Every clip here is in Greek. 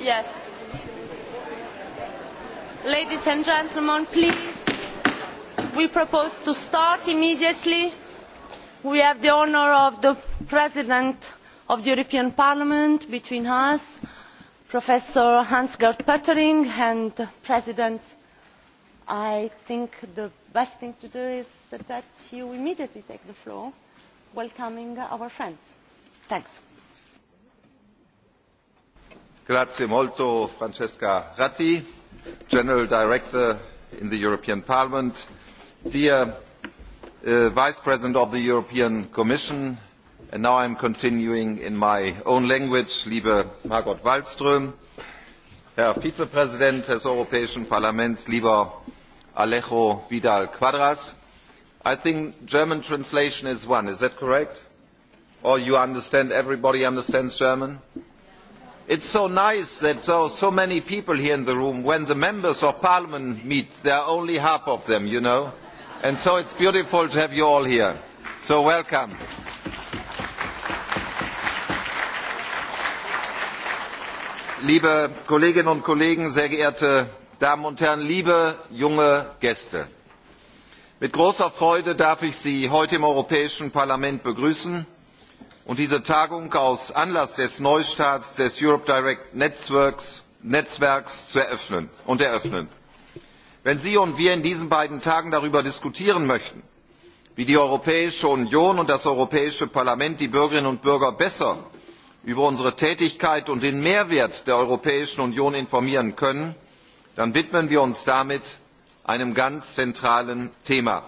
Yes. Ladies and gentlemen, please. We propose to start immediately. We have the honour of the President of the European Parliament between us, Professor Hans-Gert Pöttering, and President. I think the best thing to do is that you immediately take the floor, welcoming our friends. Grazie molto Francesca Ratti, General Director in the European Parliament. Dear Vice President of the European Commission, and now I am continuing in my own language, liebe Margot Wallström, Herr Vizepräsident des Europäischen Parlaments, lieber Alejo Vidal Quadras. I think German translation is one, is that correct? or you understand everybody understands german it is so nice that there are so many people here in the room when the members of parliament meet there are only half of them you know and so it is beautiful to have you all here so welcome liebe kolleginnen und kollegen sehr geehrte damen und herren liebe junge gäste mit großer freude darf ich sie heute im europäischen parlament begrüßen und diese tagung aus anlass des neustarts des europe direct netzwerks zu eröffnen und eröffnen. wenn sie und wir in diesen beiden tagen darüber diskutieren möchten wie die europäische union und das europäische parlament die bürgerinnen und bürger besser über unsere tätigkeit und den mehrwert der europäischen union informieren können dann widmen wir uns damit einem ganz zentralen thema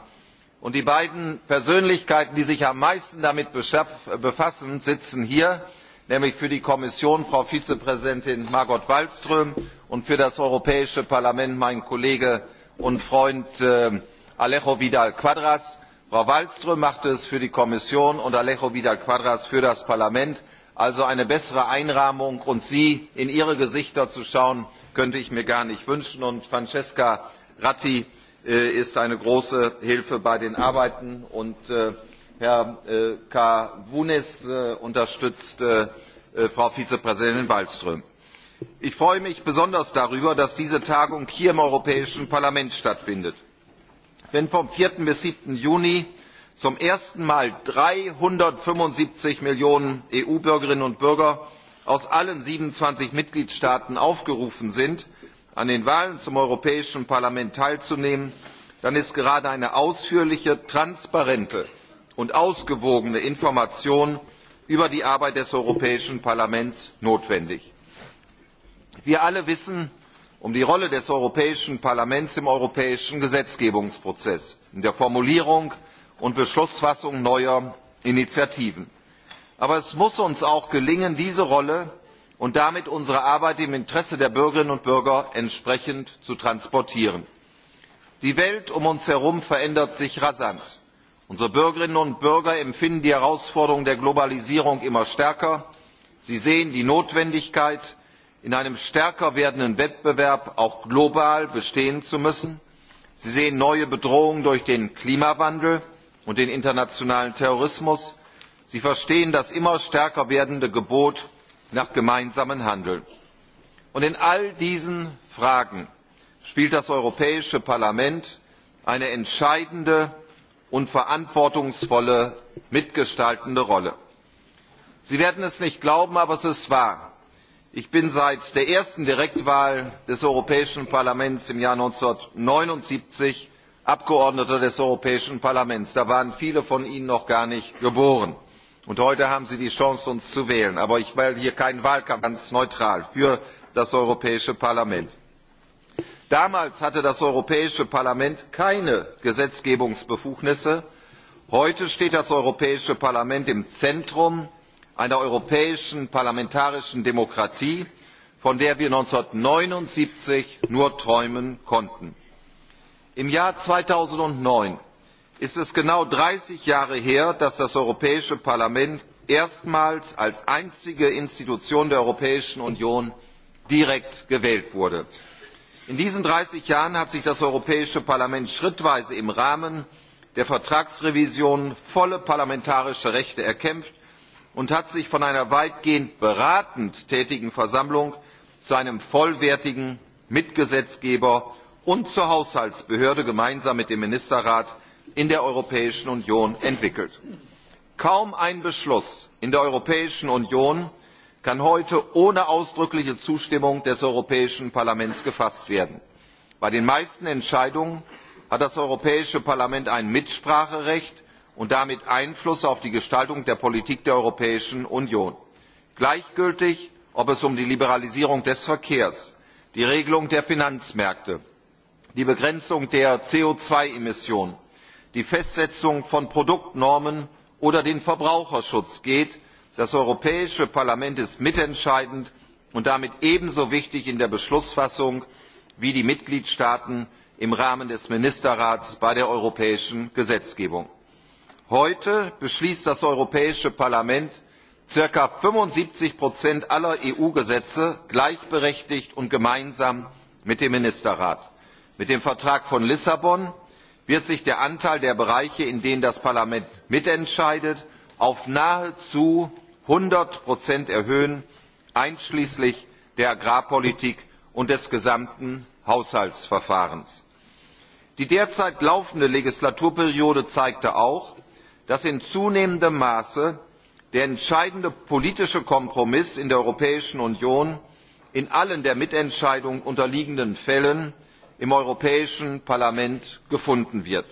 und die beiden persönlichkeiten die sich am meisten damit befassen sitzen hier nämlich für die kommission frau vizepräsidentin margot wallström und für das europäische parlament mein kollege und freund alejo vidal quadras. frau wallström macht es für die kommission und alejo vidal quadras für das parlament also eine bessere einrahmung und sie in ihre gesichter zu schauen könnte ich mir gar nicht wünschen und francesca ratti ist eine große Hilfe bei den Arbeiten. Und Herr Kavunis unterstützt Frau Vizepräsidentin Wallström. Ich freue mich besonders darüber, dass diese Tagung hier im Europäischen Parlament stattfindet. Wenn vom 4. bis 7. Juni zum ersten Mal 375 Millionen EU-Bürgerinnen und Bürger aus allen 27 Mitgliedstaaten aufgerufen sind, an den Wahlen zum Europäischen Parlament teilzunehmen, dann ist gerade eine ausführliche, transparente und ausgewogene Information über die Arbeit des Europäischen Parlaments notwendig. Wir alle wissen um die Rolle des Europäischen Parlaments im europäischen Gesetzgebungsprozess, in der Formulierung und Beschlussfassung neuer Initiativen. Aber es muss uns auch gelingen, diese Rolle und damit unsere arbeit im interesse der bürgerinnen und bürger entsprechend zu transportieren. die welt um uns herum verändert sich rasant. unsere bürgerinnen und bürger empfinden die herausforderungen der globalisierung immer stärker. sie sehen die notwendigkeit in einem stärker werdenden wettbewerb auch global bestehen zu müssen. sie sehen neue bedrohungen durch den klimawandel und den internationalen terrorismus. sie verstehen das immer stärker werdende gebot nach gemeinsamen Handeln. Und in all diesen Fragen spielt das Europäische Parlament eine entscheidende und verantwortungsvolle mitgestaltende Rolle. Sie werden es nicht glauben, aber es ist wahr. Ich bin seit der ersten Direktwahl des Europäischen Parlaments im Jahr 1979 Abgeordneter des Europäischen Parlaments. Da waren viele von Ihnen noch gar nicht geboren und heute haben sie die chance uns zu wählen. aber ich will hier keinen wahlkampf ganz neutral für das europäische parlament. damals hatte das europäische parlament keine gesetzgebungsbefugnisse. heute steht das europäische parlament im zentrum einer europäischen parlamentarischen demokratie von der wir eintausendneunhundertneunundsiebzig nur träumen konnten. im jahr zweitausendneun ist es genau dreißig jahre her dass das europäische parlament erstmals als einzige institution der europäischen union direkt gewählt wurde. in diesen dreißig jahren hat sich das europäische parlament schrittweise im rahmen der vertragsrevision volle parlamentarische rechte erkämpft und hat sich von einer weitgehend beratend tätigen versammlung zu einem vollwertigen mitgesetzgeber und zur haushaltsbehörde gemeinsam mit dem ministerrat in der Europäischen Union entwickelt. Kaum ein Beschluss in der Europäischen Union kann heute ohne ausdrückliche Zustimmung des Europäischen Parlaments gefasst werden. Bei den meisten Entscheidungen hat das Europäische Parlament ein Mitspracherecht und damit Einfluss auf die Gestaltung der Politik der Europäischen Union. Gleichgültig, ob es um die Liberalisierung des Verkehrs, die Regelung der Finanzmärkte, die Begrenzung der CO2-Emissionen die festsetzung von produktnormen oder den verbraucherschutz geht. das europäische parlament ist mitentscheidend und damit ebenso wichtig in der beschlussfassung wie die mitgliedstaaten im rahmen des ministerrats bei der europäischen gesetzgebung. heute beschließt das europäische parlament circa fünfundsiebzig aller eu gesetze gleichberechtigt und gemeinsam mit dem ministerrat. mit dem vertrag von lissabon wird sich der anteil der bereiche in denen das parlament mitentscheidet auf nahezu einhundert erhöhen einschließlich der agrarpolitik und des gesamten haushaltsverfahrens. die derzeit laufende legislaturperiode zeigte auch dass in zunehmendem maße der entscheidende politische kompromiss in der europäischen union in allen der mitentscheidung unterliegenden fällen im europäischen parlament gefunden wird.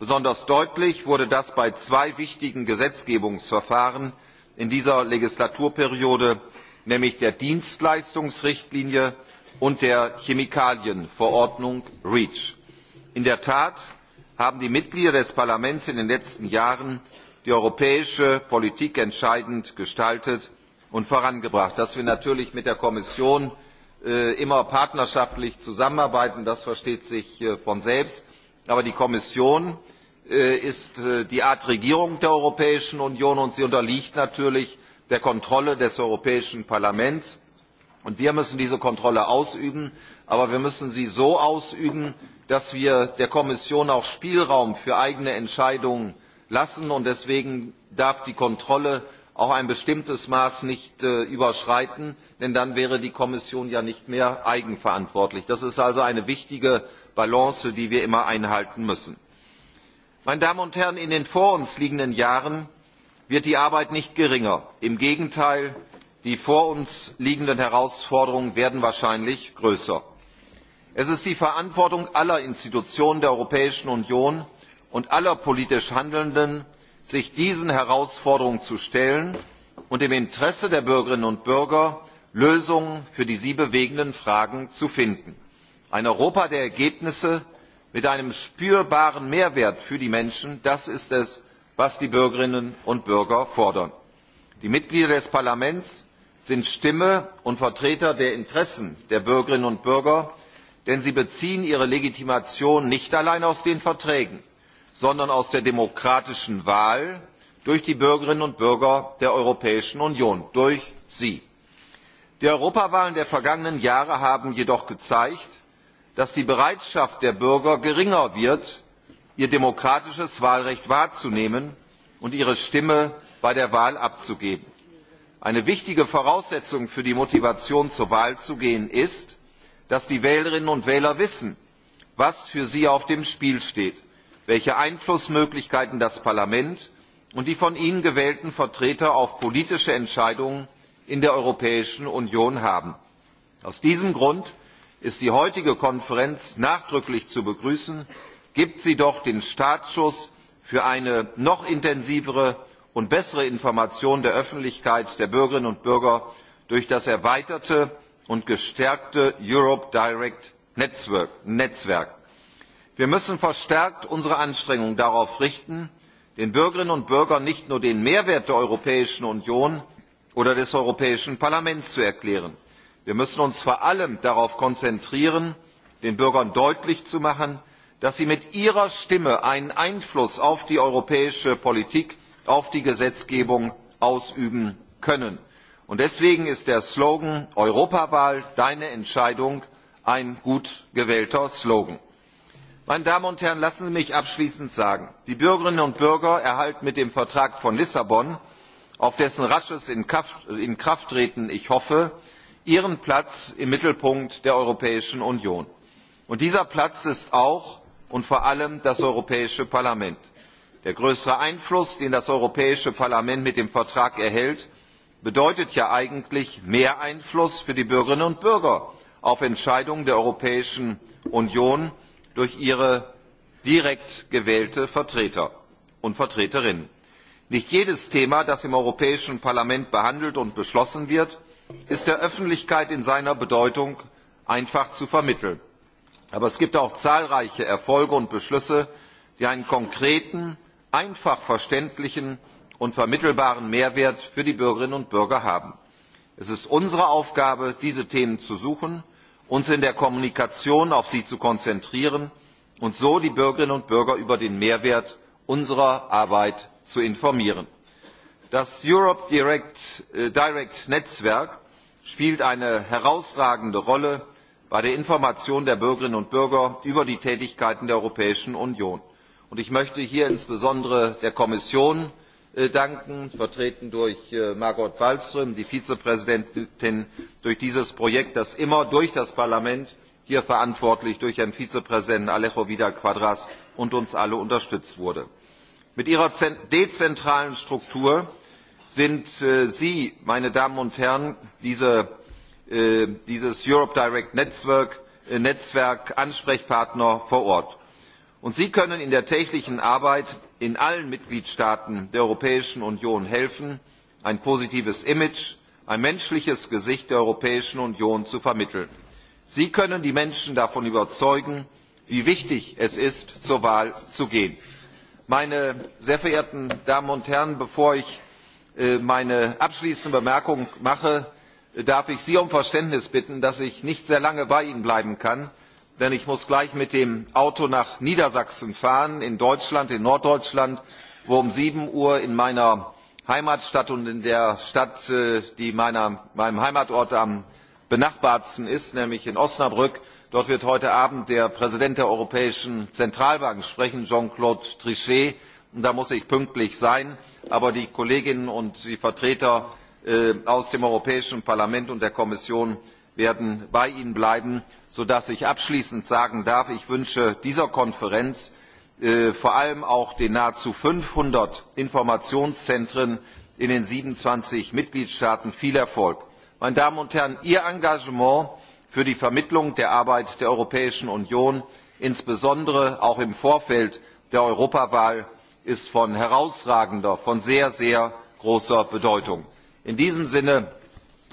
besonders deutlich wurde das bei zwei wichtigen gesetzgebungsverfahren in dieser legislaturperiode nämlich der dienstleistungsrichtlinie und der chemikalienverordnung reach. in der tat haben die mitglieder des parlaments in den letzten jahren die europäische politik entscheidend gestaltet und vorangebracht. dass wir natürlich mit der kommission immer partnerschaftlich zusammenarbeiten das versteht sich von selbst aber die kommission ist die art regierung der europäischen union und sie unterliegt natürlich der kontrolle des europäischen parlaments. wir müssen diese kontrolle ausüben aber wir müssen sie so ausüben dass wir der kommission auch spielraum für eigene entscheidungen lassen und deswegen darf die kontrolle auch ein bestimmtes maß nicht überschreiten denn dann wäre die kommission ja nicht mehr eigenverantwortlich. das ist also eine wichtige balance die wir immer einhalten müssen. meine damen und herren in den vor uns liegenden jahren wird die arbeit nicht geringer im gegenteil die vor uns liegenden herausforderungen werden wahrscheinlich größer. es ist die verantwortung aller institutionen der europäischen union und aller politisch handelnden sich diesen herausforderungen zu stellen und im interesse der bürgerinnen und bürger lösungen für die sie bewegenden fragen zu finden ein europa der ergebnisse mit einem spürbaren mehrwert für die menschen das ist es was die bürgerinnen und bürger fordern. die mitglieder des parlaments sind stimme und vertreter der interessen der bürgerinnen und bürger denn sie beziehen ihre legitimation nicht allein aus den verträgen sondern aus der demokratischen wahl durch die bürgerinnen und bürger der europäischen union durch sie die europawahlen der vergangenen jahre haben jedoch gezeigt dass die bereitschaft der bürger geringer wird ihr demokratisches wahlrecht wahrzunehmen und ihre stimme bei der wahl abzugeben. eine wichtige voraussetzung für die motivation zur wahl zu gehen ist dass die wählerinnen und wähler wissen was für sie auf dem spiel steht welche einflussmöglichkeiten das parlament und die von ihnen gewählten vertreter auf politische entscheidungen in der europäischen union haben. aus diesem grund ist die heutige konferenz nachdrücklich zu begrüßen gibt sie doch den startschuss für eine noch intensivere und bessere information der öffentlichkeit der bürgerinnen und bürger durch das erweiterte und gestärkte europe direct netzwerk. wir müssen verstärkt unsere anstrengungen darauf richten den bürgerinnen und bürgern nicht nur den mehrwert der europäischen union oder des europäischen parlaments zu erklären. wir müssen uns vor allem darauf konzentrieren den bürgern deutlich zu machen dass sie mit ihrer stimme einen einfluss auf die europäische politik auf die gesetzgebung ausüben können. deswegen ist der slogan europawahl deine entscheidung ein gut gewählter slogan. meine damen und herren lassen sie mich abschließend sagen die bürgerinnen und bürger erhalten mit dem vertrag von lissabon auf dessen rasches inkrafttreten ich hoffe ihren platz im mittelpunkt der europäischen union. und dieser platz ist auch und vor allem das europäische parlament. der größere einfluss den das europäische parlament mit dem vertrag erhält bedeutet ja eigentlich mehr einfluss für die bürgerinnen und bürger auf entscheidungen der europäischen union durch ihre direkt gewählten vertreter und vertreterinnen nicht jedes thema das im europäischen parlament behandelt und beschlossen wird ist der öffentlichkeit in seiner bedeutung einfach zu vermitteln. aber es gibt auch zahlreiche erfolge und beschlüsse die einen konkreten einfach verständlichen und vermittelbaren mehrwert für die bürgerinnen und bürger haben. es ist unsere aufgabe diese themen zu suchen uns in der kommunikation auf sie zu konzentrieren und so die bürgerinnen und bürger über den mehrwert unserer arbeit zu informieren. das europe direct netzwerk spielt eine herausragende rolle bei der information der bürgerinnen und bürger über die tätigkeiten der europäischen union. ich möchte hier insbesondere der kommission danken vertreten durch margot wallström die vizepräsidentin durch dieses projekt das immer durch das parlament hier verantwortlich durch herrn vizepräsidenten alejo vidal quadras und uns alle unterstützt wurde mit ihrer dezentralen struktur sind sie meine damen und herren dieses europe direct netzwerk ansprechpartner vor ort und sie können in der täglichen arbeit in allen mitgliedstaaten der europäischen union helfen ein positives image ein menschliches gesicht der europäischen union zu vermitteln. sie können die menschen davon überzeugen wie wichtig es ist zur wahl zu gehen meine sehr verehrten damen und herren! bevor ich meine abschließende bemerkung mache darf ich sie um verständnis bitten dass ich nicht sehr lange bei ihnen bleiben kann denn ich muss gleich mit dem auto nach niedersachsen fahren in deutschland in norddeutschland wo um sieben uhr in meiner heimatstadt und in der stadt die meinem heimatort am benachbartsten ist nämlich in osnabrück Dort wird heute Abend der Präsident der Europäischen Zentralbank sprechen, Jean-Claude Trichet. Und da muss ich pünktlich sein. Aber die Kolleginnen und die Vertreter aus dem Europäischen Parlament und der Kommission werden bei Ihnen bleiben, sodass ich abschließend sagen darf, ich wünsche dieser Konferenz vor allem auch den nahezu 500 Informationszentren in den 27 Mitgliedstaaten viel Erfolg. Meine Damen und Herren, Ihr Engagement für die vermittlung der arbeit der europäischen union insbesondere auch im vorfeld der europawahl ist von herausragender von sehr sehr großer bedeutung. in diesem sinne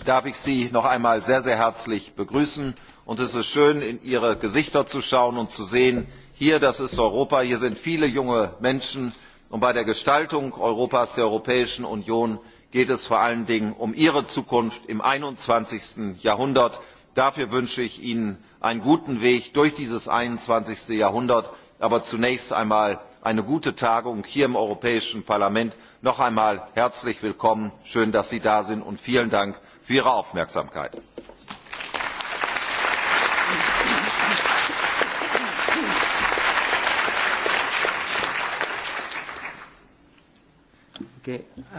darf ich sie noch einmal sehr sehr herzlich begrüßen und es ist schön in ihre gesichter zu schauen und zu sehen hier das ist europa hier sind viele junge menschen und bei der gestaltung europas der europäischen union geht es vor allen dingen um ihre zukunft im. einundzwanzig jahrhundert dafür wünsche ich ihnen einen guten weg durch dieses. einundzwanzig jahrhundert aber zunächst einmal eine gute tagung hier im europäischen parlament. noch einmal herzlich willkommen schön dass sie da sind und vielen dank für ihre aufmerksamkeit!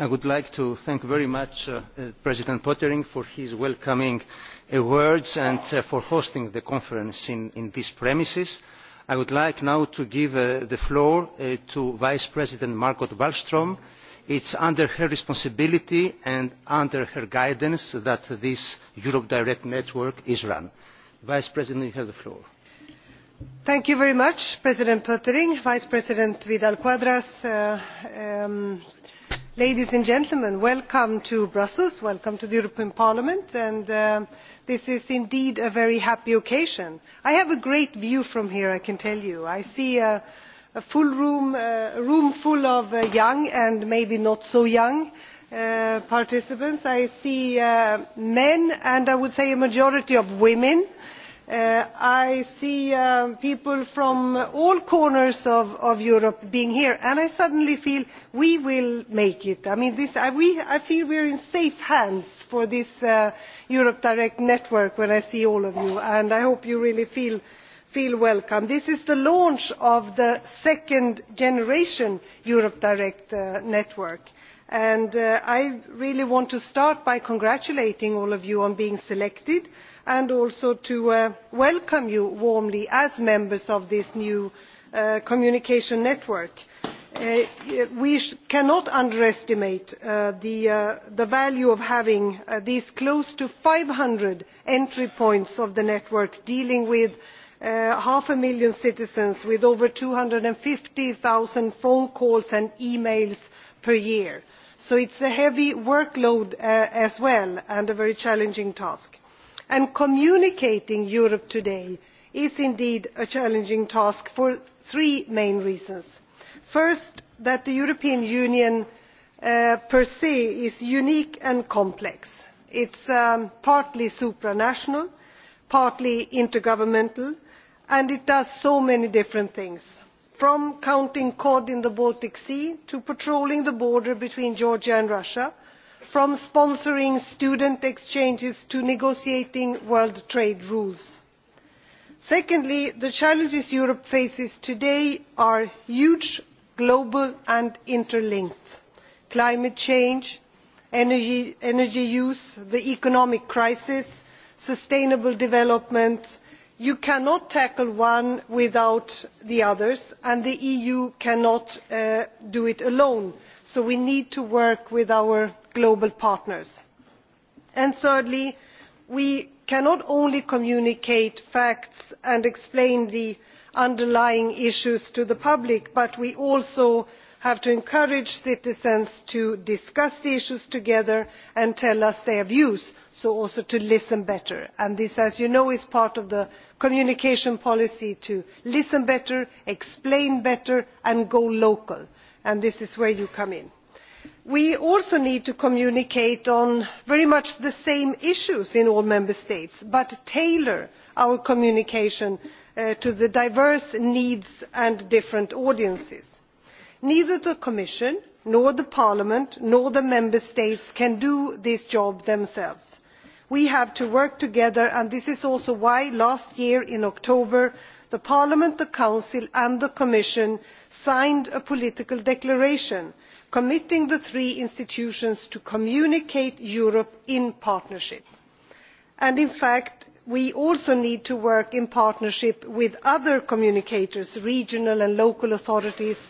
i would like to thank very much for his welcoming words and for hosting the conference in these premises. I would like now to give the floor to Vice President Margot Wallström. It's under her responsibility and under her guidance that this Europe Direct network is run. Vice President, you have the floor. Thank you very much, President Pöttering, Vice President Vidal Quadras, ladies and gentlemen welcome to brussels welcome to the european parliament and this is indeed a very happy occasion. i have a great view from here i can tell you. i see a full room room full of young and maybe not so young participants. i see men and i would say a majority of women I see people from all corners of Europe being here, and I suddenly feel we will make it. I feel we are in safe hands for this Europe Direct network when I see all of you, and I hope you really feel welcome. This is the launch of the second generation Europe Direct network, and I really want to start by congratulating all of you on being selected and also to welcome you warmly as members of this new communication network. we cannot underestimate the value of having these close to five hundred entry points of the network dealing with half a million citizens with over two hundred and fifty phone calls and e mails per year so it is a heavy workload as well and a very challenging task and communicating europe today is indeed a challenging task for three main reasons first that the european union per se is unique and complex it is partly supranational partly intergovernmental and it does so many different things from counting cod in the baltic sea to patrolling the border between georgia and russia from sponsoring student exchanges to negotiating world trade rules. secondly the challenges europe faces today are huge global and interlinked climate change energy use the economic crisis sustainable development you cannot tackle one without the others and the eu cannot do it alone so we need to work with our global partners. thirdly we cannot only communicate facts and explain the underlying issues to the public but we also have to encourage citizens to discuss the issues together and tell us their views so also to listen better and this as you know is part of the communication policy to listen better explain better and go local and this is where you come in. we also need to communicate on very much the same issues in all member states but tailor our communication to the diverse needs and different audiences. neither the commission nor parliament nor the member states can do this job themselves we have to work together and this is also why last year in october parliament the council and the commission signed a political declaration committing the three institutions to communicate europe in partnership. in fact we also need to work in partnership with other communicators regional and local authorities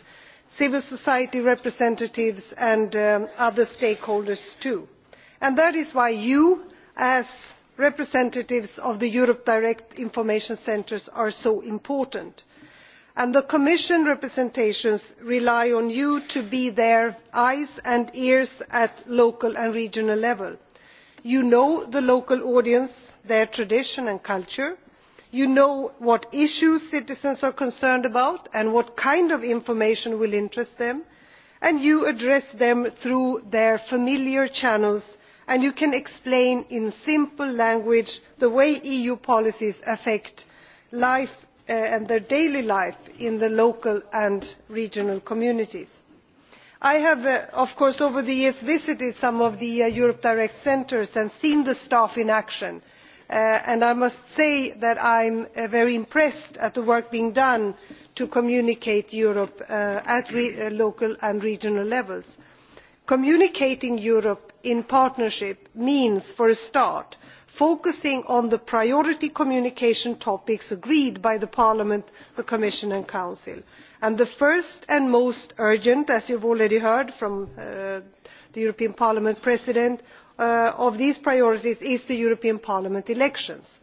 civil society representatives and other stakeholders too. that is why you as representatives of the europe direct information centres are so important and the commission representations rely on you to be their eyes and ears at local and regional level. you know the local audience their tradition and culture you know what issues citizens are concerned about and what kind of information will interest them and you address them through their familiar channels and you can explain in simple language the way eu policies affect life and their daily life in the local and regional communities. i have of course over the years visited some of the europe direct centres and seen the staff in action and i must say that i am very impressed at the work being done to communicate europe at local and regional levels communicating europe in partnership means for a start focusing on the priority communication topics agreed by parliament the commission and council and the first and most urgent as you have already heard from the european parliament president of these priorities is the european parliament elections.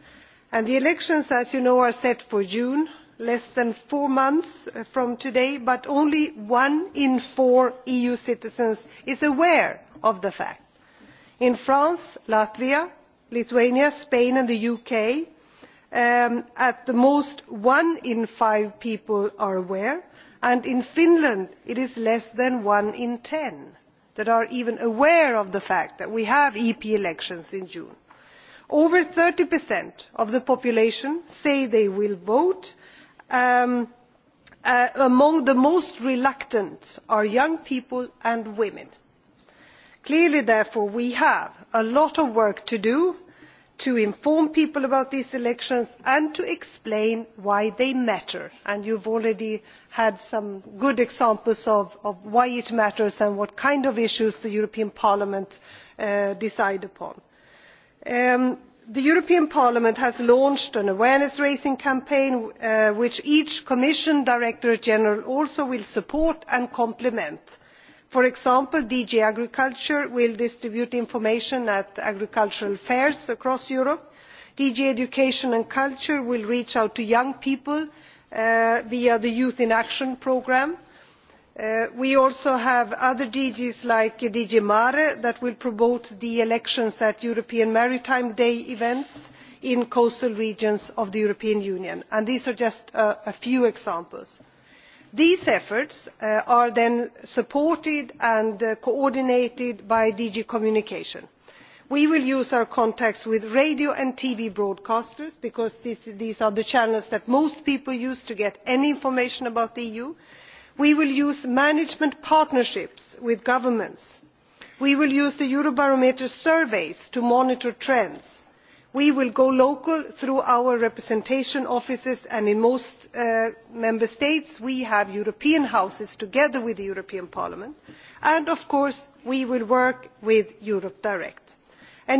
the elections as you know are set for june less than four months from today but only one in four eu citizens is aware of the fact. in france latvia lithuania spain and the uk at the most one in five people are aware and in finland it is less than one in ten that are even aware of the fact that we have ep elections in june. over thirty of the population say they will vote among the most reluctant are young people and women. clearly therefore we have a lot of work to do to inform people about these elections and to explain why they matter and you have already had some good examples of why it matters and what kind of issues the european parliament decides upon the european parliament has launched an awareness raising campaign which each commission directorate general also will support and complement. for example dg agriculture will distribute information at agricultural fairs across europe dg education and culture will reach out to young people via the youth in action programme we also have other dgs like dg mare that will promote the elections at european maritime day events in coastal regions of the european union and these are just a few examples. these efforts are then supported and coordinated by dg communication. we will use our contacts with radio and tv broadcasters because these are the channels that most people use to get any information about the eu we will use management partnerships with governments we will use the eurobarometer surveys to monitor trends we will go local through our representation offices and in most member states we have european houses together with the european parliament and of course we will work with europe direct.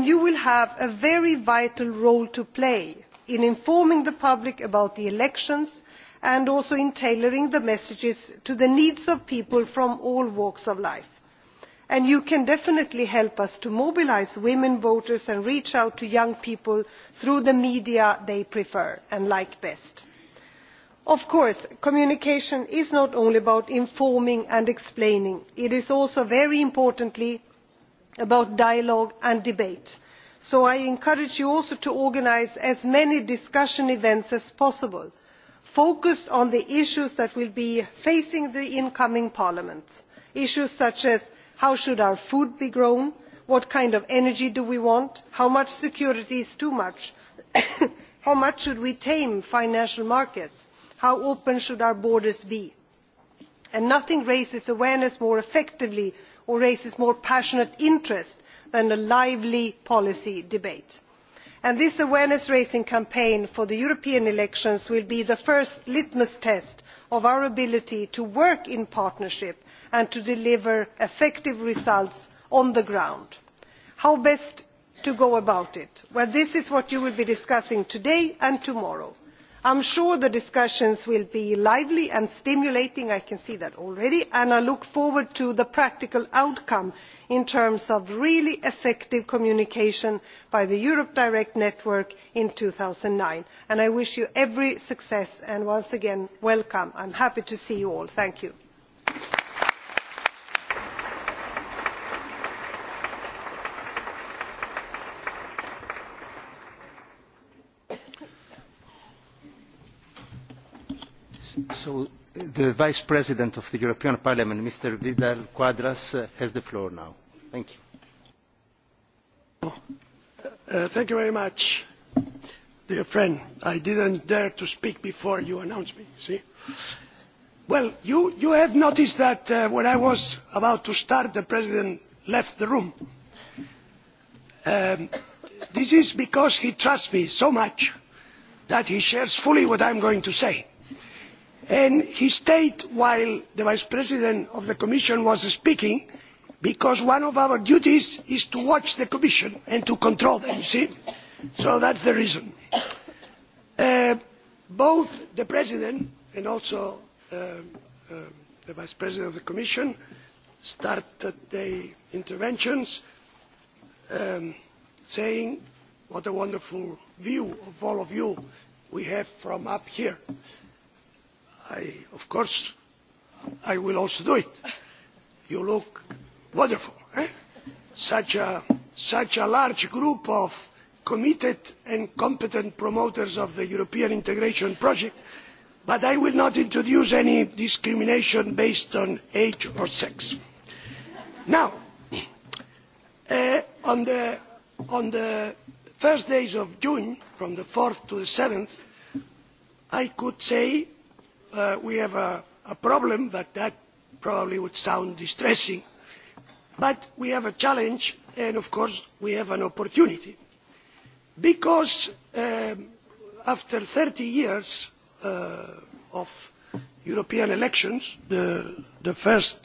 you will have a very vital role to play in informing the public about the elections and also in tailoring the messages to the needs of people from all walks of life. you can definitely help us to mobilise women voters and reach out to young people through the media they prefer and like best. of course communication is not only about informing and explaining it is also very importantly about dialogue and debate so i encourage you also to organise as many discussion events as possible focused on the issues that will be facing the incoming parliament issues such as how should our food be grown what kind of energy do we want how much security is too much how much should we tame financial markets how open should our borders be? nothing raises awareness more effectively or raises more passionate interest than a lively policy debate this awareness raising campaign for the european elections will be the first litmus test of our ability to work in partnership and to deliver effective results on the ground. how best to go about it? this is what you will be discussing today and tomorrow i am sure the discussions will be lively and stimulating i can see that already and i look forward to the practical outcome in terms of really effective communication by the europe direct network in two thousand and nine i wish you every success and once again welcome i am happy to see you all. thank you. So the Vice President of the European Parliament, Mr. Vidal Quadras, has the floor now. Thank you. Thank you very much, dear friend. I didn't dare to speak before you announced me. See? Well, you have noticed that when I was about to start, the President left the room. This is because he trusts me so much that he shares fully what I am going to say and he stayed while the vice president of the commission was speaking because one of our duties is to watch the commission and to control them you see so that the reason. both the president and also the vice president of the commission started their interventions saying what a wonderful view of all of you we have from up here. Of course, I will also do it. You look wonderful. Such a large group of committed and competent promoters of the European integration project, but I will not introduce any discrimination based on age or sex. Now, on the first days of June, from the 4th to the 7th, I could say we have a problem but that probably would sound distressing but we have a challenge and of course we have an opportunity because after thirty years of european elections the first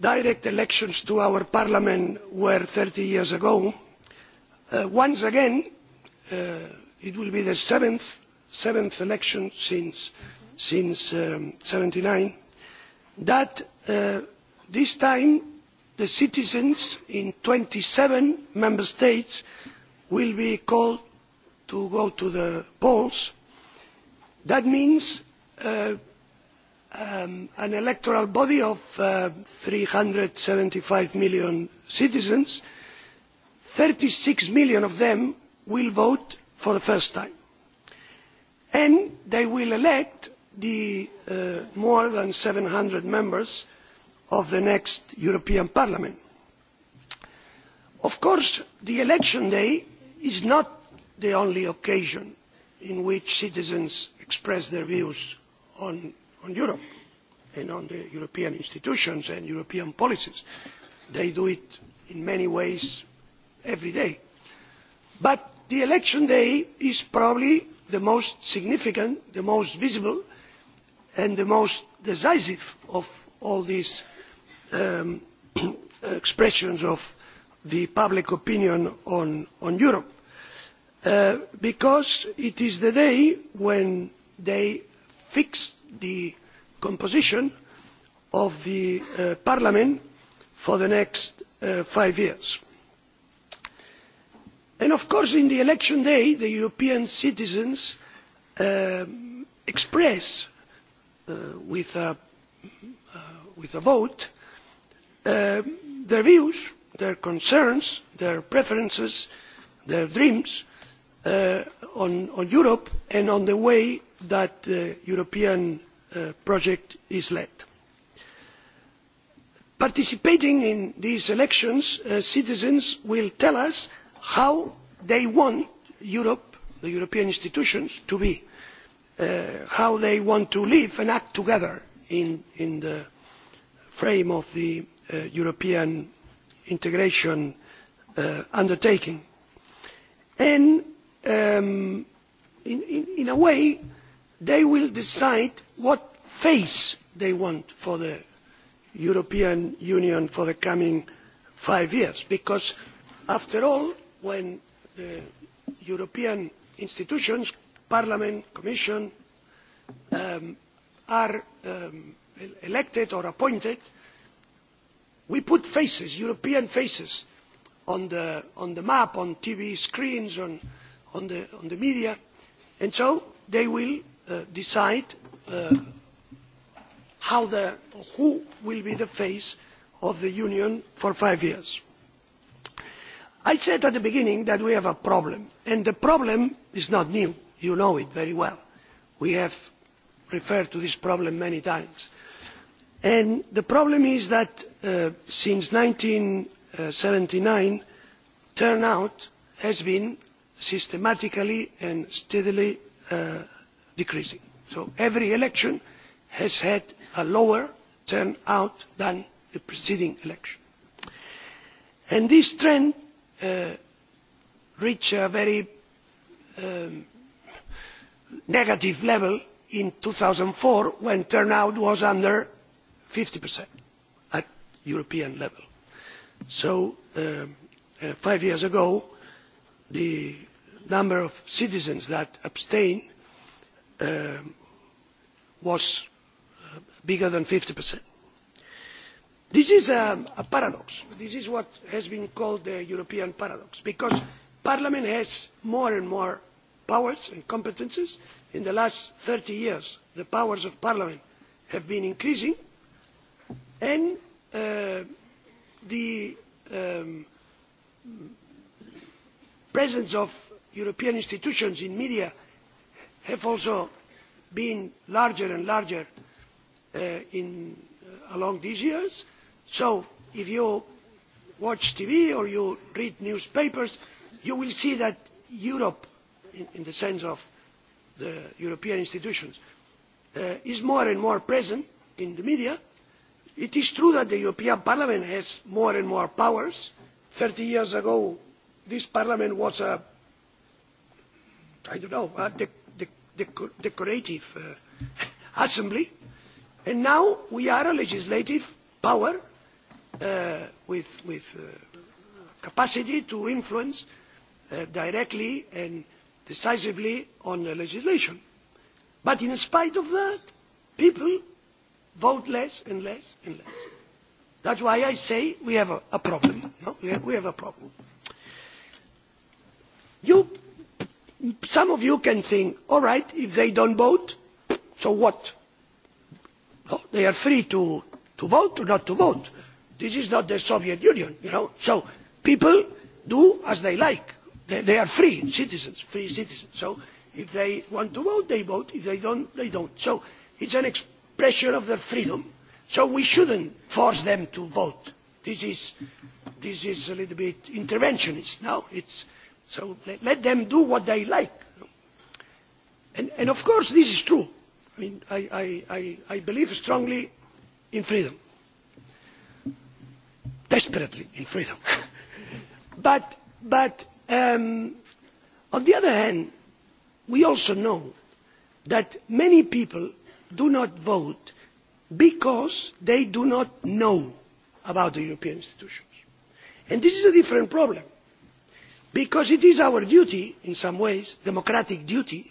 direct elections to our parliament were thirty years ago once again it will be the seventh election since since 79 that this time the citizens in 27 member states will be called to go to the polls that means an electoral body of 375 million citizens 36 million of them will vote for the first time and they will elect the more than 700 members of the next European Parliament. Of course, the election day is not the only occasion in which citizens express their views on Europe and on the European institutions and European policies. They do it in many ways every day. But the election day is probably the most significant, the most visible and the most decisive of all these expressions of the public opinion on europe because it is the day when they fix the composition of the parliament for the next five years. and of course on election day the european citizens express with a vote their views, their concerns, their preferences, their dreams on Europe and on the way that the European project is led. Participating in these elections, citizens will tell us how they want Europe, the European institutions, to be how they want to live and act together in the frame of the European integration undertaking. in a way they will decide what face they want for the European Union for the coming five years, because, after all, when the European institutions Parliament, Commission are elected or appointed, we put faces, European faces, on the map, on TV screens, on the media, and so they will decide who will be the face of the Union for five years. I said at the beginning that we have a problem, and the problem is not new you know it very well. we have referred to this problem many times. And the problem is that since 1979 seventy nine turnout has been systematically and steadily decreasing so every election has had a lower turnout than the preceding election. And this trend reached a very negative level in 2004 when turnout was under 50% at European level. So five years ago the number of citizens that abstained was bigger than 50%. This is a paradox. This is what has been called the European paradox because Parliament has more and more powers and competences. in the last thirty years the powers of parliament have been increasing and the presence of european institutions in media have also been larger and larger along these years so if you watch tv or you read newspapers you will see that europe in the sense of the European institutions, is more and more present in the media. It is true that the European Parliament has more and more powers. Thirty years ago, this Parliament was a, I don't know, a decorative assembly, and now we are a legislative power with capacity to influence directly and decisively on legislation. But in spite of that, people vote less and less and less. That's why I say we have a problem. We have a problem. Some of you can think, all right, if they don't vote, so what? They are free to vote or not to vote. This is not the Soviet Union, you know. So people do as they like They are free citizens, free citizens. So if they want to vote, they vote. If they don't, they don't. So it's an expression of their freedom. So we shouldn't force them to vote. This is, this is a little bit interventionist now. It's, so let, them do what they like. And, and of course this is true. I mean, I, I, I, I believe strongly in freedom. Desperately in freedom. but, but on the other hand we also know that many people do not vote because they do not know about the european institutions and this is a different problem because it is our duty in some ways democratic duty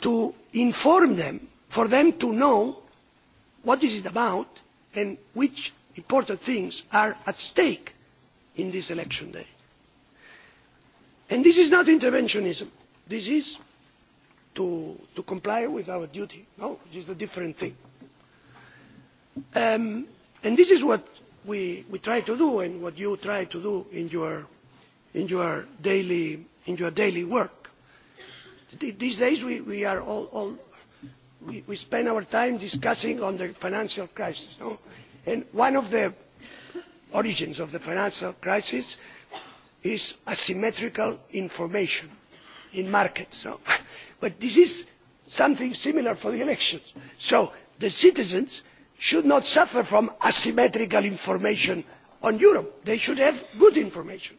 to inform them for them to know what it is about and which important things are at stake in this election day and this is not interventionism this is to comply with our duty no it is a different thing and this is what we try to do and what you try to do in your daily work. these days we are all we spend our time discussing on the financial crisis and one of the origins of the financial crisis is asymmetrical information in markets. But this is something similar for the elections. So the citizens should not suffer from asymmetrical information on Europe. They should have good information.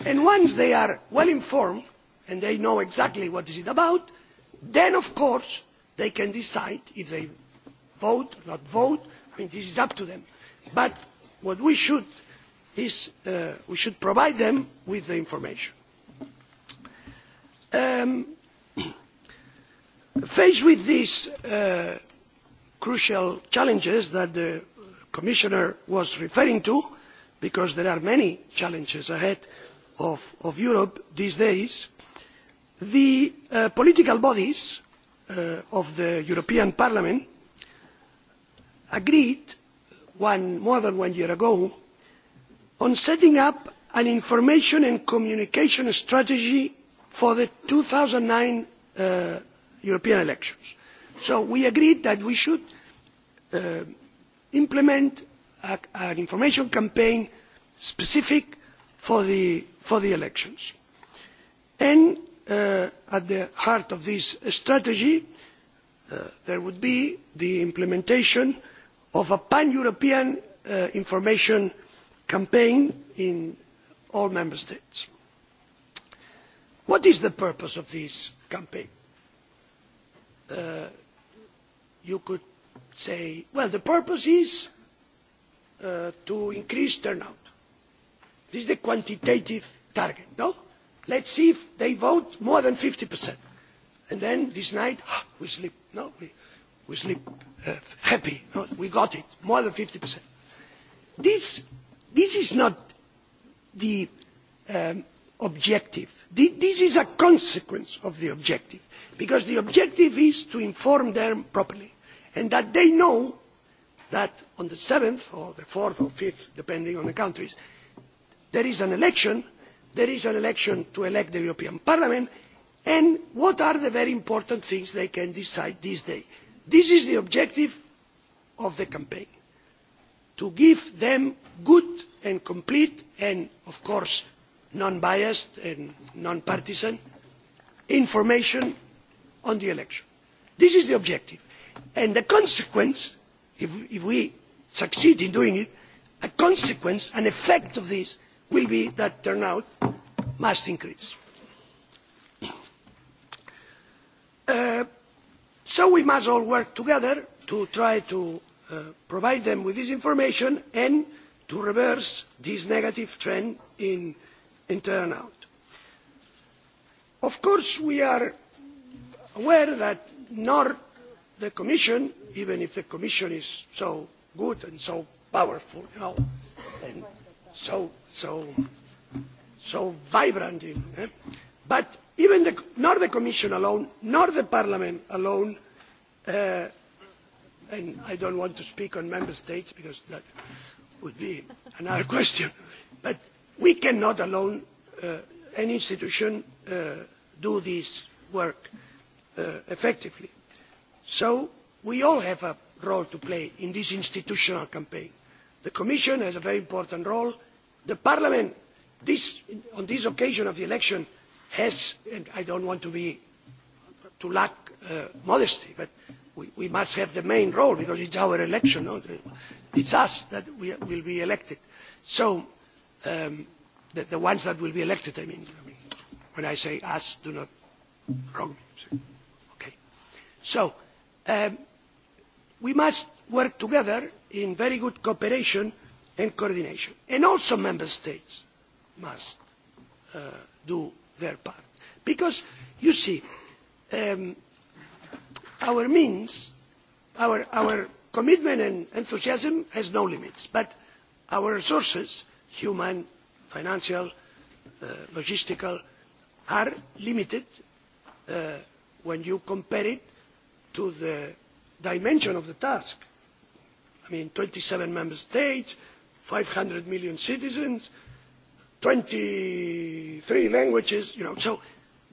And once they are well informed and they know exactly what is about, then of course they can decide if they vote or not vote. I mean, this is up to them. But what we should is we should provide them with the information. Faced with these crucial challenges that the Commissioner was referring to, because there are many challenges ahead of Europe these days, the political bodies of the European Parliament agreed more than one year ago on setting up an information and communication strategy for the 2009 european elections so we agreed that we should implement an information campaign specific for the elections and at the heart of this strategy there would be the implementation of a pan european information campaign in all member states. What is the purpose of this campaign? You could say, well, the purpose is to increase turnout. This is the quantitative target, no? Let's see if they vote more than 50%. And then this night, we sleep, no? We sleep happy, we got it, more than 50%. This this is not the objective this is a consequence of the objective because the objective is to inform them properly and that they know that on the 7 or the 4 or 5 depending on the countries there is an election there is an election to elect the European Parliament and what are the very important things they can decide this day. This is the objective of the campaign to give them good and complete and of course non biased and non partisan information on the election. this is the objective and the consequence if we succeed in doing it a consequence an effect of this will be that turnout must increase. so we must all work together to try to provide them with this information and to reverse this negative trend in turnout. Of course, we are aware that nor the Commission, even if the Commission is so good and so powerful and so vibrant, but even nor the Commission alone, nor the Parliament alone and I don't want to speak on member states because that would be another question, but we cannot alone, any institution, do this work effectively. So we all have a role to play in this institutional campaign. The Commission has a very important role. The Parliament, on this occasion of the election, has, and I don't want to be to lack modesty, but we must have the main role because it's our election. It's us that will be elected. So the ones that will be elected, I mean, when I say us, do not wrong me. Okay. So we must work together in very good cooperation and coordination. And also member states must do their part. Because, you see, our means our commitment and enthusiasm has no limits but our resources human financial logistical are limited when you compare it to the dimension of the task i mean twenty seven member states five hundred million citizens twenty three languages so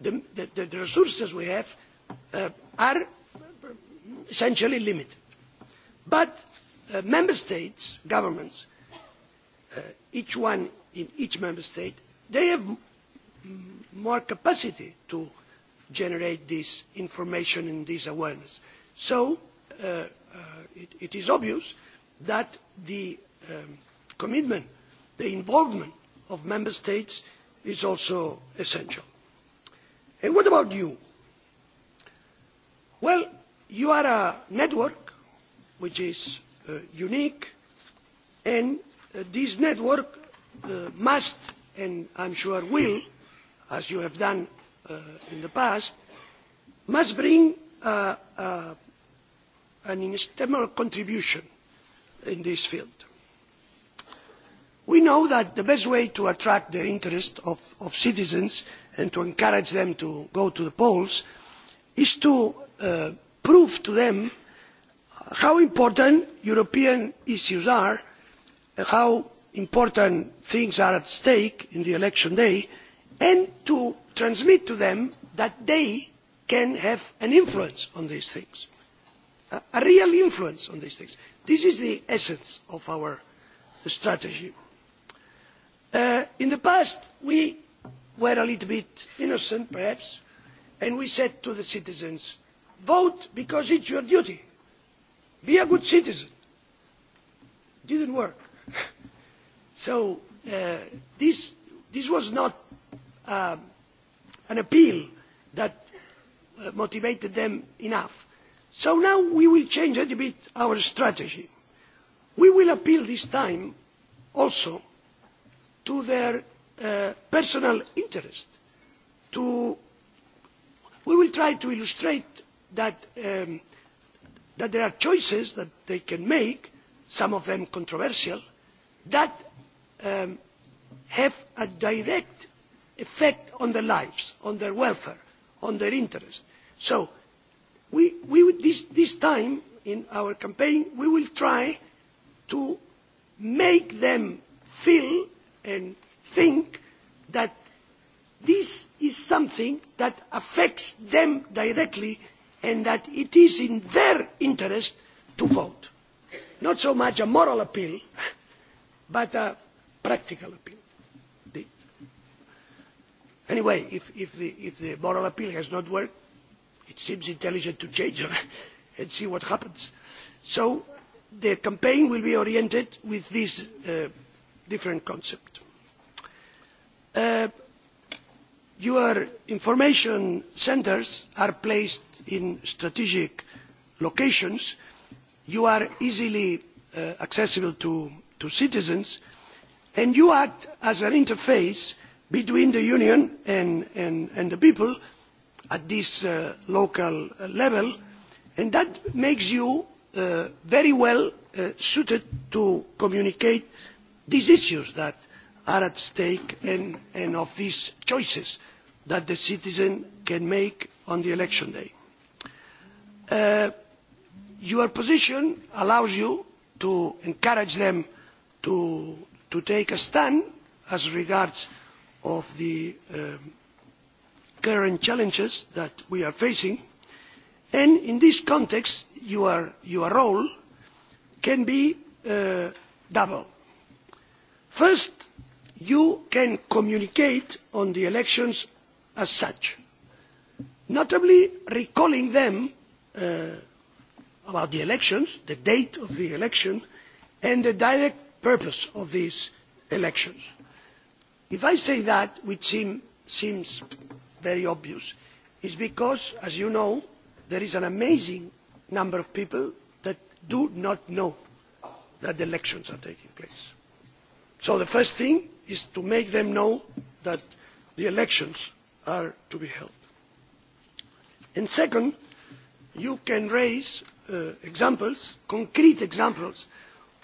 the resources we have are essentially limited. But member states, governments, each one in each member state, they have more capacity to generate this information and this awareness. So it is obvious that the commitment, the involvement of member states is also essential. And what about you? Well, you are a network which is unique and this network must and i am sure will as you have done in the past must bring an instrumental contribution in this field. we know that the best way to attract the interest of citizens and to encourage them to go to the polls is to prove to them how important European issues are, how important things are at stake on election day, and to transmit to them that they can have an influence on these things, a real influence on these things. This is the essence of our strategy. In the past we were a little bit innocent perhaps, and we said to the citizens vote because it's your duty. Be a good citizen. Didn't work. So this this was not an appeal that motivated them enough. So now we will change a bit our strategy. We will appeal this time also to their personal interest. To we will try to illustrate that there are choices that they can make, some of them controversial, that have a direct effect on their lives, on their welfare, on their interests. So this time in our campaign we will try to make them feel and think that this is something that affects them directly and that it is in their interest to vote. Not so much a moral appeal, but a practical appeal. Anyway, if the moral appeal has not worked, it seems intelligent to change and see what happens. So the campaign will be oriented with this different concept. Your information centres are placed in strategic locations. You are easily accessible to citizens, and you act as an interface between the Union and the people at this local level, and that makes you very well suited to communicate these issues that are at stake and of these choices that the citizen can make on the election day. Your position allows you to encourage them to take a stand as regards the current challenges that we are facing and in this context your role can be double. First, you can communicate on the elections as such, notably recalling them about the elections, the date of the election and the direct purpose of these elections. If I say that, which seems very obvious, is because, as you know, there is an amazing number of people that do not know that elections are taking place so the first thing is to make them know that the elections are to be held. and second you can raise examples concrete examples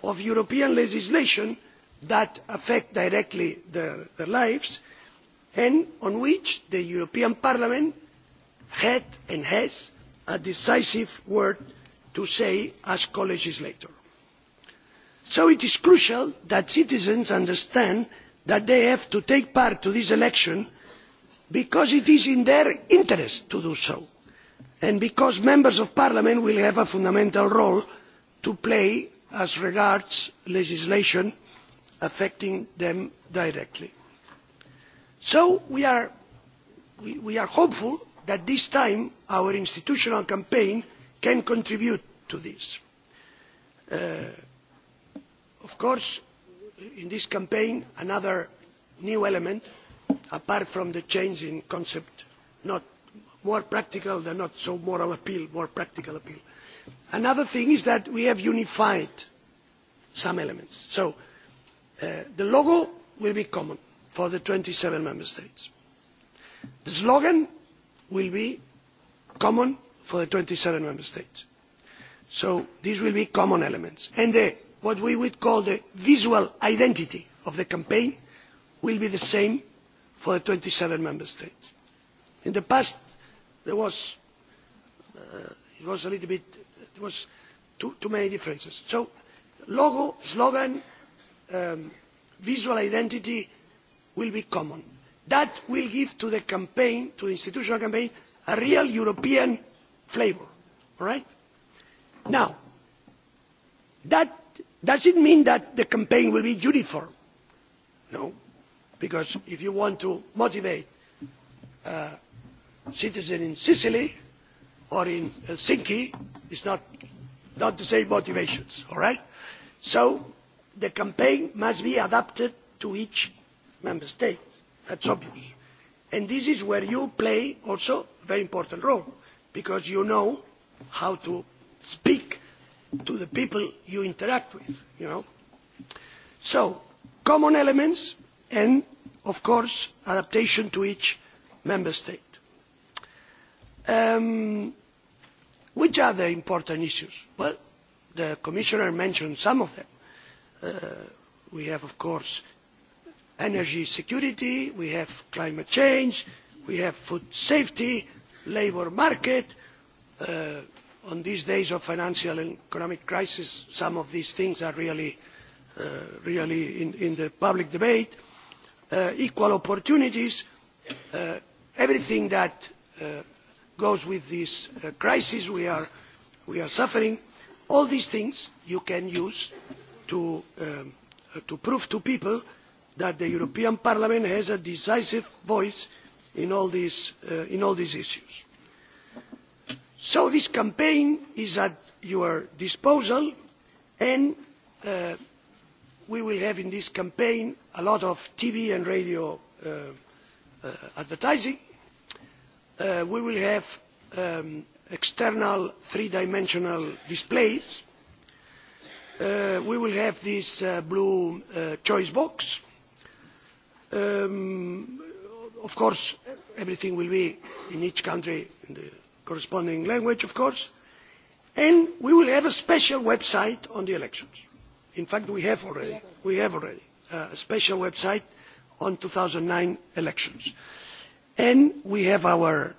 of european legislation that affect directly their lives and on which the european parliament had and has a decisive word to say as co legislator so it is crucial that citizens understand that they have to take part in this election because it is in their interest to do so and because members of parliament will have a fundamental role to play as regards legislation affecting them directly. so we are hopeful that this time our institutional campaign can contribute to this. Of course, in this campaign, another new element, apart from the change in concept, not more practical than not so moral appeal, more practical appeal. Another thing is that we have unified some elements. So the logo will be common for the 27 member states. The slogan will be common for the 27 member states. So these will be common elements. And the what we would call the visual identity of the campaign will be the same for the twenty seven member states. in the past there was a little bit there was too many differences so logo slogan visual identity will be common. that will give to the campaign to the institutional campaign a real european flavour. now that Does it mean that the campaign will be uniform? No, because if you want to motivate a citizen in Sicily or in Helsinki, it's not not the same motivations. All right. So the campaign must be adapted to each member state. That's obvious. And this is where you play also a very important role, because you know how to speak to the people you interact with. You know? So, common elements and, of course, adaptation to each member state. Which are the important issues? Well, the Commissioner mentioned some of them. We have, of course, energy security, we have climate change, we have food safety, labour market, on these days of financial and economic crisis some of these things are really in the public debate equal opportunities everything that goes with this crisis we are suffering all these things you can use to prove to people that the european parliament has a decisive voice in all these issues so this campaign is at your disposal and we will have in this campaign a lot of tv and radio advertising we will have external three dimensional displays we will have this blue choice box of course everything will be in each country in the corresponding language of course and we will have a special website on the elections. in fact we have already a special website on 2009 two thousand nine elections and we have our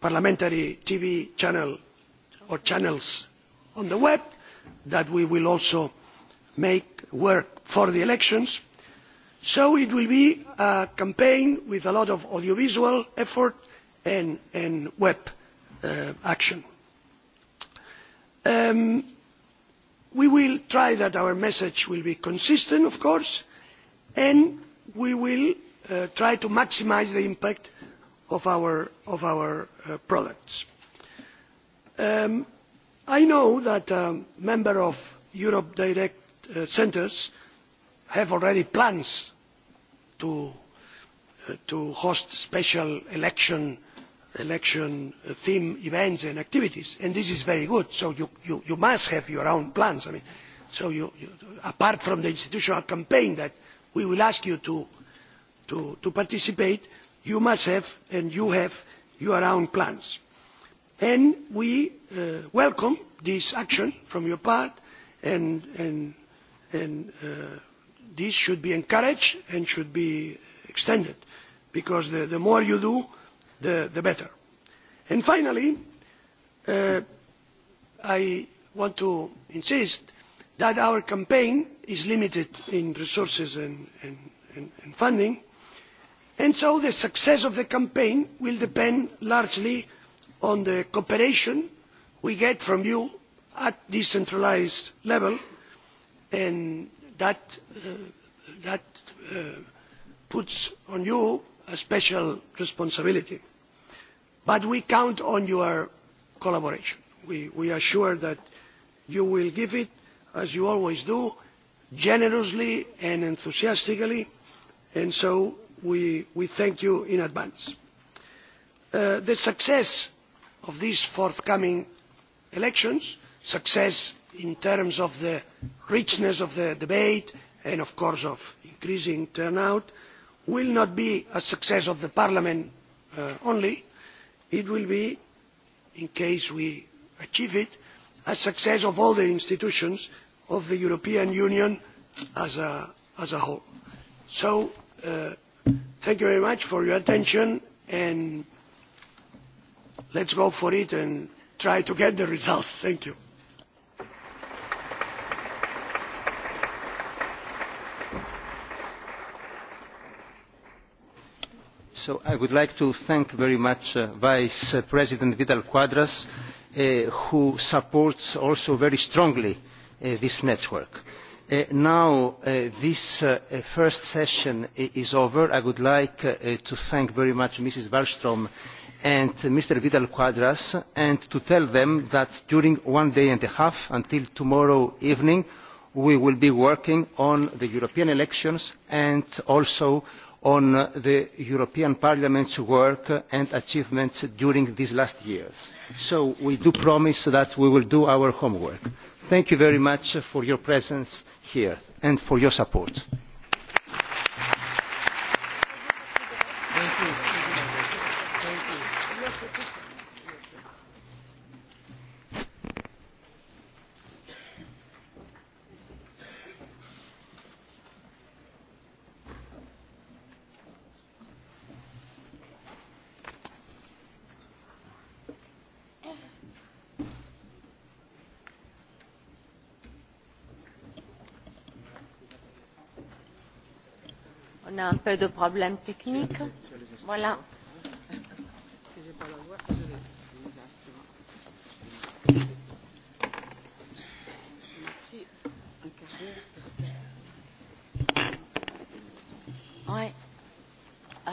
parliamentary tv channel or channels on the web that we will also make work for the elections so it will be a campaign with a lot of audiovisual effort and web action. We will try that our message will be consistent, of course, and we will try to maximise the impact of our products. I know that a member of Europe Direct centres have already plans to host special election election theme events and activities and this is very good so you must have your own plans so apart from the institutional campaign that we will ask you to participate you must have and you have your own plans. and we welcome this action from your part and this should be encouraged and should be extended because the more you do the better. and finally i want to insist that our campaign is limited in resources and funding and so the success of the campaign will depend largely on the cooperation we get from you at decentralised level and that puts on you a special responsibility. But we count on your collaboration. We are sure that you will give it, as you always do, generously and enthusiastically, and so we thank you in advance. The success of these forthcoming elections, success in terms of the richness of the debate and, of course, of increasing turnout, will not be a success of Parliament only It will be, in case we achieve it, a success of all the institutions of the European Union as a whole. So, thank you very much for your attention and let's go for it and try to get the results. Thank you. I would like to thank very much Vice President Vidal Quadras, who supports also very strongly this network. Now this first session is over. I would like to thank very much Mrs. Wallström and Mr. Vidal Quadras and to tell them that during one day and a half until tomorrow evening we will be working on the European elections and also on the European Parliament's work and achievements during these last years. So we do promise that we will do our homework. Thank you very much for your presence here and for your support. on a un peu de problèmes techniques. Voilà. Ouais. Euh,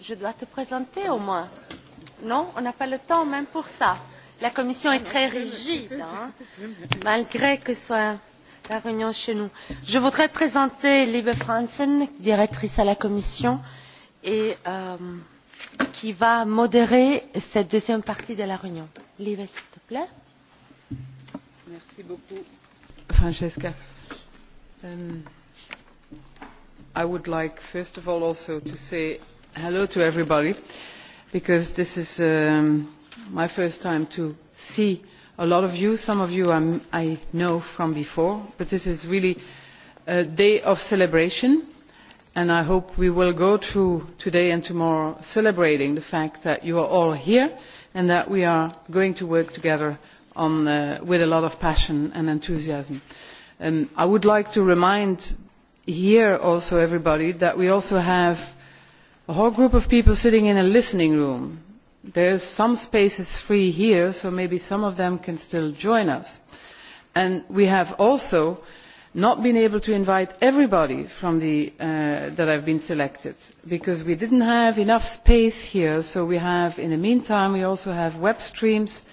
je dois te présenter au moins. Non, on n'a pas le temps même pour ça. La commission est très rigide, malgré que ce soit la réunion chez nous. Je voudrais présenter Liebe Franzen, directrice à la Commission, et qui va modérer cette deuxième partie de la réunion. Liebe, s'il te plaît. Merci beaucoup, Francesca. I would like, first of all, also to say hello to everybody, because this is my first time to see a lot of you some of you i know from before but this is really a day of celebration and i hope we will go through today and tomorrow celebrating the fact that you are all here and that we are going to work together with a lot of passion and enthusiasm. i would like to remind here also everybody that we also have a whole group of people sitting in a listening room there is some spaces free here so maybe some of them can still join us and we have also not been able to invite everybody that have been selected because we did have enough space here so we have in the meantime we also have web streams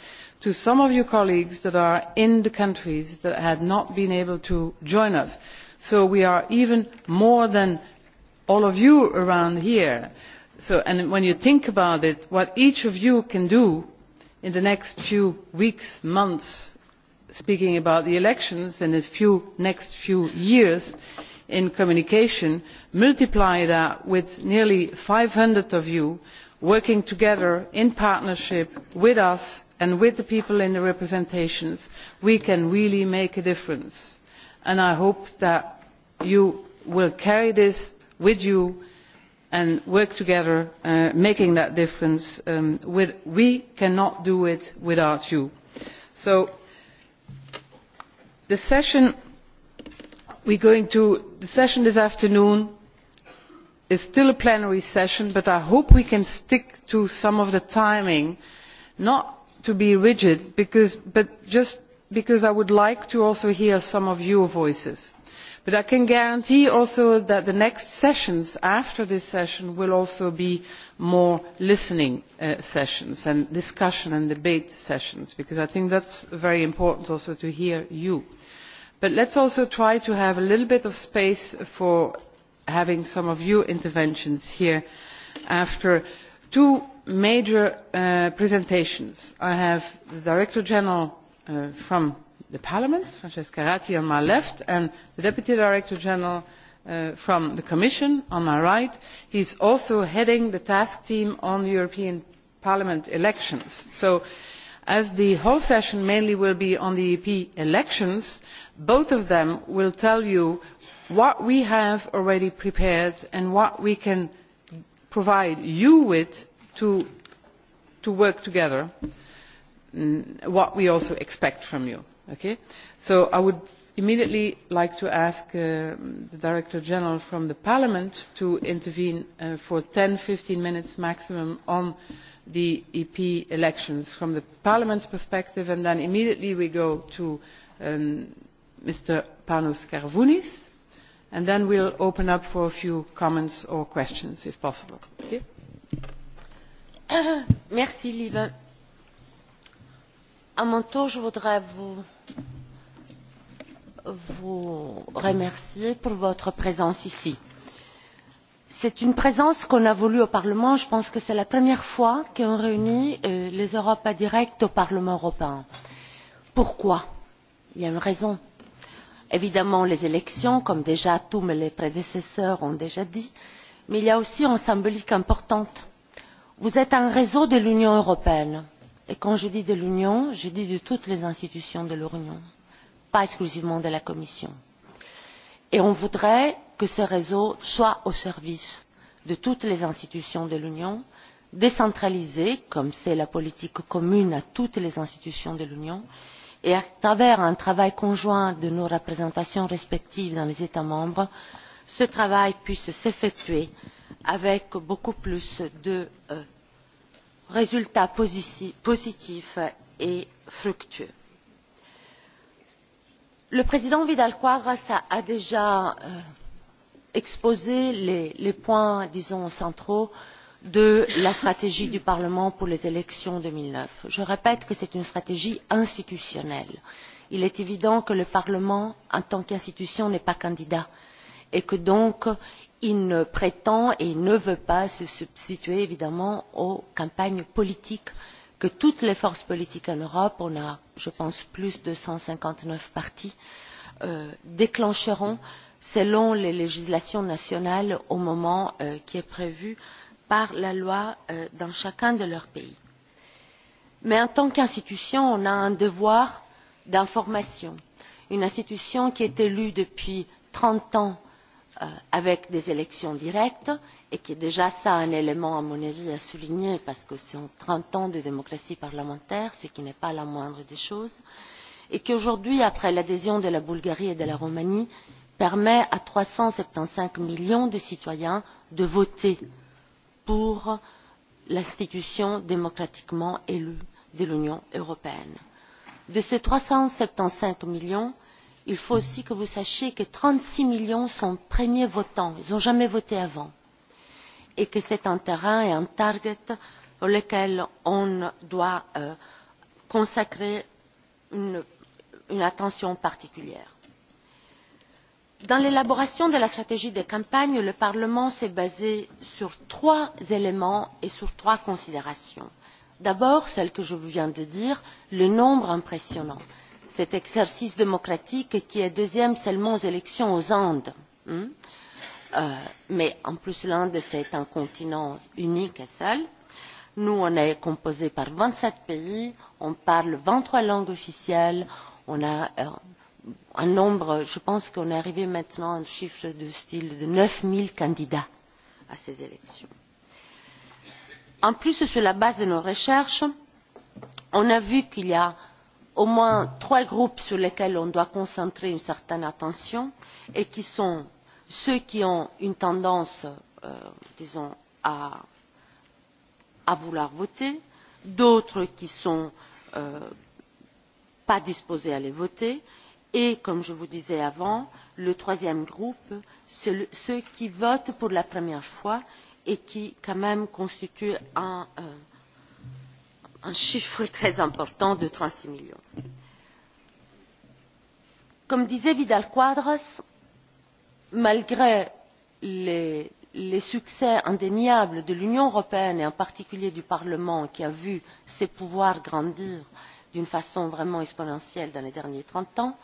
to some of your colleagues that are in the countries that had not been able to join us so we are even more than all of you around here when you think about it what each of you can do in the next few weeks months speaking about the elections in the next few years in communication multiply that with nearly five hundred of you working together in partnership with us and with the people in the representations we can really make a difference and i hope that you will carry this with you and work together making that difference. we cannot do it without you. so the session going to the session this afternoon is still a plenary session but i hope we can stick to some of the timing not to be rigid but just because i would like to also hear some of your voices but i can guarantee also that the next sessions after this session will also be more listening sessions and discussion and debate sessions because i think that is very important also to hear you. but let us also try to have a little bit of space for having some of your interventions here after two major presentations. i have the director general from the Parliament, Francesca Ratti on my left, and the Deputy Director General from the Commission on my right. He is also heading the task team on the European Parliament elections. So, as the whole session mainly will be on the EP elections, both of them will tell you what we have already prepared and what we can provide you with to work together, what we also expect from you. So I would immediately like to ask the Director General from the Parliament to intervene for 10-15 minutes maximum on the EP elections from the Parliament's perspective and then immediately we go to Mr. Panos Karvounis and then we'll open up for a few comments or questions if possible vous remercier pour votre présence ici. C'est une présence qu'on a voulu au Parlement. Je pense que c'est la première fois qu'on réunit les Européens direct au Parlement européen. Pourquoi Il y a une raison. Évidemment, les élections, comme déjà tous mes prédécesseurs ont déjà dit, mais il y a aussi une symbolique importante. Vous êtes un réseau de l'Union européenne et quand je dis de l'union je dis de toutes les institutions de l'union pas exclusivement de la commission et on voudrait que ce réseau soit au service de toutes les institutions de l'union décentralisé comme c'est la politique commune à toutes les institutions de l'union et à travers un travail conjoint de nos représentations respectives dans les états membres ce travail puisse s'effectuer avec beaucoup plus de résultats positifs et fructueux. le président vidal quadras a déjà exposé les points disons centraux de la stratégie du parlement pour les élections. deux mille neuf je répète que c'est une stratégie institutionnelle. il est évident que le parlement en tant qu'institution n'est pas candidat et que donc il ne prétend et ne veut pas se substituer évidemment aux campagnes politiques que toutes les forces politiques en europe on a je pense plus de cent cinquante neuf partis déclencheront selon les législations nationales au moment qui est prévu par la loi dans chacun de leurs pays. mais en tant qu'institution on a un devoir d'information une institution qui est élue depuis trente ans avec des élections directes et qui est déjà un élément à mon avis à souligner parce que c'est trente ans de démocratie parlementaire, ce qui n'est pas la moindre des choses, et qui, aujourd'hui, après l'adhésion de la Bulgarie et de la Roumanie, permet à trois cent soixante cinq millions de citoyens de voter pour l'institution démocratiquement élue de l'Union européenne. De ces trois cent soixante cinq millions, il faut aussi que vous sachiez que trente six millions sont premiers votants ils n'ont jamais voté avant et que c'est un terrain et un target auquel on doit consacrer une attention particulière. dans l'élaboration de la stratégie de campagne le parlement s'est basé sur trois éléments et sur trois considérations. d'abord celle que je viens de dire le nombre impressionnant cet exercice démocratique qui est deuxième seulement aux élections aux Andes. Mais en plus l'Inde c'est un continent unique et seul. Nous on est composé par 27 pays, on parle 23 langues officielles, on a un nombre, je pense qu'on est arrivé maintenant à un chiffre de style de 9000 candidats à ces élections. En plus, sur la base de nos recherches, on a vu qu'il y a au moins trois groupes sur lesquels on doit concentrer une certaine attention et qui sont ceux qui ont une tendance disons à vouloir voter d'autres qui ne sont pas disposés à les voter et comme je vous disais avant le troisième groupe ceux qui votent pour la première fois et qui quand même constituent un un chiffre très important de trente six millions. comme disait vidal quadras malgré les succès indéniables de l'union européenne et en particulier du parlement qui a vu ses pouvoirs grandir d'une façon vraiment exponentielle dans les derniers trente ans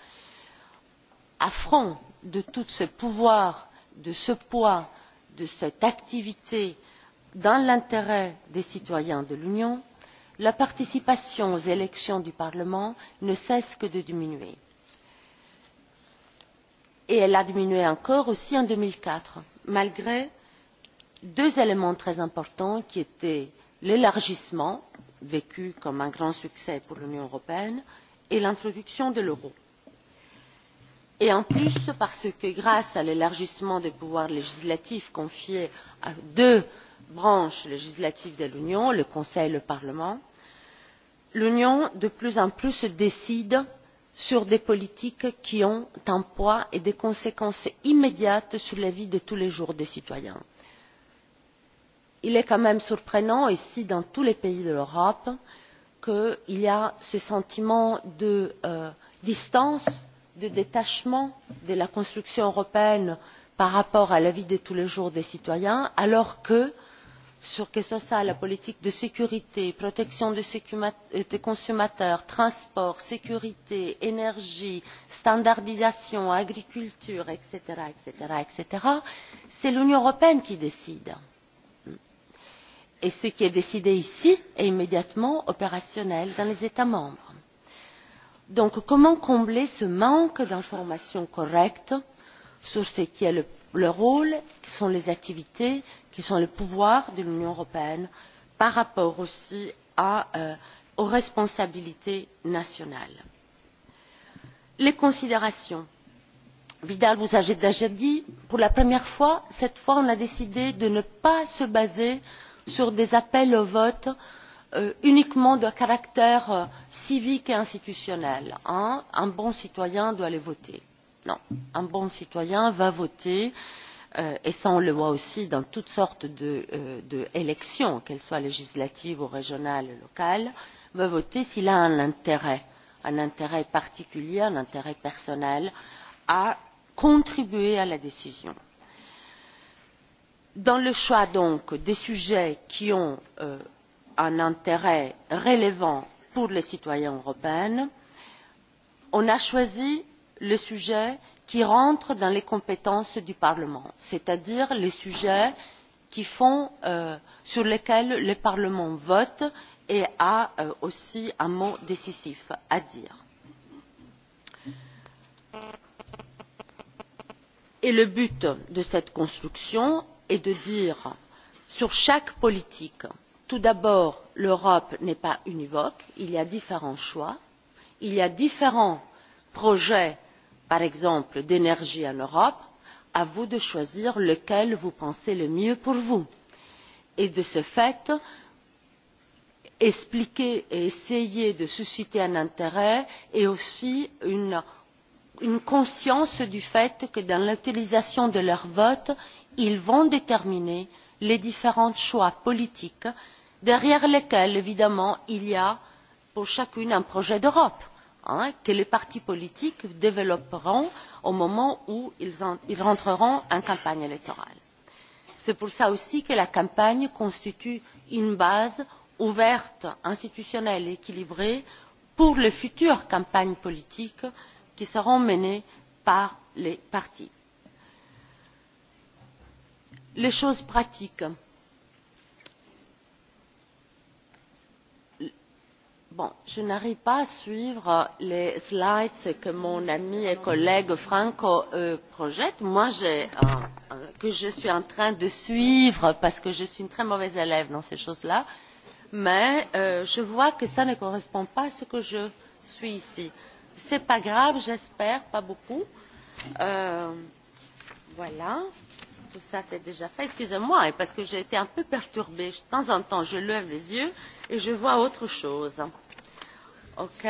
à front de tout ce pouvoir de ce poids de cette activité dans l'intérêt des citoyens de l'union la participation aux élections du Parlement ne cesse que de diminuer. Et elle a diminué encore aussi en 2004, malgré deux éléments très importants qui étaient l'élargissement, vécu comme un grand succès pour l'Union européenne, et l'introduction de l'euro. Et en plus, parce que grâce à l'élargissement des pouvoirs législatifs confiés à deux branches législatives de l'Union, le Conseil et le Parlement, l'union de plus en plus se décide sur des politiques qui ont un poids et des conséquences immédiates sur la vie de tous les jours des citoyens. il est quand même surprenant ici dans tous les pays de l'europe qu'il y ait ce sentiment de distance de détachement de la construction européenne par rapport à la vie de tous les jours des citoyens alors que que ce soit la politique de sécurité, protection des consommateurs, transport, sécurité, énergie, standardisation, agriculture, etc., c'est l'Union européenne qui décide. Et ce qui est décidé ici est immédiatement opérationnel dans les États membres. Donc, comment combler ce manque d'informations correctes sur ce qui est le rôle, sont les activités, qui sont le pouvoir de l'union européenne par rapport aussi aux responsabilités nationales. les considérations vidal vous avez déjà dit pour la première fois cette fois on a décidé de ne pas se baser sur des appels au vote uniquement de caractère civique et institutionnel. un bon citoyen doit aller voter. non un bon citoyen va voter et cela on le voit aussi dans toutes sortes d'élections qu'elles soient législatives ou régionales ou locales va voter s'il a un intérêt un intérêt particulier un intérêt personnel à contribuer à la décision. dans le choix donc des sujets qui ont un intérêt relevant pour les citoyens européens on a choisi le sujet qui rentrent dans les compétences du Parlement, c'est-à-dire les sujets sur lesquels le Parlement vote et a aussi un mot décisif à dire. le but de cette construction est de dire sur chaque politique, tout d'abord, l'Europe n'est pas univoque, il y a différents choix, il y a différents projets par exemple d'énergie en europe à vous de choisir lequel vous pensez le mieux pour vous et de ce fait expliquer et essayer de susciter un intérêt et aussi une conscience du fait que dans l'utilisation de leur vote ils vont déterminer les différents choix politiques derrière lesquels évidemment il y a pour chacune un projet d'europe que les partis politiques développeront au moment où ils entreront en campagne électorale. C'est pour cela aussi que la campagne constitue une base ouverte, institutionnelle et équilibrée pour les futures campagnes politiques qui seront menées par les partis. Les choses pratiques Bon, je n'arrive pas à suivre les slides que mon ami et collègue Franco projette. Moi, que je suis en train de suivre parce que je suis une très mauvaise élève dans ces choses-là. Mais je vois que ça ne correspond pas à ce que je suis ici. Ce n'est pas grave, j'espère, pas beaucoup. Voilà. Tout ça, c'est déjà fait. Excusez-moi, parce que j'ai été un peu perturbée. De temps en temps, je lève les yeux et je vois autre chose. OK.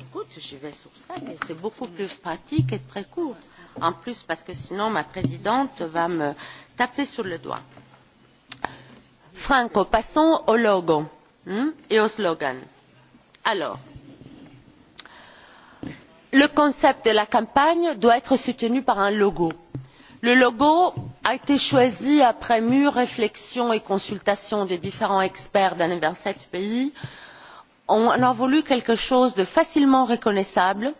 Écoute, je vais sur ça, mais c'est beaucoup plus pratique et très court. En plus, parce que sinon, ma présidente va me taper sur le doigt. Franco, passons au logo et au slogan. Alors, le concept de la campagne doit être soutenu par un logo. Le logo a été choisi après mûre réflexion et consultation des différents experts d'un des vingt sept pays on a voulu quelque chose de facilement reconnaissable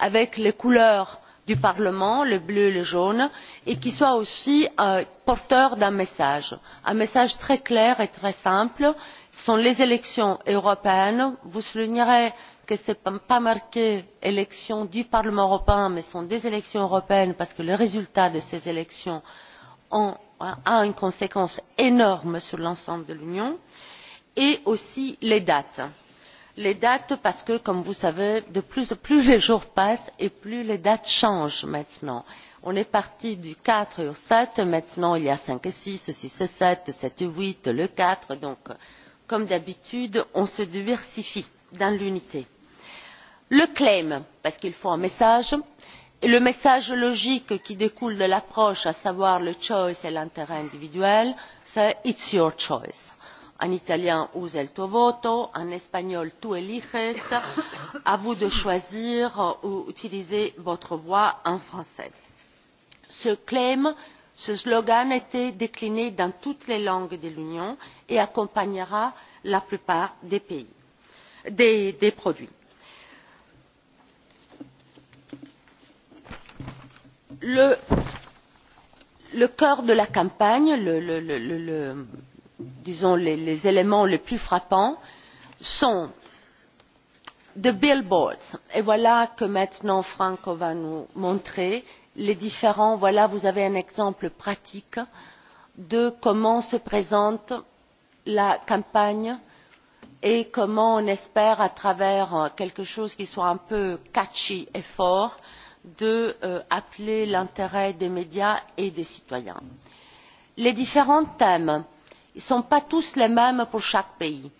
avec les couleurs du parlement le bleu et le jaune et qui soit aussi porteur d'un message un message très clair et très simple ce sont les élections européennes vous soulignerez que ce n'est pas marqué élections du parlement européen mais ce sont des élections européennes parce que le résultat de ces élections a une conséquence énorme sur l'ensemble de l'union et aussi les dates les dates parce que comme vous le savez plus les jours passent et plus les dates changent maintenant. on est parti du quatre au sept maintenant il y a cinq et six six et sept sept et huit le quatre donc comme d'habitude on se diversifie dans l'unité. le claim parce qu'il faut un message le message logique qui découle de l'approche à savoir le choice et l'intérêt individuel c'est it's your choice en italien usa il tuo voto en espagnol tú eliges à vous de choisir ou utiliser votre voix en français. ce claim ce slogan a été décliné dans toutes les langues de l'union et accompagnera la plupart des pays des produits le cœur de la campagne disons les éléments les plus frappants sont des billboards et voilà que maintenant franco va nous montrer les différents voilà vous avez un exemple pratique de comment se présente la campagne et comment on espère à travers quelque chose qui soit un peu catchy et fort d'appeler l'intérêt des médias et des citoyens. les différents thèmes ne sont pas tous les mêmes pour chaque pays.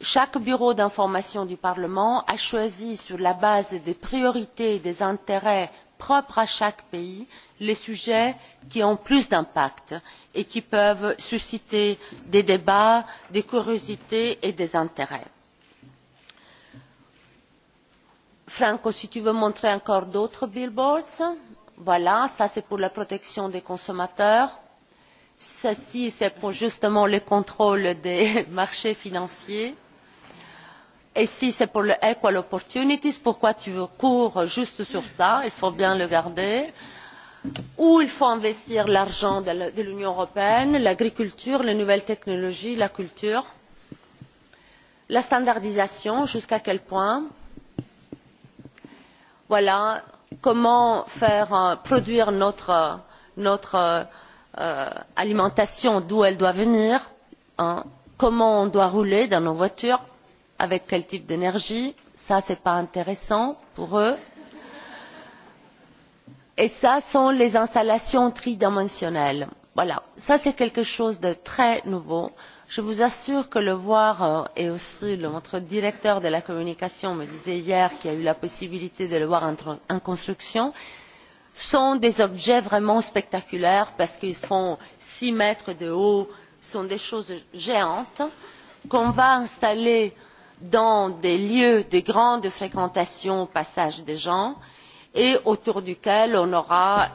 chaque bureau d'information du parlement a choisi sur la base des priorités et des intérêts propres à chaque pays les sujets qui ont le plus d'impact et qui peuvent susciter des débats des curiosités et des intérêts Franco, si tu veux montrer encore d'autres billboards, voilà, ça c'est pour la protection des consommateurs. Ceci, c'est pour justement le contrôle des marchés financiers. Et si c'est pour le Equal Opportunities, pourquoi tu cours juste sur ça Il faut bien le garder. Où il faut investir l'argent de l'Union européenne, l'agriculture, les nouvelles technologies, la culture, la standardisation, jusqu'à quel point voilà comment faire produire notre alimentation d'où elle doit venir comment on doit rouler dans nos voitures avec quel type d'énergie ça ce n'est pas intéressant pour eux et ça sont les installations tridimensionnelles. voilà ça c'est quelque chose de très nouveau je vous assure que le voir et aussi notre directeur de la communication me disait hier qu'il a eu la possibilité de le voir en construction sont des objets vraiment spectaculaires parce qu'ils font six mètres de haut sont des choses géantes qu'on va installer dans des lieux de grande fréquentation au passage des gens et autour duquel on aura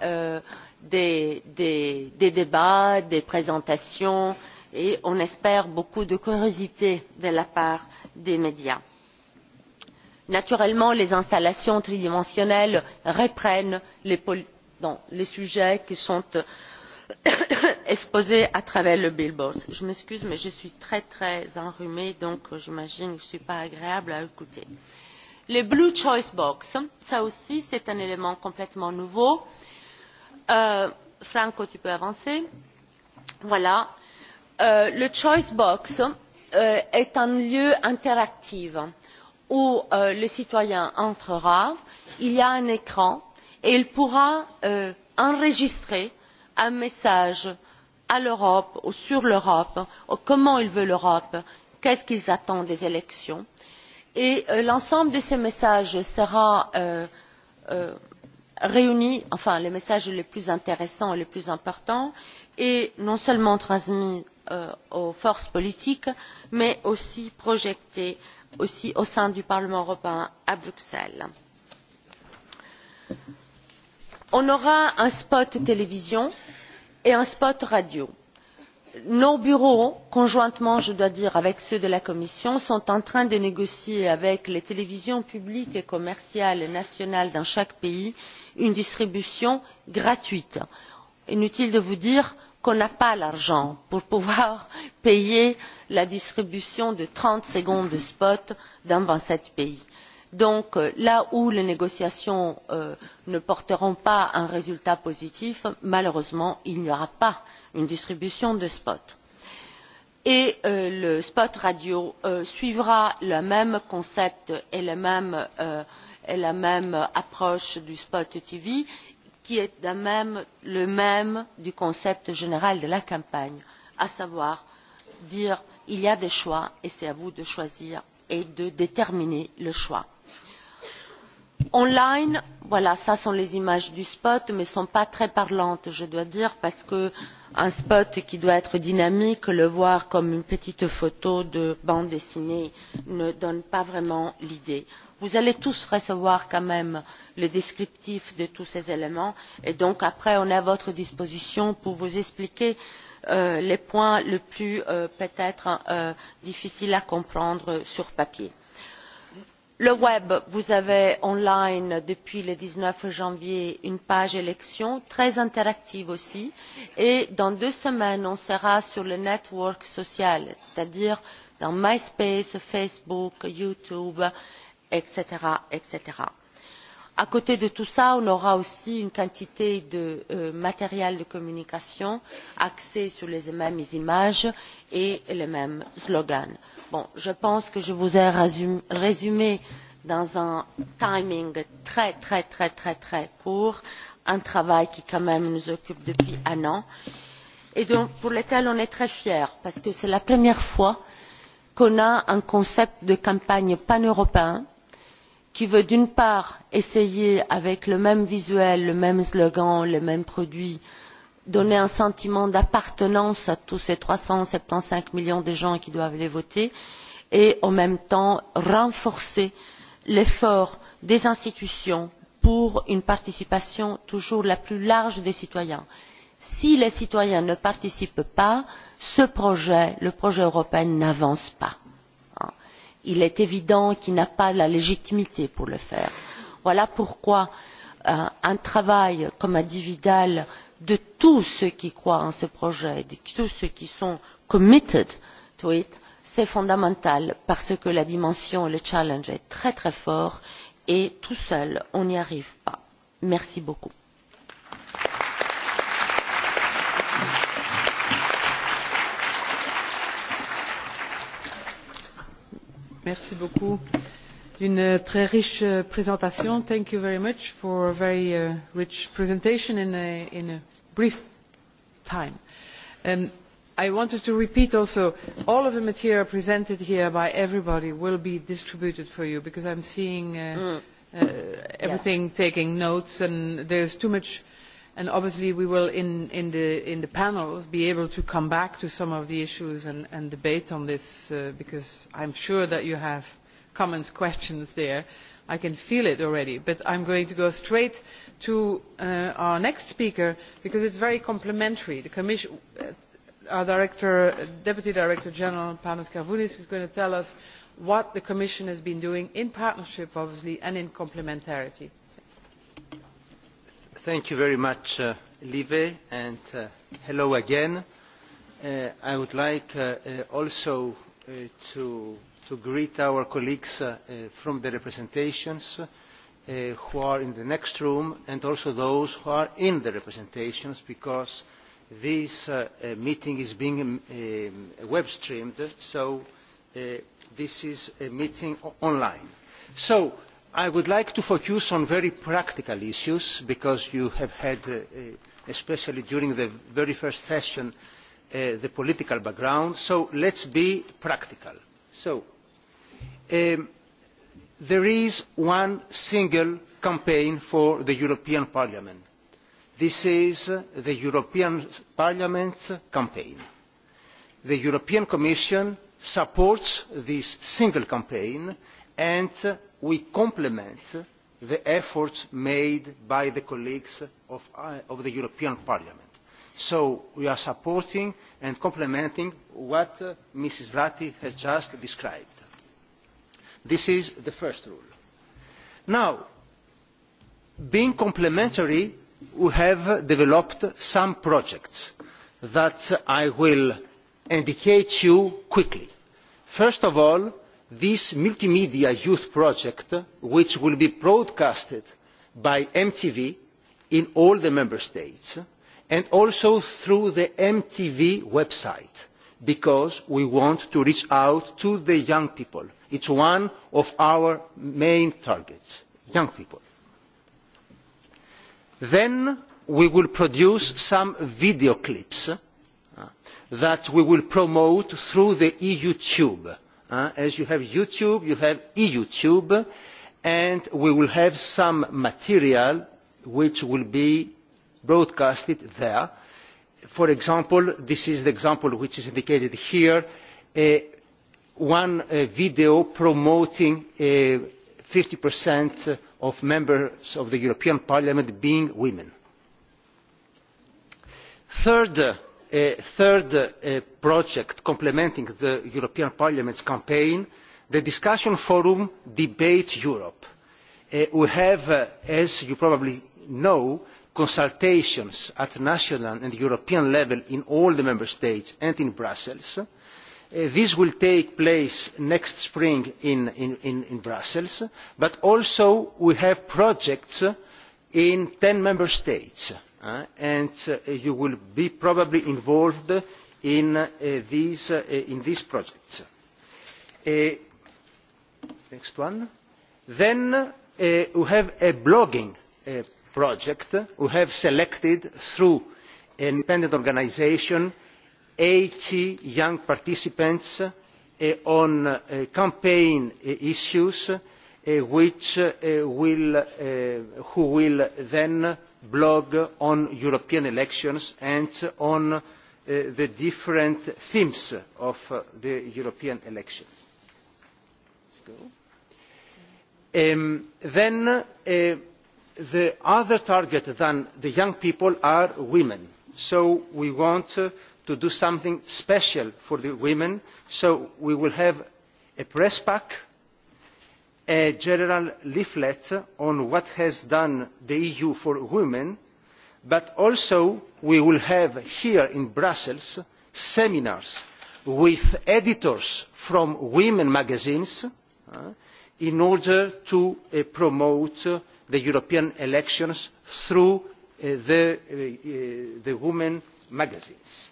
des débats des présentations et on espère beaucoup de curiosité de la part des médias. naturellement les installations tridimensionnelles reprennent les sujets qui sont exposés à travers le billboard. je m'excuse mais je suis très très enrhumée donc j'imagine que je ne suis pas agréable à écouter. les blue choice box ça aussi c'est un élément complètement nouveau. franco tu peux avancer. voilà le choice box est un lieu interactif où le citoyen entrera il y a un écran et il pourra enregistrer un message à l'europe ou sur l'europe comment il veut l'europe qu'est ce qu'il attend des élections et l'ensemble de ces messages sera réuni enfin les messages les plus intéressants et les plus importants et non seulement transmis aux forces politiques mais aussi projeté aussi au sein du parlement européen à bruxelles. on aura un spot télévision et un spot radio. nos bureaux conjointement je dois dire avec ceux de la commission sont en train de négocier avec les télévisions publiques et commerciales nationales dans chaque pays une distribution gratuite. inutile de vous dire qu'on n'a pas l'argent pour pouvoir payer la distribution de trente secondes de spot dans vingt sept pays. donc là où les négociations ne porteront pas un résultat positif malheureusement il n'y aura pas une distribution de spot. et le spot radio suivra le même concept et la même approche du spot tv qui est même le même du concept général de la campagne, à savoir dire il y a des choix et c'est à vous de choisir et de déterminer le choix. En ligne, voilà, ce sont les images du spot, mais elles ne sont pas très parlantes, je dois dire, parce qu'un spot qui doit être dynamique, le voir comme une petite photo de bande dessinée ne donne pas vraiment l'idée vous allez tous recevoir quand même le descriptif de tous ces éléments et donc après on est à votre disposition pour vous expliquer les points les plus peut être difficiles à comprendre sur papier. le web vous avez en depuis le dix neuf janvier une page élection très interactive aussi et dans deux semaines on sera sur le network social c'est à dire dans myspace facebook youtube etc. à côté de tout cela on aura aussi une quantité de matériel de communication axé sur les mêmes images et les mêmes slogans. je pense que je vous ai résumé dans un timing très très très très très court un travail qui quand même nous occupe depuis un an et pour lequel on est très fiers parce que c'est la première fois qu'on a un concept de campagne paneuropéen qui veut d'une part essayer avec le même visuel le même slogan les mêmes produits donner un sentiment d'appartenance à tous ces trois cent soixante quinze millions de gens qui doivent aller voter et en même temps renforcer l'effort des institutions pour une participation toujours la plus large des citoyens. si les citoyens ne participent pas ce projet le projet européen n'avance pas il est évident qu'il n'a pas la légitimité pour le faire. voilà pourquoi un travail comme l'a dit vidal de tous ceux qui croient en ce projet de tous ceux qui sont committed to it c'est fondamental parce que la dimension le challenge est très très fort et tout seul on n'y arrive pas. merci beaucoup. Merci beaucoup. Une très riche présentation. Thank you very much for a very rich presentation in a brief time. I wanted to repeat also, all of the material presented here by everybody will be distributed for you because I'm seeing everything taking notes and there's too much obviously we will in the panels be able to come back to some of the issues and debate on this because i am sure that you have comments questions there i can feel it already but i am going to go straight to our next speaker because it is very complementary. our deputy director general panos karvounis is going to tell us what the commission has been doing in partnership obviously and in complementarity. Thank you very much, Live, and hello again. I would like also to greet our colleagues from the representations who are in the next room and also those who are in the representations because this meeting is being web streamed, so this is a meeting online. So I would like to focus on very practical issues because you have had, especially during the very first session, the political background. So let's be practical. So there is one single campaign for the European Parliament. This is the European Parliament's campaign. The European Commission supports this single campaign and we complement the efforts made by the colleagues of the European Parliament. So we are supporting and complementing what Mrs. Vrati has just described. This is the first rule. Now, being complementary, we have developed some projects that I will indicate to you quickly. First of all, this multimedia youth project which will be broadcasted by mtv in all the member states and also through the mtv website because we want to reach out to the young people. it is one of our main targets young people. then we will produce some video clips that we will promote through the eu tube As you have YouTube, you have YouTube, and we will have some material which will be broadcasted there. For example, this is the example which is indicated here, one video promoting 50% of members of the European Parliament being women. Third a third project complementing the European Parliament's campaign, the discussion forum Debate Europe. We have, as you probably know, consultations at national and European level in all the Member States and in Brussels. This will take place next spring in Brussels, but also we have projects in ten Member States and you will be probably involved in these projects. Next one. Then we have a blogging project. We have selected through an independent organisation 80 young participants on campaign issues which will who will then blog on European elections and on the different themes of the European elections. Then the other target than the young people are women. So we want to do something special for the women. So we will have a press pack a general leaflet on what has done the EU for women, but also we will have here in Brussels seminars with editors from women magazines in order to promote the European elections through the women magazines.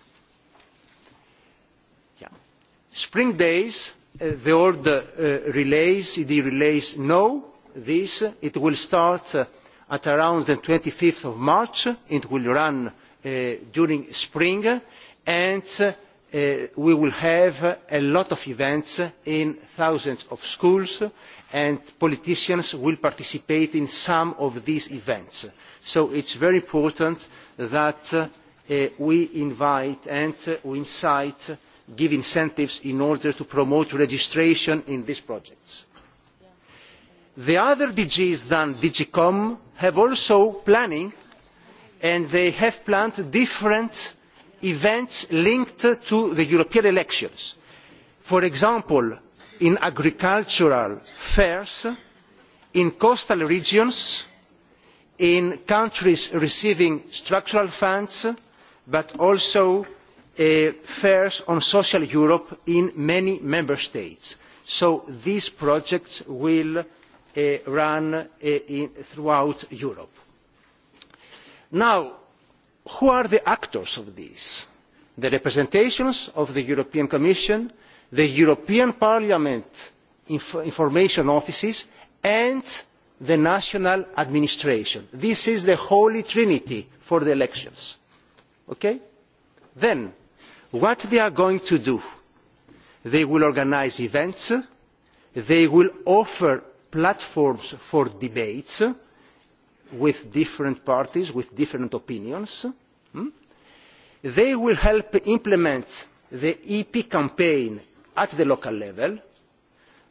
Spring Days the old relays the relays know this it will start at around the 25th of march it will run during spring and we will have a lot of events in thousands of schools and politicians will participate in some of these events so it's very important that we invite and we incite give incentives in order to promote registration in these projects. The other DGs than DGCOM have also planning and they have planned different events linked to the European elections. For example, in agricultural fairs, in coastal regions, in countries receiving structural funds, but also fairs on social Europe in many member states. So these projects will run throughout Europe. Now, who are the actors of this? The representations of the European Commission, the European Parliament information offices and the national administration. This is the holy trinity for the elections. Then what they are going to do they will organise events they will offer platforms for debates with different parties with different opinions they will help implement the ep campaign at the local level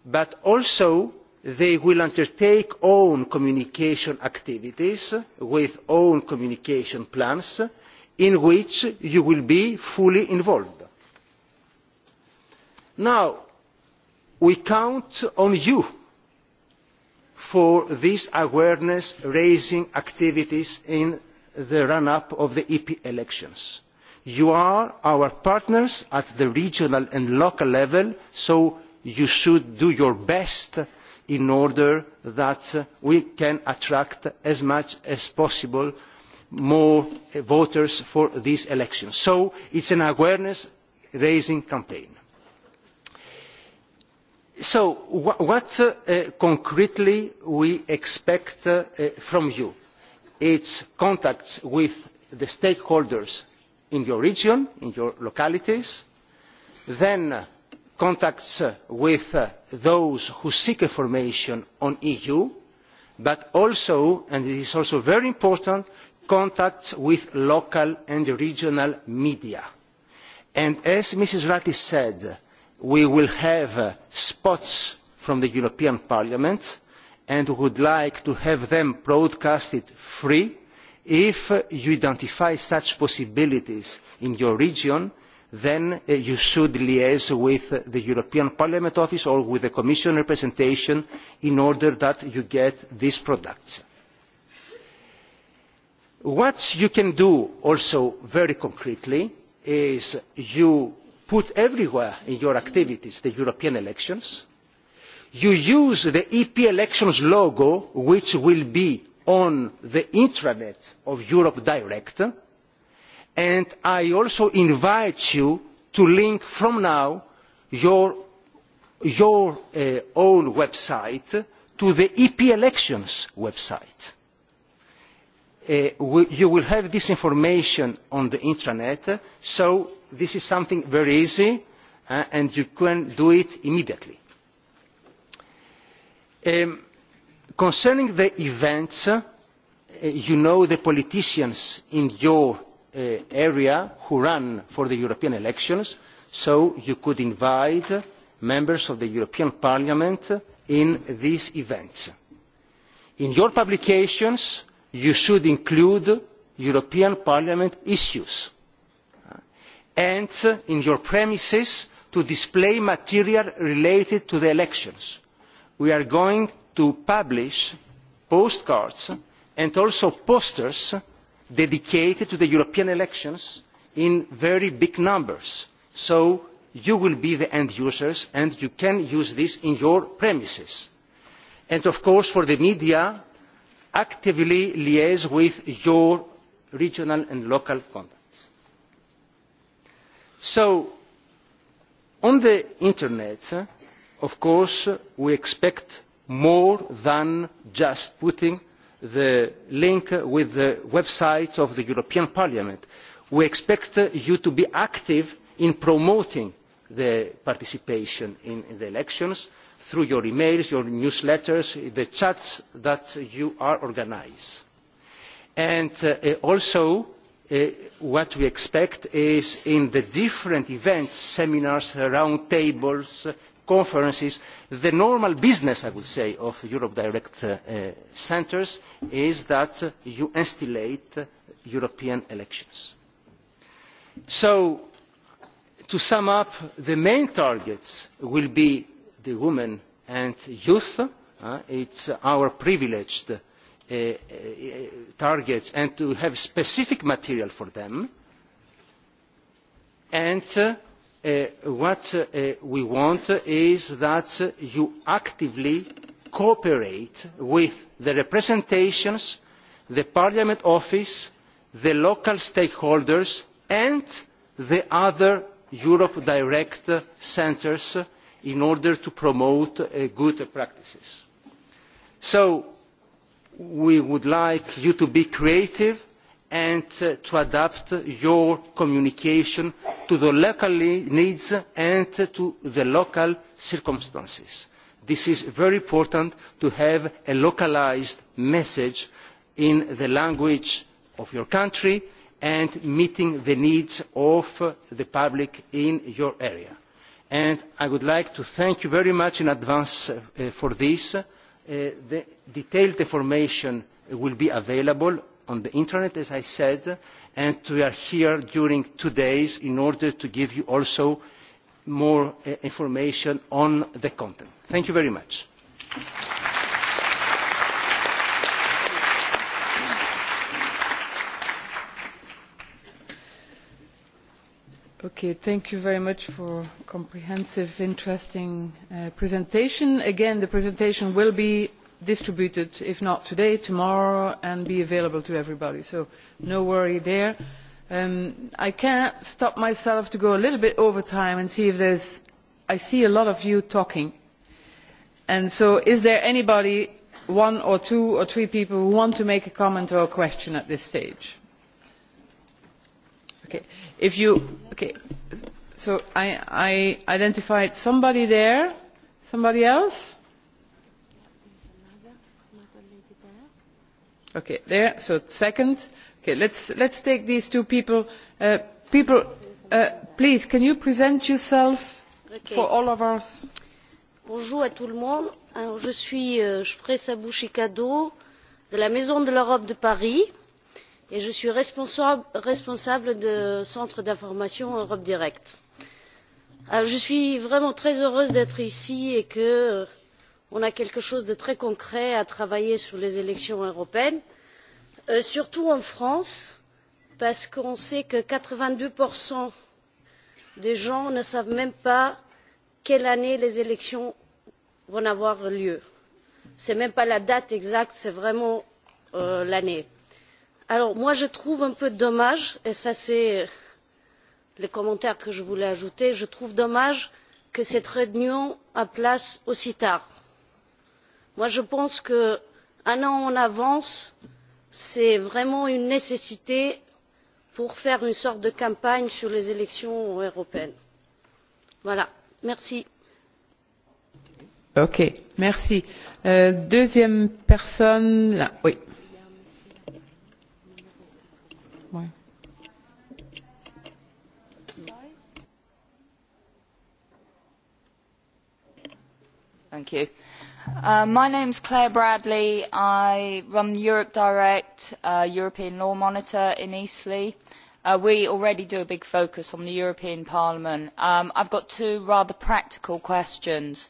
but also they will undertake own communication activities with own communication plans in which you will be fully involved. Now, we count on you for these awareness raising activities in the run up of the EP elections. You are our partners at the regional and local level, so you should do your best in order that we can attract as much as possible more voters for these elections. so it is an awareness raising campaign. so what concretely we expect from you? it is contacts with the stakeholders in your region in your localities then contacts with those who seek information on the eu but also and it is also very important contacts with local and regional media. And as Mrs. Ratti said, we will have spots from the European Parliament and would like to have them broadcasted free. If you identify such possibilities in your region, then you should liaise with the European Parliament office or with the Commission representation in order that you get these products. What you can do also very concretely is you put everywhere in your activities the European elections. You use the EP elections logo which will be on the intranet of Europe Direct. And I also invite you to link from now your own website to the EP elections website you will have this information on the intranet so this is something very easy and you can do it immediately. concerning the events you know the politicians in your area who run for the european elections so you could invite members of the european parliament in these events. in your publications you should include European Parliament issues and in your premises to display material related to the elections. We are going to publish postcards and also posters dedicated to the European elections in very big numbers. So you will be the end users and you can use this in your premises. And of course for the media actively liaise with your regional and local contacts. So, on the Internet, of course, we expect more than just putting the link with the website of the European Parliament. We expect you to be active in promoting the participation in the elections through your emails, your newsletters, the chats that you are organise. And also what we expect is in the different events, seminars, round tables, conferences, the normal business, I would say, of Europe Direct centres is that you instillate European elections. So to sum up, the main targets will be the women and youth it's our privileged targets and to have specific material for them and what we want is that you actively cooperate with the representations the parliament office the local stakeholders and the other europe direct centres in order to promote good practices. So we would like you to be creative and to adapt your communication to the local needs and to the local circumstances. This is very important to have a localised message in the language of your country and meeting the needs of the public in your area and I would like to thank you very much in advance for this. The detailed information will be available on the internet, as I said, and we are here during two days in order to give you also more information on the content. Thank you very much. Okay, thank you very much for a comprehensive, interesting presentation. Again, the presentation will be distributed, if not today, tomorrow, and be available to everybody. So no worry there. I can't stop myself to go a little bit over time and see if there's. I see a lot of you talking, and so is there anybody, one or two or three people, who want to make a comment or a question at this stage? Okay. If you okay, so I I identified somebody there, somebody else. Okay, there. So second. Okay, let's let's take these two people. people, please, can you present yourself for all of us? Bonjour à tout le monde. Alors, je suis je Bouchikado de la Maison de l'Europe de Paris et je suis responsable du centre d'information europe direct. je suis vraiment très heureuse d'être ici et qu'on a quelque chose de très concret à travailler sur les élections européennes surtout en france parce qu'on sait que quatre vingt deux des gens ne savent même pas quelle année les élections vont avoir lieu. ce n'est même pas la date exacte c'est vraiment l'année alors moi je trouve un peu dommage et ça c'est les commentaires que je voulais ajouter je trouve dommage que cette réunion a place aussi tard. moi je pense qu'un an en avance c'est vraiment une nécessité pour faire une sorte de campagne sur les élections européennes. voilà merci. ok merci. deuxième personne oui Thank My name is Claire Bradley. I run Europe Direct, European Law Monitor in Eastleigh. We already do a big focus on the European Parliament. I've got two rather practical questions.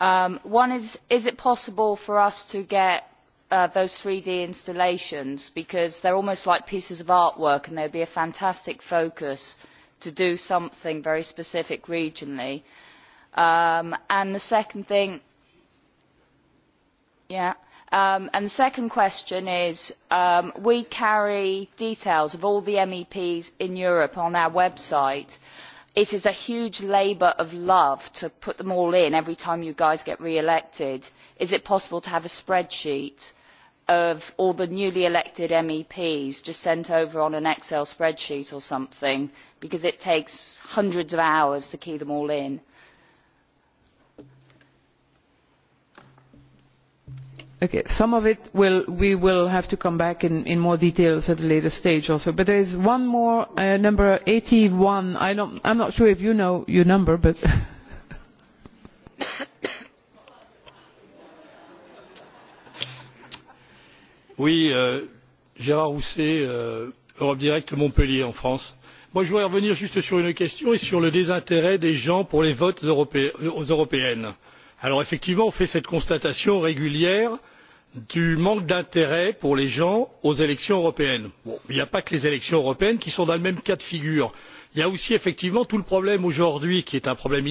One is, is it possible for us to get those 3D installations? Because they are almost like pieces of artwork and would be a fantastic focus to do something very specific regionally and the second thing and the second question is we carry details of all the meps in europe on our website it is a huge labour of love to put them all in every time you guys get re elected is it possible to have a spreadsheet of all the newly elected meps just sent over on an excel spreadsheet or something because it takes hundreds of hours to key them all in? Some of it we will have to come back in more details at a later stage also. But there is one more number 81. am not sure if you know your number, but. Oui, Gérard Rousset, Europe Direct Montpellier en France. Moi, je voudrais revenir juste sur une question et sur le désintérêt des gens pour les votes aux européennes. Alors effectivement, on fait cette constatation régulière du manque d'intérêt pour les gens aux élections européennes. il n'y a pas que les élections européennes qui sont dans le même cas de figure. il y a aussi effectivement tout le problème aujourd'hui qui est un problème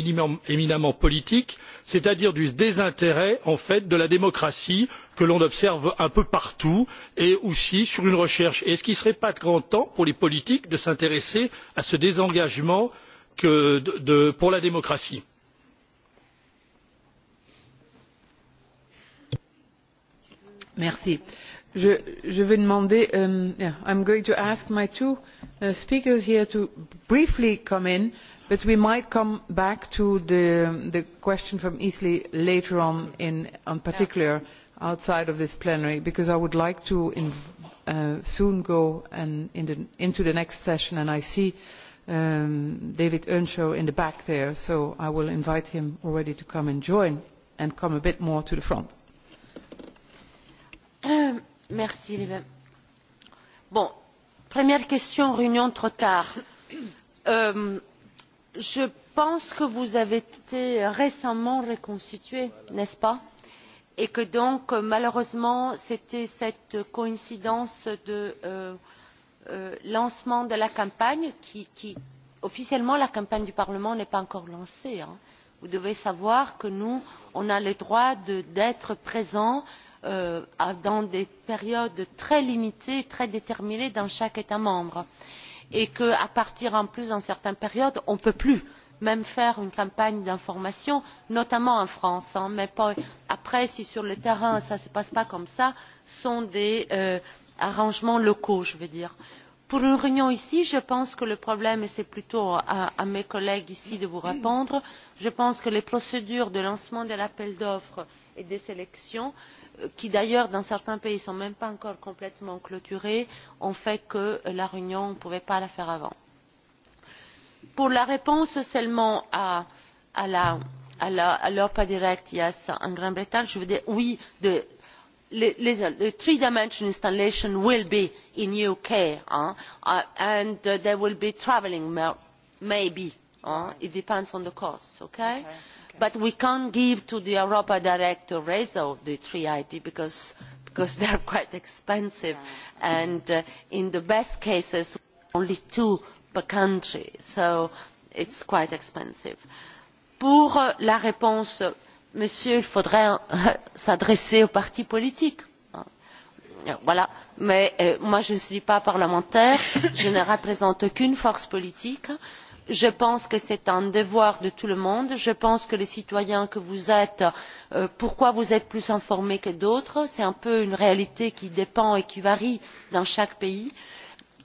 éminemment politique c'est à dire du désintérêt en fait de la démocratie que l'on observe un peu partout et aussi sur une recherche. ce ne serait pas grand temps pour les politiques de s'intéresser à ce désengagement pour la démocratie? Merci. Je vais demander, going to ask my two speakers here to briefly come in, but we might come back to the question from Easley later on, in particular outside of this plenary, because I would like to soon go into the next session, and I see David Earnshaw in the back there, so I will invite him already to come and join and come a bit more to the front. Merci. Bon, première question, réunion trop tard. Je pense que vous avez été récemment reconstitué, n'est-ce pas Et que donc, malheureusement, c'était cette coïncidence de lancement de la campagne qui, officiellement, la campagne du Parlement n'est pas encore lancée. Vous devez savoir que nous, on a le droit d'être présents dans des périodes très limitées très déterminées dans chaque état membre et qu'à partir en plus dans certaines périodes on ne peut plus même faire une campagne d'information notamment en france mais après si sur le terrain ça ne se passe pas comme ça ce sont des arrangements locaux je veux dire. pour une réunion ici je pense que le problème et c'est plutôt à mes collègues ici de vous répondre je pense que les procédures de lancement de l'appel d'offres et des sélections qui d'ailleurs dans certains pays ne sont même pas encore complètement clôturés, ont fait que la réunion ne pouvait pas la faire avant. Pour la réponse seulement à l'Europa Direct Yes en Grande-Bretagne, je veux dire oui, the three-dimensional installation will be in UK and there will be travelling maybe. It depends on the cost, okay? but we can't give to the europa director reso the three id because they are quite expensive and in the best cases only two per country so it's quite expensive. pour la réponse monsieur il faudrait s'adresser aux partis politiques voilà mais moi je ne suis pas parlementaire je ne représente aucune force politique je pense que c'est un devoir de tout le monde je pense que les citoyens que vous êtes pourquoi vous êtes plus informés que d'autres c'est un peu une réalité qui dépend et qui varie dans chaque pays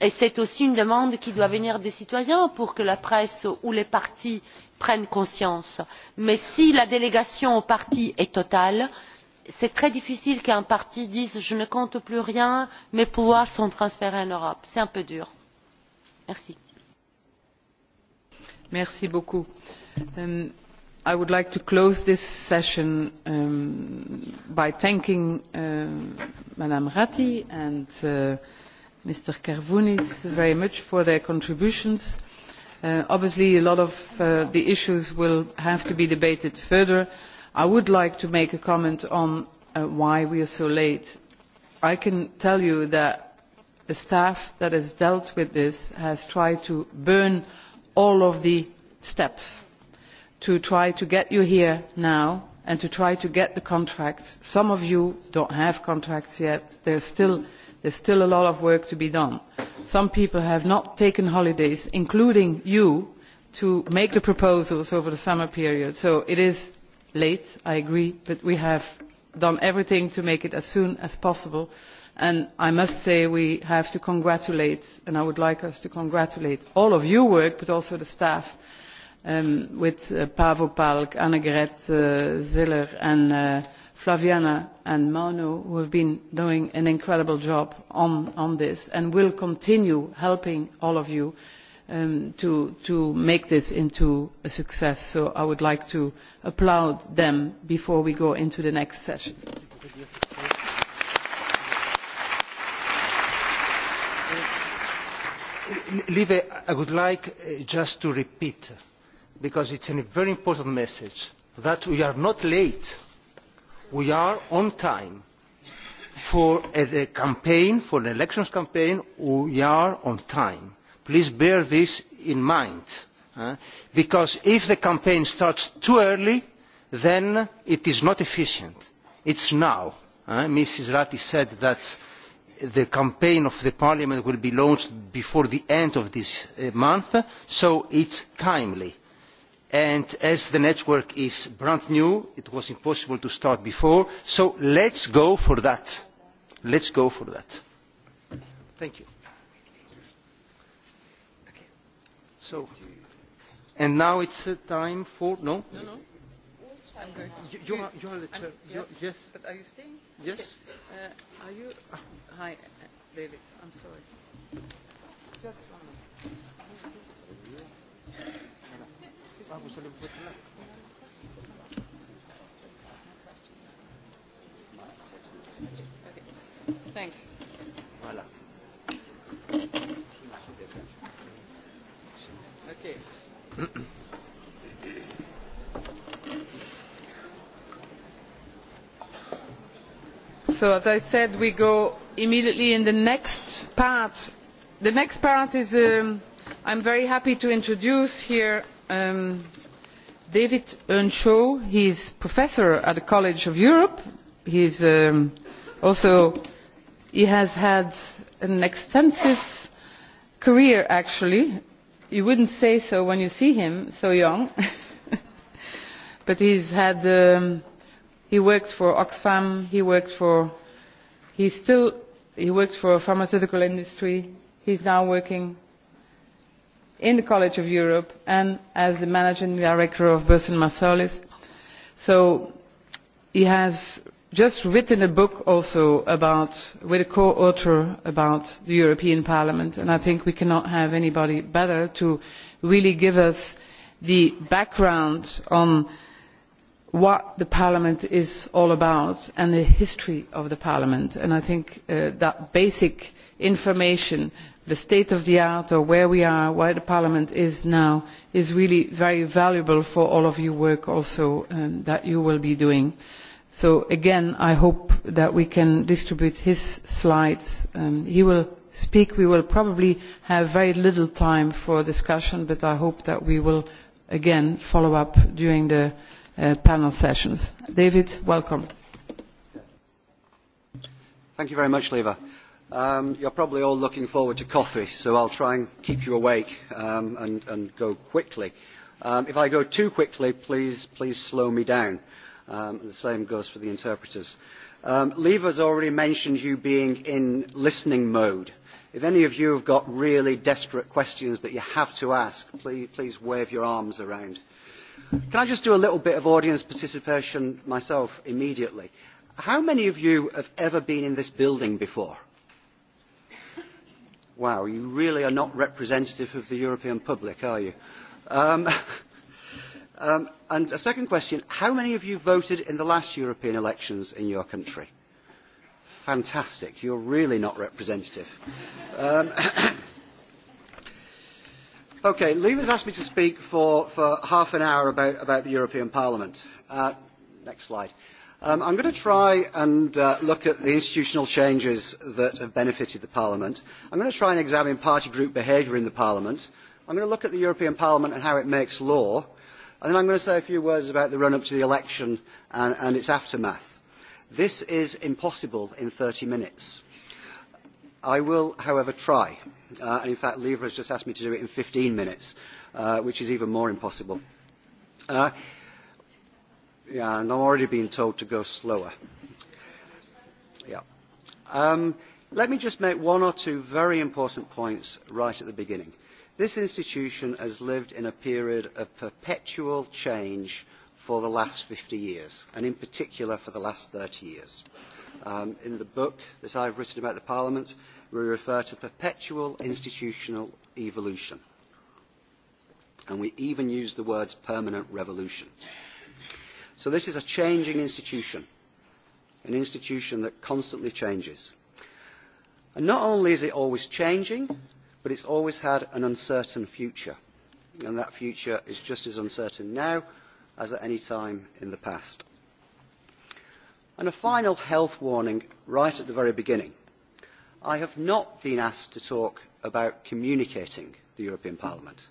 et c'est aussi une demande qui doit venir des citoyens pour que la presse ou les partis prennent conscience mais si la délégation aux partis est totale c'est très difficile qu'un parti dise je ne compte plus rien mes pouvoirs sont transférés en europe c'est un peu dur. merci. I would like to close this session by thanking madam Ratti and Mr. karvounis very much for their contributions. Obviously, a lot of the issues will have to be debated further. I would like to make a comment on why we are so late. I can tell you that the staff that has dealt with this has tried to burn all of the steps to try to get you here now and to try to get the contracts. Some of you don't have contracts yet. There's still a lot of work to be done. Some people have not taken holidays, including you, to make the proposals over the summer period. So it is late, I agree, but we have done everything to make it as soon as possible and i must say we have to congratulate and i would like us to congratulate all of your work but also the staff with paavo palk annegret ziller and flaviana and manu who have been doing an incredible job on this and will continue helping all of you to make this into a success so i would like to applaud them before we go into the next session. Lieve, I would like just to repeat, because it is a very important message, that we are not late. We are on time. For a campaign, for an elections campaign, we are on time. Please bear this in mind, because if the campaign starts too early, then it is not efficient. It is now. Mrs. Ratti said that the campaign of the parliament will be launched before the end of this month so it is timely and as the network is brand new it was impossible to start before so let's go for that. Let's go for that. Thank you. and now it's time for no. I'm You are, you are the chair. Yes. But are you staying? Yes. Are you? Hi, David. I'm sorry. Just one minute. Thanks. Okay. So as I said, we go immediately in the next part. The next part is I'm very happy to introduce here David Earnshaw. He is professor at the College of Europe. He also he has had an extensive career actually. You wouldn't say so when you see him so young, but he's had he worked for oxfam he worked for he still he worked for the pharmaceutical industry he is now working in the college of europe and as the managing director of burson marsalis so he has just written a book also about with a co author about the european parliament and i think we cannot have anybody better to really give us the background on what the Parliament is all about and the history of the Parliament. And I think that basic information, the state of the art or where we are, where the Parliament is now, is really very valuable for all of your work also that you will be doing. So again, I hope that we can distribute his slides. He will speak. We will probably have very little time for discussion, but I hope that we will again follow up during the panel sessions. David, welcome. Thank you very much, Leva. Um, you're probably all looking forward to coffee, so I'll try and keep you awake um, and, and go quickly. Um, if I go too quickly, please, please slow me down. the same goes for the interpreters. Um, Leva's already mentioned you being in listening mode. If any of you have got really desperate questions that you have to ask, please, please wave your arms around Can I just do a little bit of audience participation myself immediately? How many of you have ever been in this building before? Wow, you really are not representative of the European public, are you? And a second question, how many of you voted in the last European elections in your country? Fantastic, you're really not representative. Okay, has asked me to speak for, for half an hour about, the European Parliament. next slide. I'm going to try and look at the institutional changes that have benefited the Parliament. I'm going to try and examine party group behaviour in the Parliament. I'm going to look at the European Parliament and how it makes law. And then I'm going to say a few words about the run-up to the election and, and its aftermath. This is impossible in 30 minutes I will, however, try. And in fact, Lever has just asked me to do it in 15 minutes, which is even more impossible. Yeah, and I'm already being told to go slower. Yeah. Let me just make one or two very important points right at the beginning. This institution has lived in a period of perpetual change for the last 50 years, and in particular for the last 30 years in the book that I've written about the Parliament, we refer to perpetual institutional evolution. And we even use the words permanent revolution. So this is a changing institution, an institution that constantly changes. And not only is it always changing, but it's always had an uncertain future. And that future is just as uncertain now as at any time in the past a final health warning right at the very beginning i have not been asked to talk about communicating the european parliament.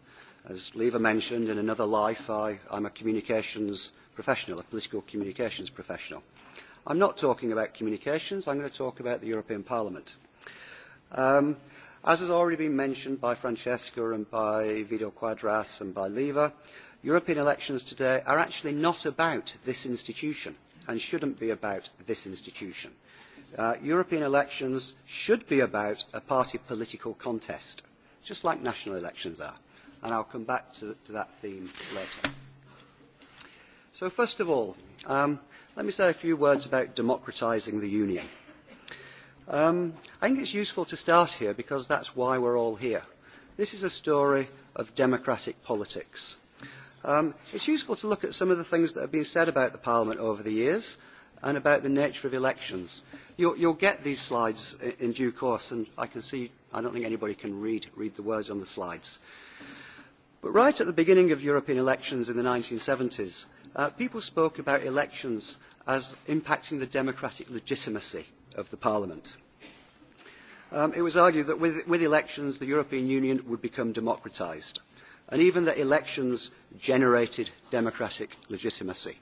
as Leva mentioned in another life i am a communications professional a political communications professional. i am not talking about communications i going to talk about the european parliament. as has already been mentioned by francesca and by vido quadras and by Lever, european elections today are actually not about this institution and shouldn't be about this institution. European elections should be about a party political contest, just like national elections are. And I'll come back to that theme later. So first of all, let me say a few words about democratising the Union. I think it's useful to start here because that is why we're all here. This is a story of democratic politics. It's useful to look at some of the things that have been said about the Parliament over the years and about the nature of elections. You'll get these slides in due course, and I can see I don't think anybody can read the words on the slides. But right at the beginning of European elections in the 1970s, people spoke about elections as impacting the democratic legitimacy of the Parliament. It was argued that with elections, the European Union would become democratised and even that elections generated democratic legitimacy.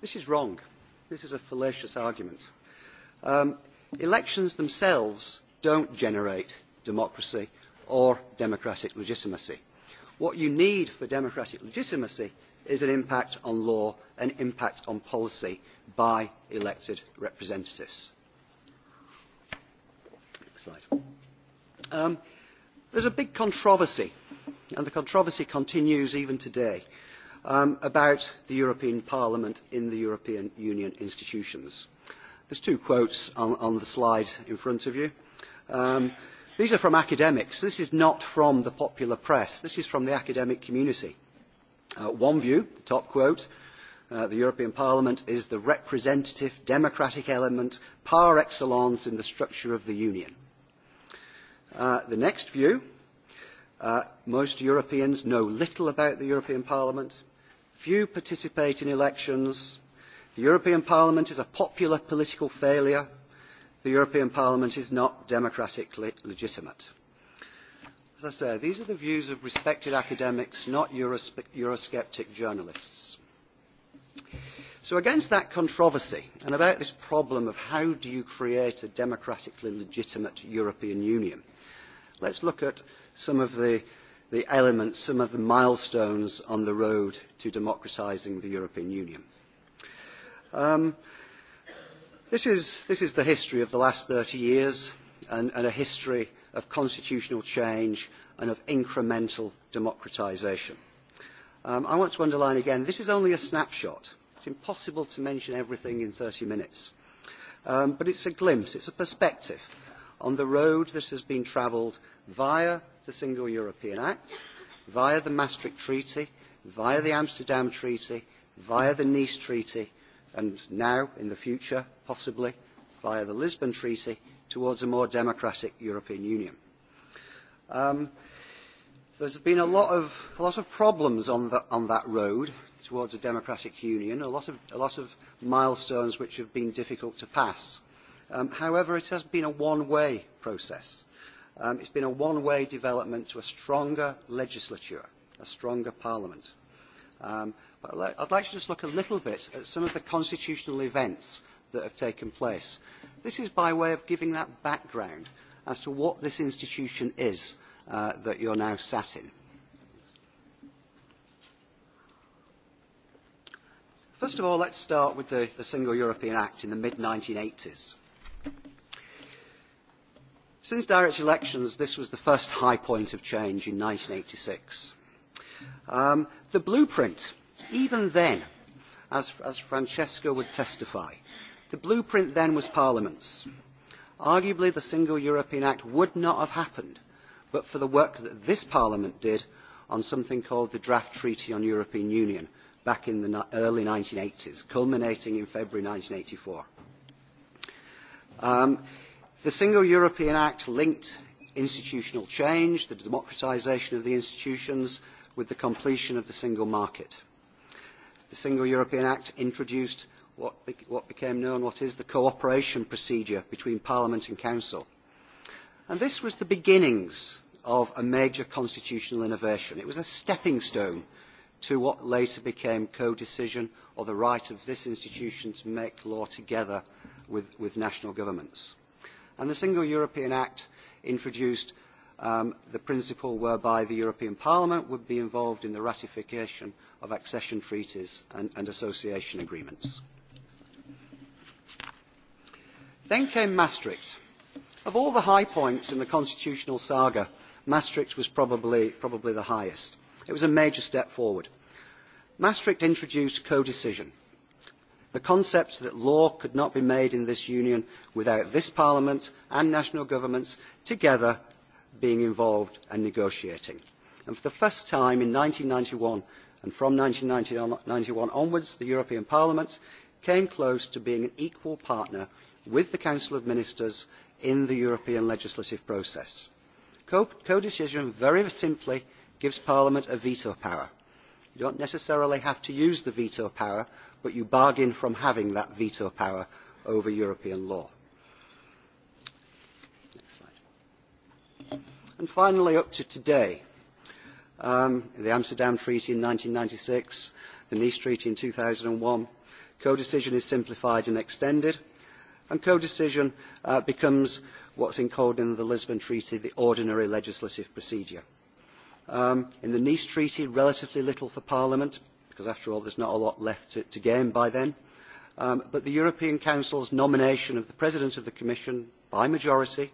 This is wrong. This is a fallacious argument. Elections themselves don't generate democracy or democratic legitimacy. What you need for democratic legitimacy is an impact on law, an impact on policy by elected representatives. Next slide. There's a big controversy and the controversy continues even today about the European Parliament in the European Union institutions. There's two quotes on the slide in front of you. These are from academics. This is not from the popular press. This is from the academic community. One view, the top quote, the European Parliament is the representative democratic element par excellence in the structure of the Union. The next view Most Europeans know little about the European Parliament. Few participate in elections. The European Parliament is a popular political failure. The European Parliament is not democratically legitimate. As I say, these are the views of respected academics, not Eurosceptic journalists. So against that controversy and about this problem of how do you create a democratically legitimate European Union, let's look at some of the elements, some of the milestones on the road to democratising the European Union. This is the history of the last 30 years and a history of constitutional change and of incremental democratisation. I want to underline again, this is only a snapshot. It's impossible to mention everything in 30 minutes. But it's a glimpse, it's a perspective on the road that has been travelled via the Single European Act, via the Maastricht Treaty, via the Amsterdam Treaty, via the Nice Treaty, and now, in the future, possibly, via the Lisbon Treaty, towards a more democratic European Union. There There's been a lot of problems on that road towards a democratic union, a lot of milestones which have been difficult to pass. However, it has been a one-way process. It's been a one-way development to a stronger legislature, a stronger parliament. But I'd like to just look a little bit at some of the constitutional events that have taken place. This is by way of giving that background as to what this institution is that you're now sat in. First of all, let's start with the Single European Act in the mid-1980s. Since direct elections, this was the first high point of change in 1986. The blueprint, even then, as Francesca would testify, the blueprint then was Parliament's. Arguably, the Single European Act would not have happened but for the work that this Parliament did on something called the Draft Treaty on European Union back in the early 1980s, culminating in February 1984. The Single European Act linked institutional change, the democratisation of the institutions, with the completion of the single market. The Single European Act introduced what became known what is the cooperation procedure between Parliament and Council. And this was the beginnings of a major constitutional innovation. It was a stepping stone to what later became co-decision or the right of this institution to make law together with national governments and the single european act introduced the principle whereby the european parliament would be involved in the ratification of accession treaties and association agreements. then came maastricht. of all the high points in the constitutional saga maastricht was probably the highest. it was a major step forward. maastricht introduced codecision The concept that law could not be made in this Union without this Parliament and national governments together being involved and negotiating. And for the first time in 1991 and from 1991 onwards, the European Parliament came close to being an equal partner with the Council of Ministers in the European legislative process. Co-decision, very simply, gives Parliament a veto power You don't necessarily have to use the veto power, but you bargain from having that veto power over European law. And finally, up to today, the Amsterdam Treaty in 1996, the Nice Treaty in 2001, codecision is simplified and extended, and codecision becomes what's encoded in the Lisbon Treaty, the ordinary legislative procedure. In the Nice Treaty, relatively little for Parliament, because after all, there's not a lot left to gain by then. But the European Council's nomination of the President of the Commission by majority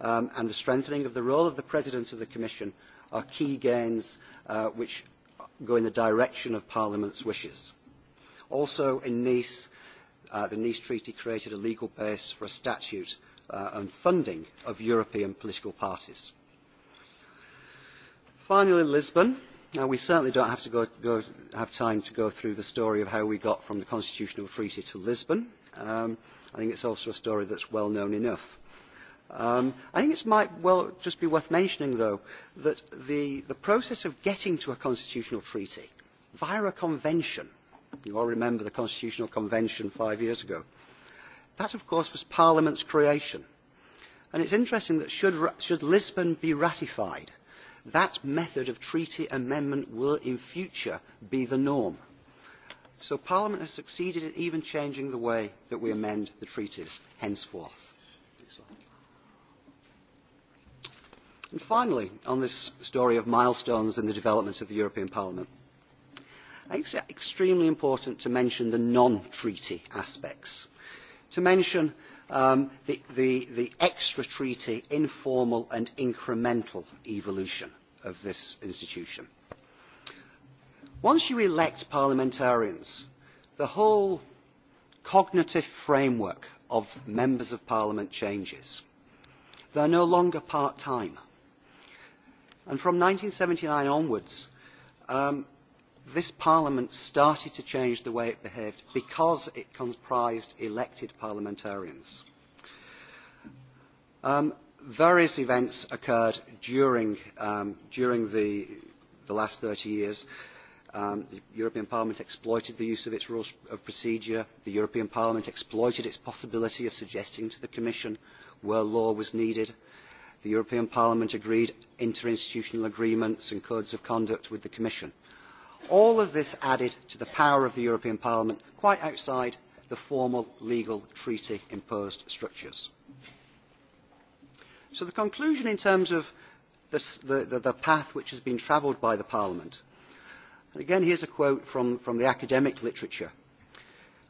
and the strengthening of the role of the President of the Commission are key gains which go in the direction of Parliament's wishes. Also in Nice, the Nice Treaty created a legal base for a statute and funding of European political parties. Finally, Lisbon. Now, we certainly don't have, to go, have time to go through the story of how we got from the Constitutional Treaty to Lisbon. I think it's also a story that's well known enough. I think it might well just be worth mentioning, though, that the, the process of getting to a constitutional treaty via a convention, you all remember the Constitutional Convention five years ago, that, of course, was Parliament's creation. And it's interesting that should, should Lisbon be ratified, that method of treaty amendment will in future be the norm. So Parliament has succeeded in even changing the way that we amend the treaties henceforth. And finally, on this story of milestones in the development of the European Parliament, I think it's extremely important to mention the non-treaty aspects. To mention the extra treaty, informal and incremental evolution of this institution. Once you elect parliamentarians, the whole cognitive framework of members of parliament changes. They are no longer part-time. And from 1979 onwards, this Parliament started to change the way it behaved because it comprised elected parliamentarians. Various events occurred during the last 30 years. The European Parliament exploited the use of its rules of procedure. The European Parliament exploited its possibility of suggesting to the Commission where law was needed. The European Parliament agreed interinstitutional agreements and codes of conduct with the Commission all of this added to the power of the european parliament quite outside the formal legal treaty imposed structures. so the conclusion in terms of the path which has been travelled by the parliament and again here is a quote from the academic literature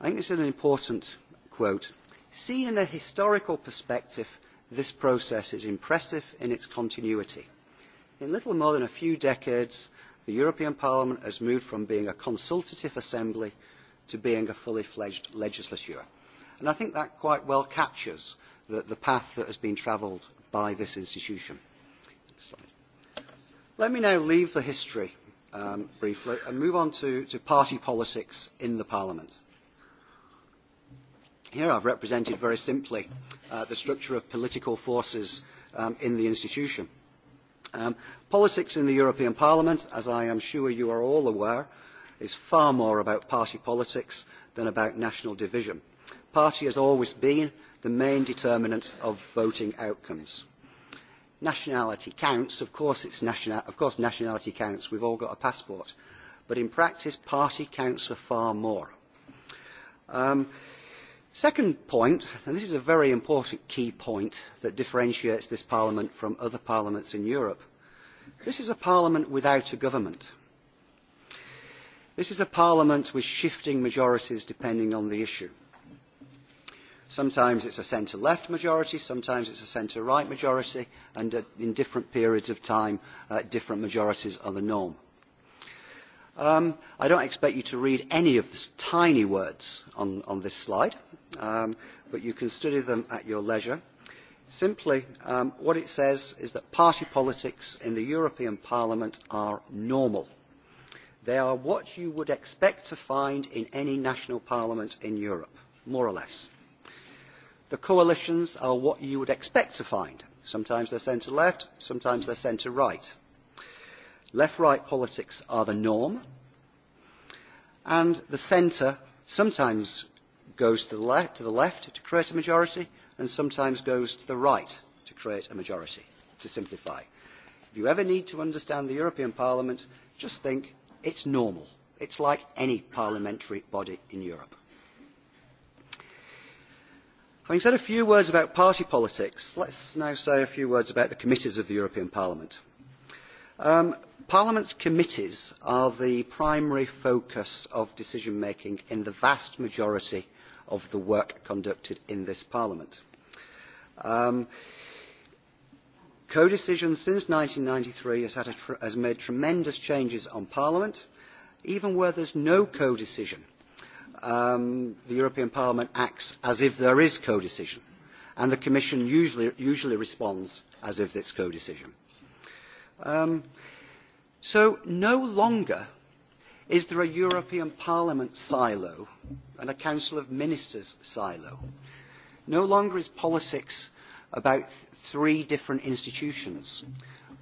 i think this is an important quote seen in a historical perspective this process is impressive in its continuity. in little more than a few decades the European Parliament has moved from being a consultative assembly to being a fully fledged legislature. And I think that quite well captures the path that has been travelled by this institution. Let me now leave the history briefly and move on to party politics in the Parliament. Here I've represented very simply the structure of political forces in the institution. Politics in the European Parliament, as I am sure you are all aware, is far more about party politics than about national division. Party has always been the main determinant of voting outcomes. Nationality counts, of course nationality counts, we've all got a passport, but in practice party counts for far more second point and this is a very important key point that differentiates this parliament from other parliaments in europe this is a parliament without a government. this is a parliament with shifting majorities depending on the issue. sometimes it is a centre left majority sometimes it is a centre right majority and in different periods of time different majorities are the norm. I don't expect you to read any of the tiny words on this slide, but you can study them at your leisure. Simply, what it says is that party politics in the European Parliament are normal. They are what you would expect to find in any national parliament in Europe, more or less. The coalitions are what you would expect to find. Sometimes they're centre-left, sometimes they're centre-right left right politics are the norm and the centre sometimes goes to the left to create a majority and sometimes goes to the right to create a majority to simplify. if you ever need to understand the european parliament just think it's normal it's like any parliamentary body in europe. having said a few words about party politics let's now say a few words about the committees of the european parliament. Parliament's committees are the primary focus of decision making in the vast majority of the work conducted in this Parliament. Codecision since ninety three has made tremendous changes on Parliament, even where there is no codecision. The European Parliament acts as if there is codecision, and the Commission usually responds as if it's codecision. So no longer is there a European Parliament silo and a Council of Ministers silo. No longer is politics about three different institutions.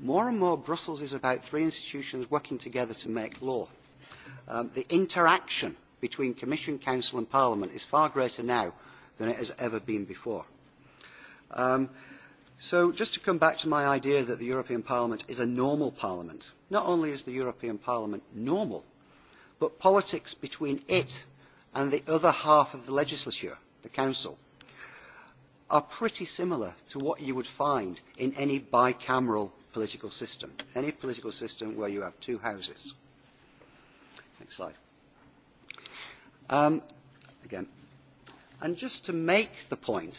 More and more Brussels is about three institutions working together to make law. The interaction between Commission, Council and Parliament is far greater now than it has ever been before. So just to come back to my idea that the European Parliament is a normal parliament, not only is the European Parliament normal, but politics between it and the other half of the legislature, the Council, are pretty similar to what you would find in any bicameral political system, any political system where you have two houses. Next slide. Again. And just to make the point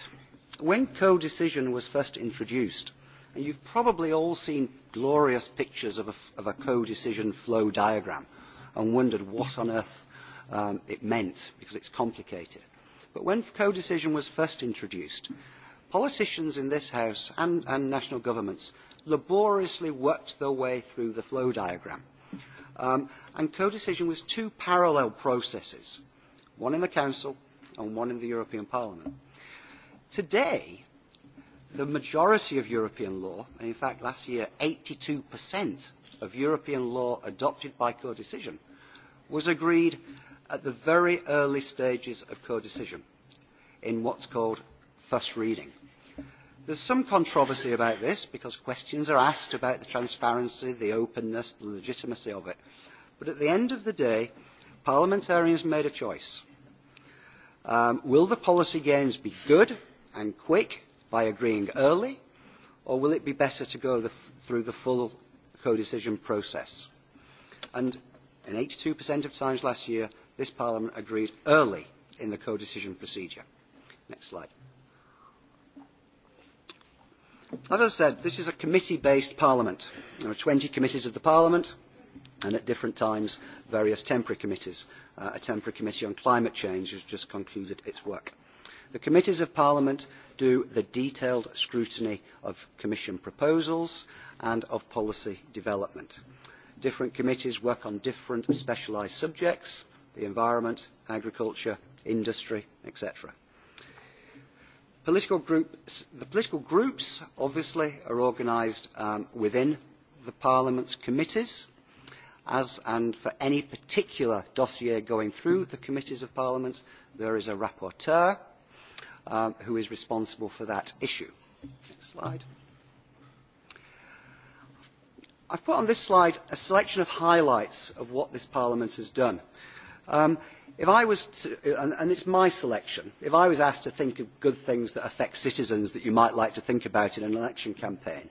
When codecision was first introduced, and you've probably all seen glorious pictures of a codecision flow diagram and wondered what on earth it meant, because it's complicated. But when codecision was first introduced, politicians in this House and national governments laboriously worked their way through the flow diagram. And codecision was two parallel processes, one in the Council and one in the European Parliament. Today, the majority of European law, and in fact last year 82% of European law adopted by codecision, was agreed at the very early stages of codecision in what's called first reading. There's some controversy about this because questions are asked about the transparency, the openness, the legitimacy of it. But at the end of the day, parliamentarians made a choice. Will the policy gains be good and quick by agreeing early, or will it be better to go through the full codecision process? And in 82% of times last year, this Parliament agreed early in the co-decision procedure. Next slide. As I said, this is a committee-based Parliament. There are 20 committees of the Parliament, and at different times, various temporary committees. A temporary committee on climate change has just concluded its work the committees of parliament do the detailed scrutiny of commission proposals and of policy development. different committees work on different specialised subjects the environment agriculture industry etc. the political groups obviously are organised within the parliament's committees as and for any particular dossier going through the committees of parliament there is a rapporteur who is responsible for that issue. Next slide. I've put on this slide a selection of highlights of what this Parliament has done. If I was, and it's my selection, if I was asked to think of good things that affect citizens that you might like to think about in an election campaign,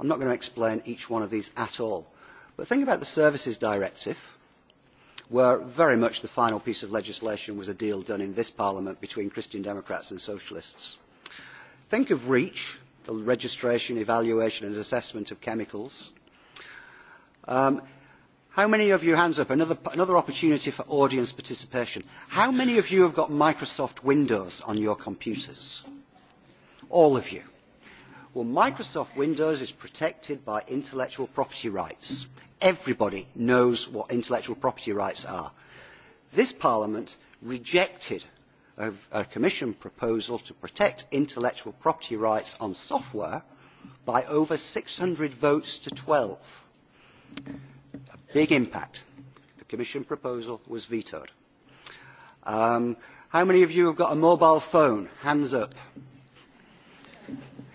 I'm not going to explain each one of these at all. But think about the Services Directive, where very much the final piece of legislation was a deal done in this Parliament between Christian Democrats and Socialists. Think of REACH, the registration, evaluation and assessment of chemicals. How many of you, hands up, another opportunity for audience participation. How many of you have got Microsoft Windows on your computers? All of you. Well, Microsoft Windows is protected by intellectual property rights. Everybody knows what intellectual property rights are. This Parliament rejected a Commission proposal to protect intellectual property rights on software by over 600 votes to 12. A big impact. The Commission proposal was vetoed. How many of you have got a mobile phone? Hands up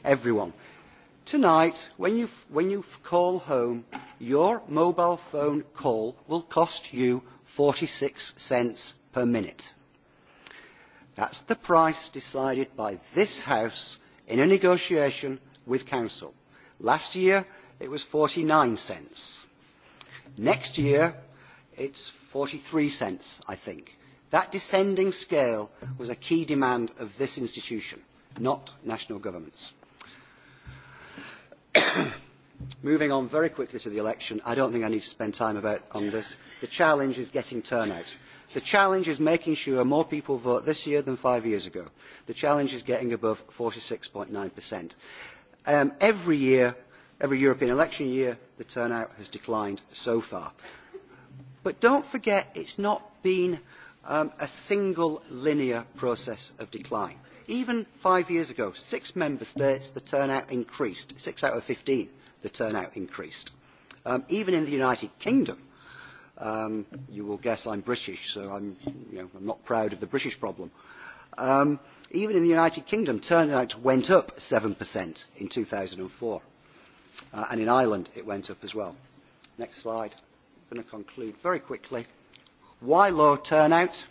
everyone. Tonight, when you call home, your mobile phone call will cost you 46 cents per minute. That's the price decided by this House in a negotiation with Council. Last year, it was 49 cents. Next year, it's 43 cents, I think. That descending scale was a key demand of this institution, not national governments. Moving on very quickly to the election, I don't think I need to spend time on this. The challenge is getting turnout. The challenge is making sure more people vote this year than five years ago. The challenge is getting above 46.9%. Every year, every European election year, the turnout has declined so far. But don't forget, it's not been a single linear process of decline even five years ago, six member states, the turnout increased. Six out of 15, the turnout increased. Even in the United Kingdom, you will guess I'm British, so I'm not proud of the British problem. Even in the United Kingdom, turnout went up 7% in 2004. And in Ireland, it went up as well. Next slide. I'm going to conclude very quickly. Why low turnout?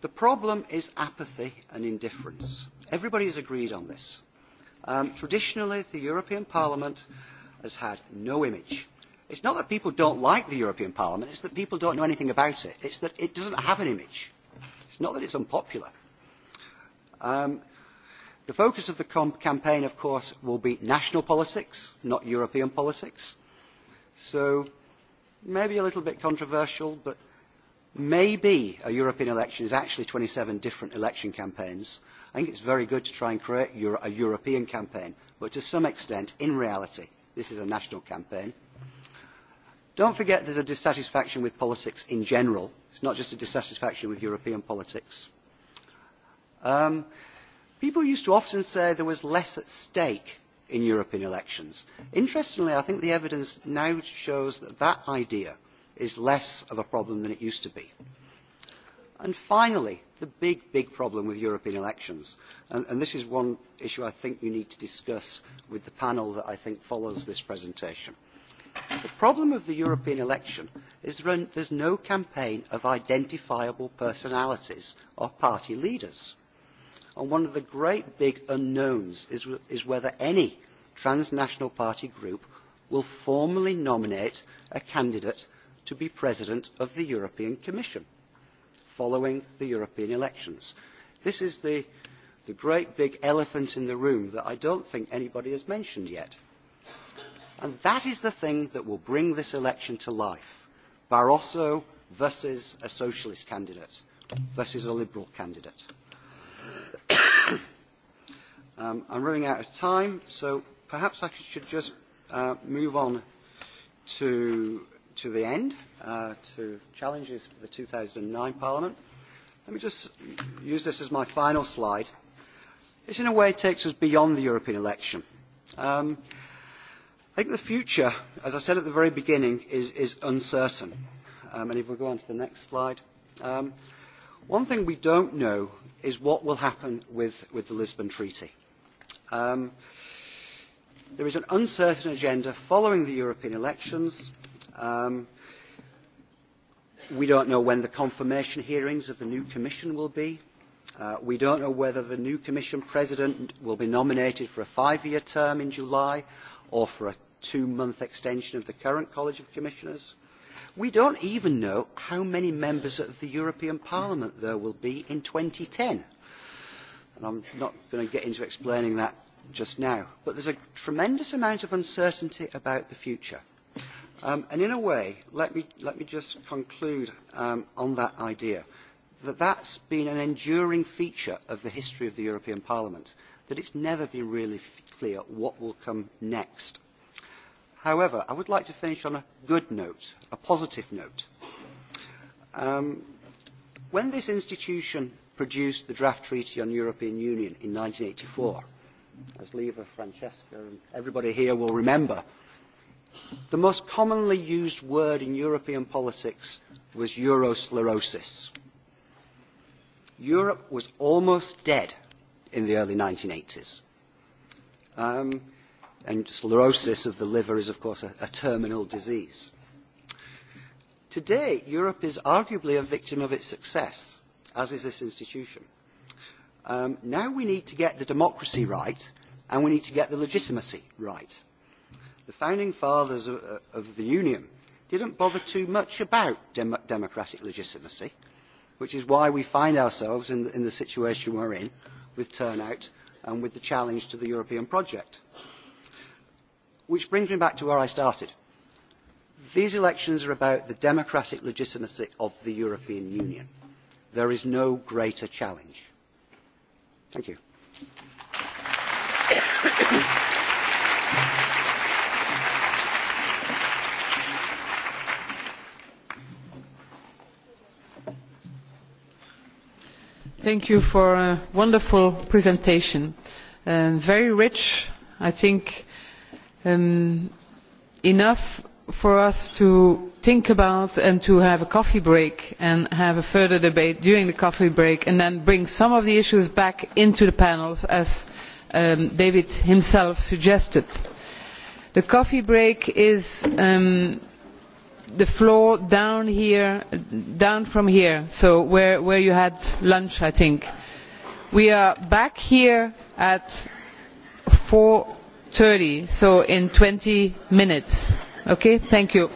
The problem is apathy and indifference. Everybody has agreed on this. Traditionally, the European Parliament has had no image. It's not that people don't like the European Parliament, it's that people don't know anything about it. It's that it doesn't have an image. It's not that it's unpopular. The focus of the campaign, of course, will be national politics, not European politics. So maybe a little bit controversial, but Maybe a European election is actually twenty seven different election campaigns. I think it's very good to try and create a European campaign, but to some extent, in reality, this is a national campaign. Don't forget there is a dissatisfaction with politics in general. It's not just a dissatisfaction with European politics. People used to often say there was less at stake in European elections. Interestingly, I think the evidence now shows that that idea is less of a problem than it used to be. And finally, the big, big problem with European elections, and this is one issue I think you need to discuss with the panel that I think follows this presentation. The problem of the European election is there is no campaign of identifiable personalities or party leaders. And one of the great big unknowns is whether any transnational party group will formally nominate a candidate to be president of the European Commission following the European elections. This is the great big elephant in the room that I don't think anybody has mentioned yet. And that is the thing that will bring this election to life. Barroso versus a socialist candidate versus a liberal candidate. I'm running out of time, so perhaps I should just move on to to the end, to challenges for the 2009 Parliament. Let me just use this as my final slide. This, in a way, takes us beyond the European election. I think the future, as I said at the very beginning, is is uncertain. And if we go on to the next slide. One thing we don't know is what will happen with the Lisbon Treaty. There is an uncertain agenda following the European elections We don't know when the confirmation hearings of the new Commission will be. We don't know whether the new Commission President will be nominated for a five-year term in July or for a two-month extension of the current College of Commissioners. We don't even know how many members of the European Parliament there will be in 2010. And I'm not going to get into explaining that just now. But there's a tremendous amount of uncertainty about the future. And in a way, let me just conclude on that idea, that that's been an enduring feature of the history of the European Parliament, that it's never been really clear what will come next. However, I would like to finish on a good note, a positive note. When this institution produced the draft Treaty on European Union in 1984, as Leva, Francesca and everybody here will remember, the most commonly used word in european politics was eurosclerosis. europe was almost dead in the early 1980s. Um, and sclerosis of the liver is, of course, a terminal disease. Today, Europe is arguably a victim of its success, as is this institution. Now we need to get the democracy right, and we need to get the legitimacy right the founding fathers of the union didn't bother too much about democratic legitimacy which is why we find ourselves in the situation we're in with turnout and with the challenge to the european project which brings me back to where i started these elections are about the democratic legitimacy of the european union there is no greater challenge thank you thank you for a wonderful presentation. Very rich, I think enough for us to think about and to have a coffee break and have a further debate during the coffee break and then bring some of the issues back into the panels as David himself suggested. The coffee break is the floor down here down from here so where where you had lunch i think we are back here at 4:30 so in 20 minutes okay thank you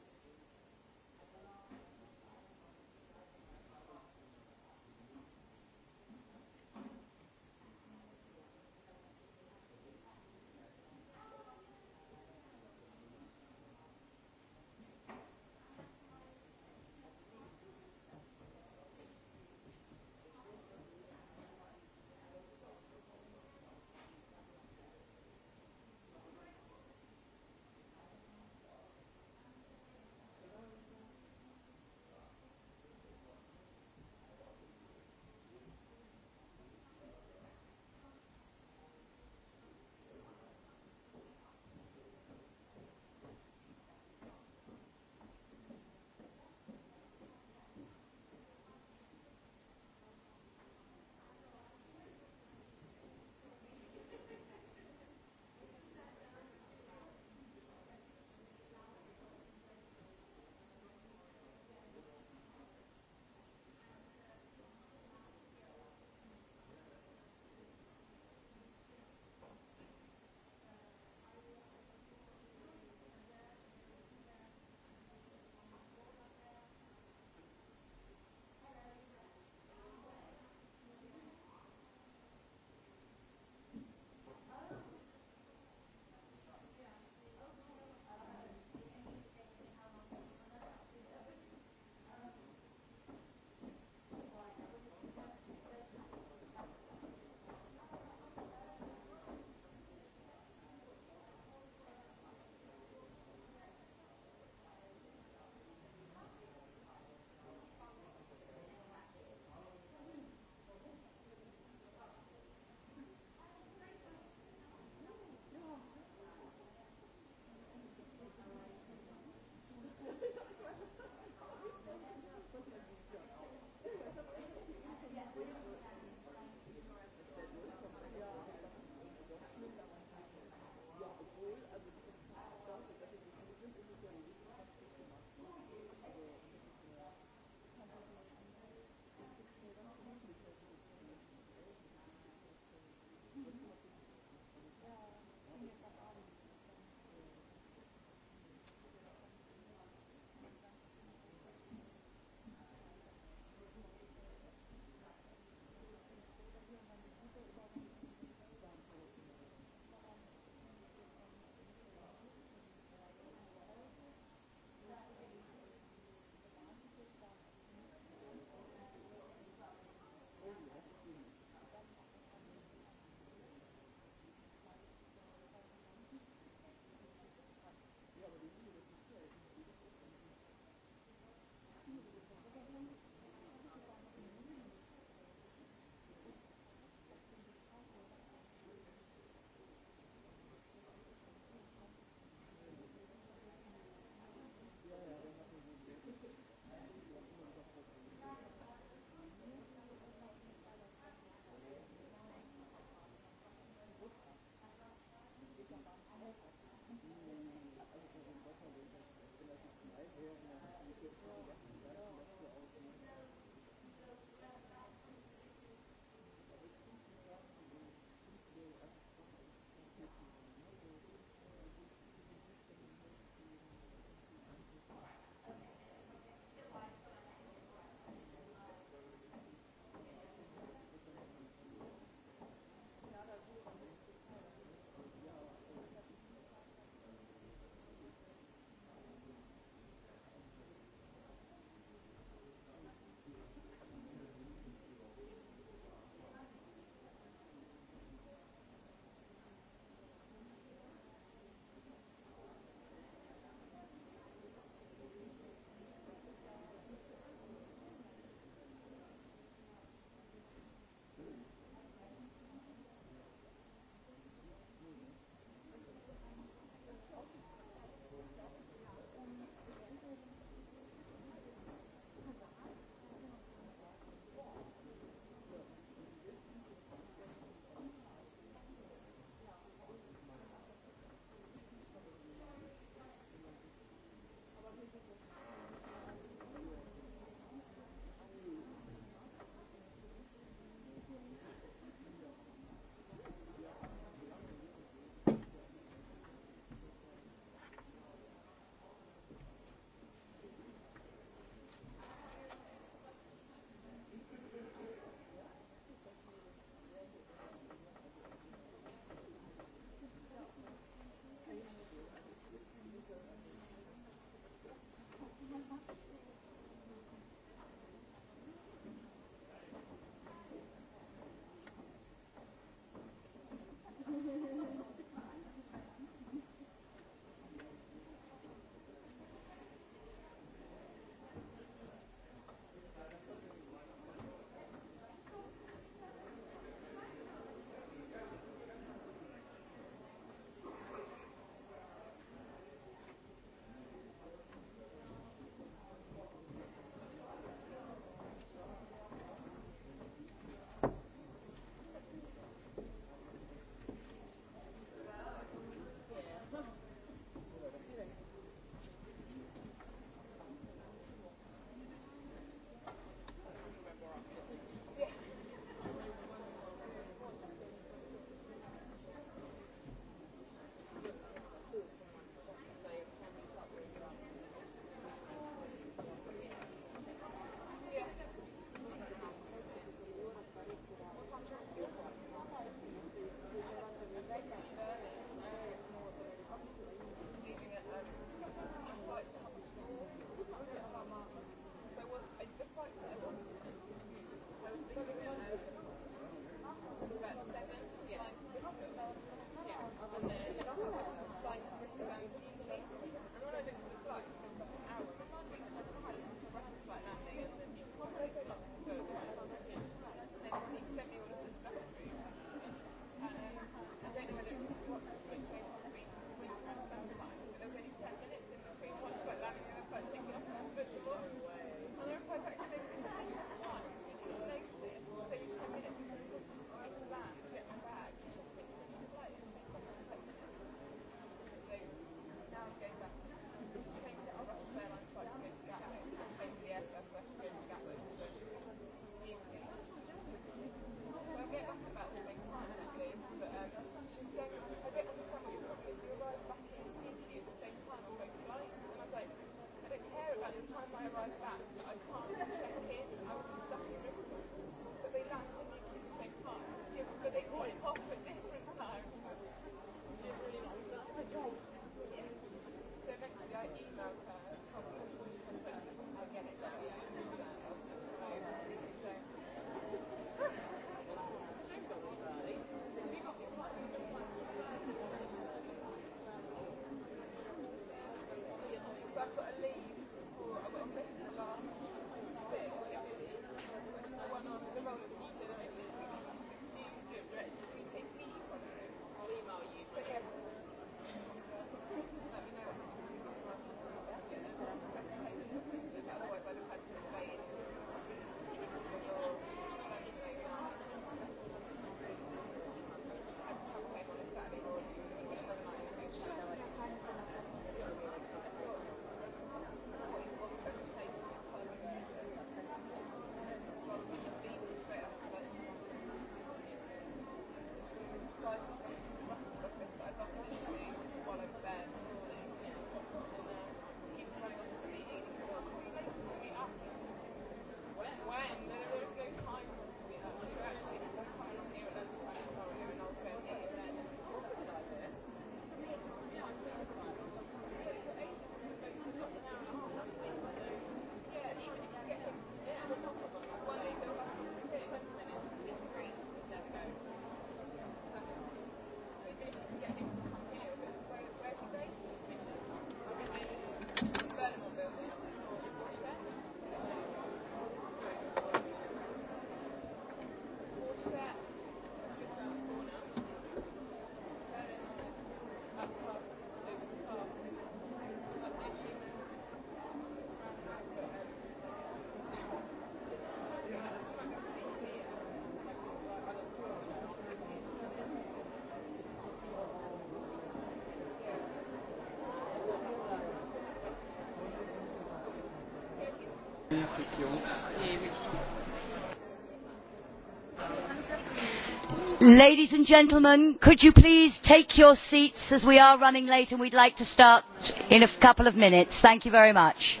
Ladies and gentlemen, could you please take your seats as we are running late and we'd like to start in a couple of minutes. Thank you very much.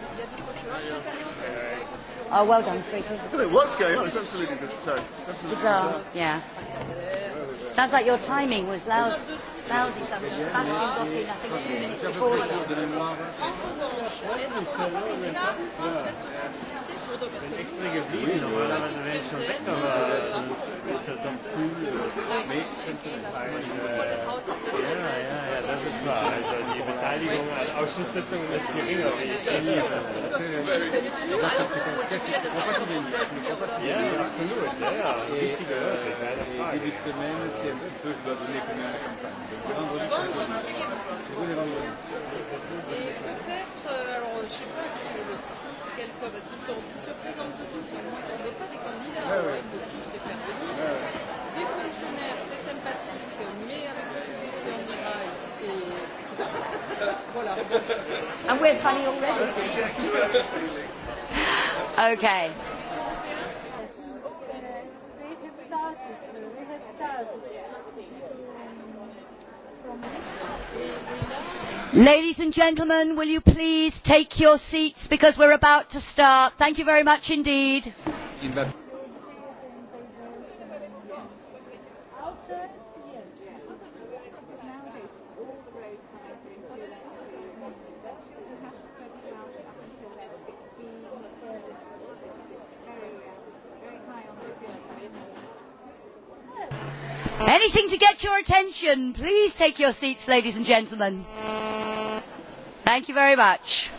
Oh, well done, sweetie. I what's going on. It's absolutely bizarre. Bizarre, yeah. Sounds like your timing was lousy. Sebastian got in, I think, two minutes before you extra geblieben, normalerweise wäre ich schon weg, aber dann Pool, Ja, ja, ja, das ist wahr. Also die Beteiligung an Ausschusssitzungen ist geringer, wie ich liebe. Ja, absolut, ja, ja. Wichtige Leute, keine Frage. à le 6, on ne pas des candidats, on faire And we're funny already. okay. Ladies and gentlemen, will you please take your seats because we're about to start. Thank you very much indeed. waiting to get your attention. Please take your seats, ladies and gentlemen. Thank you very much.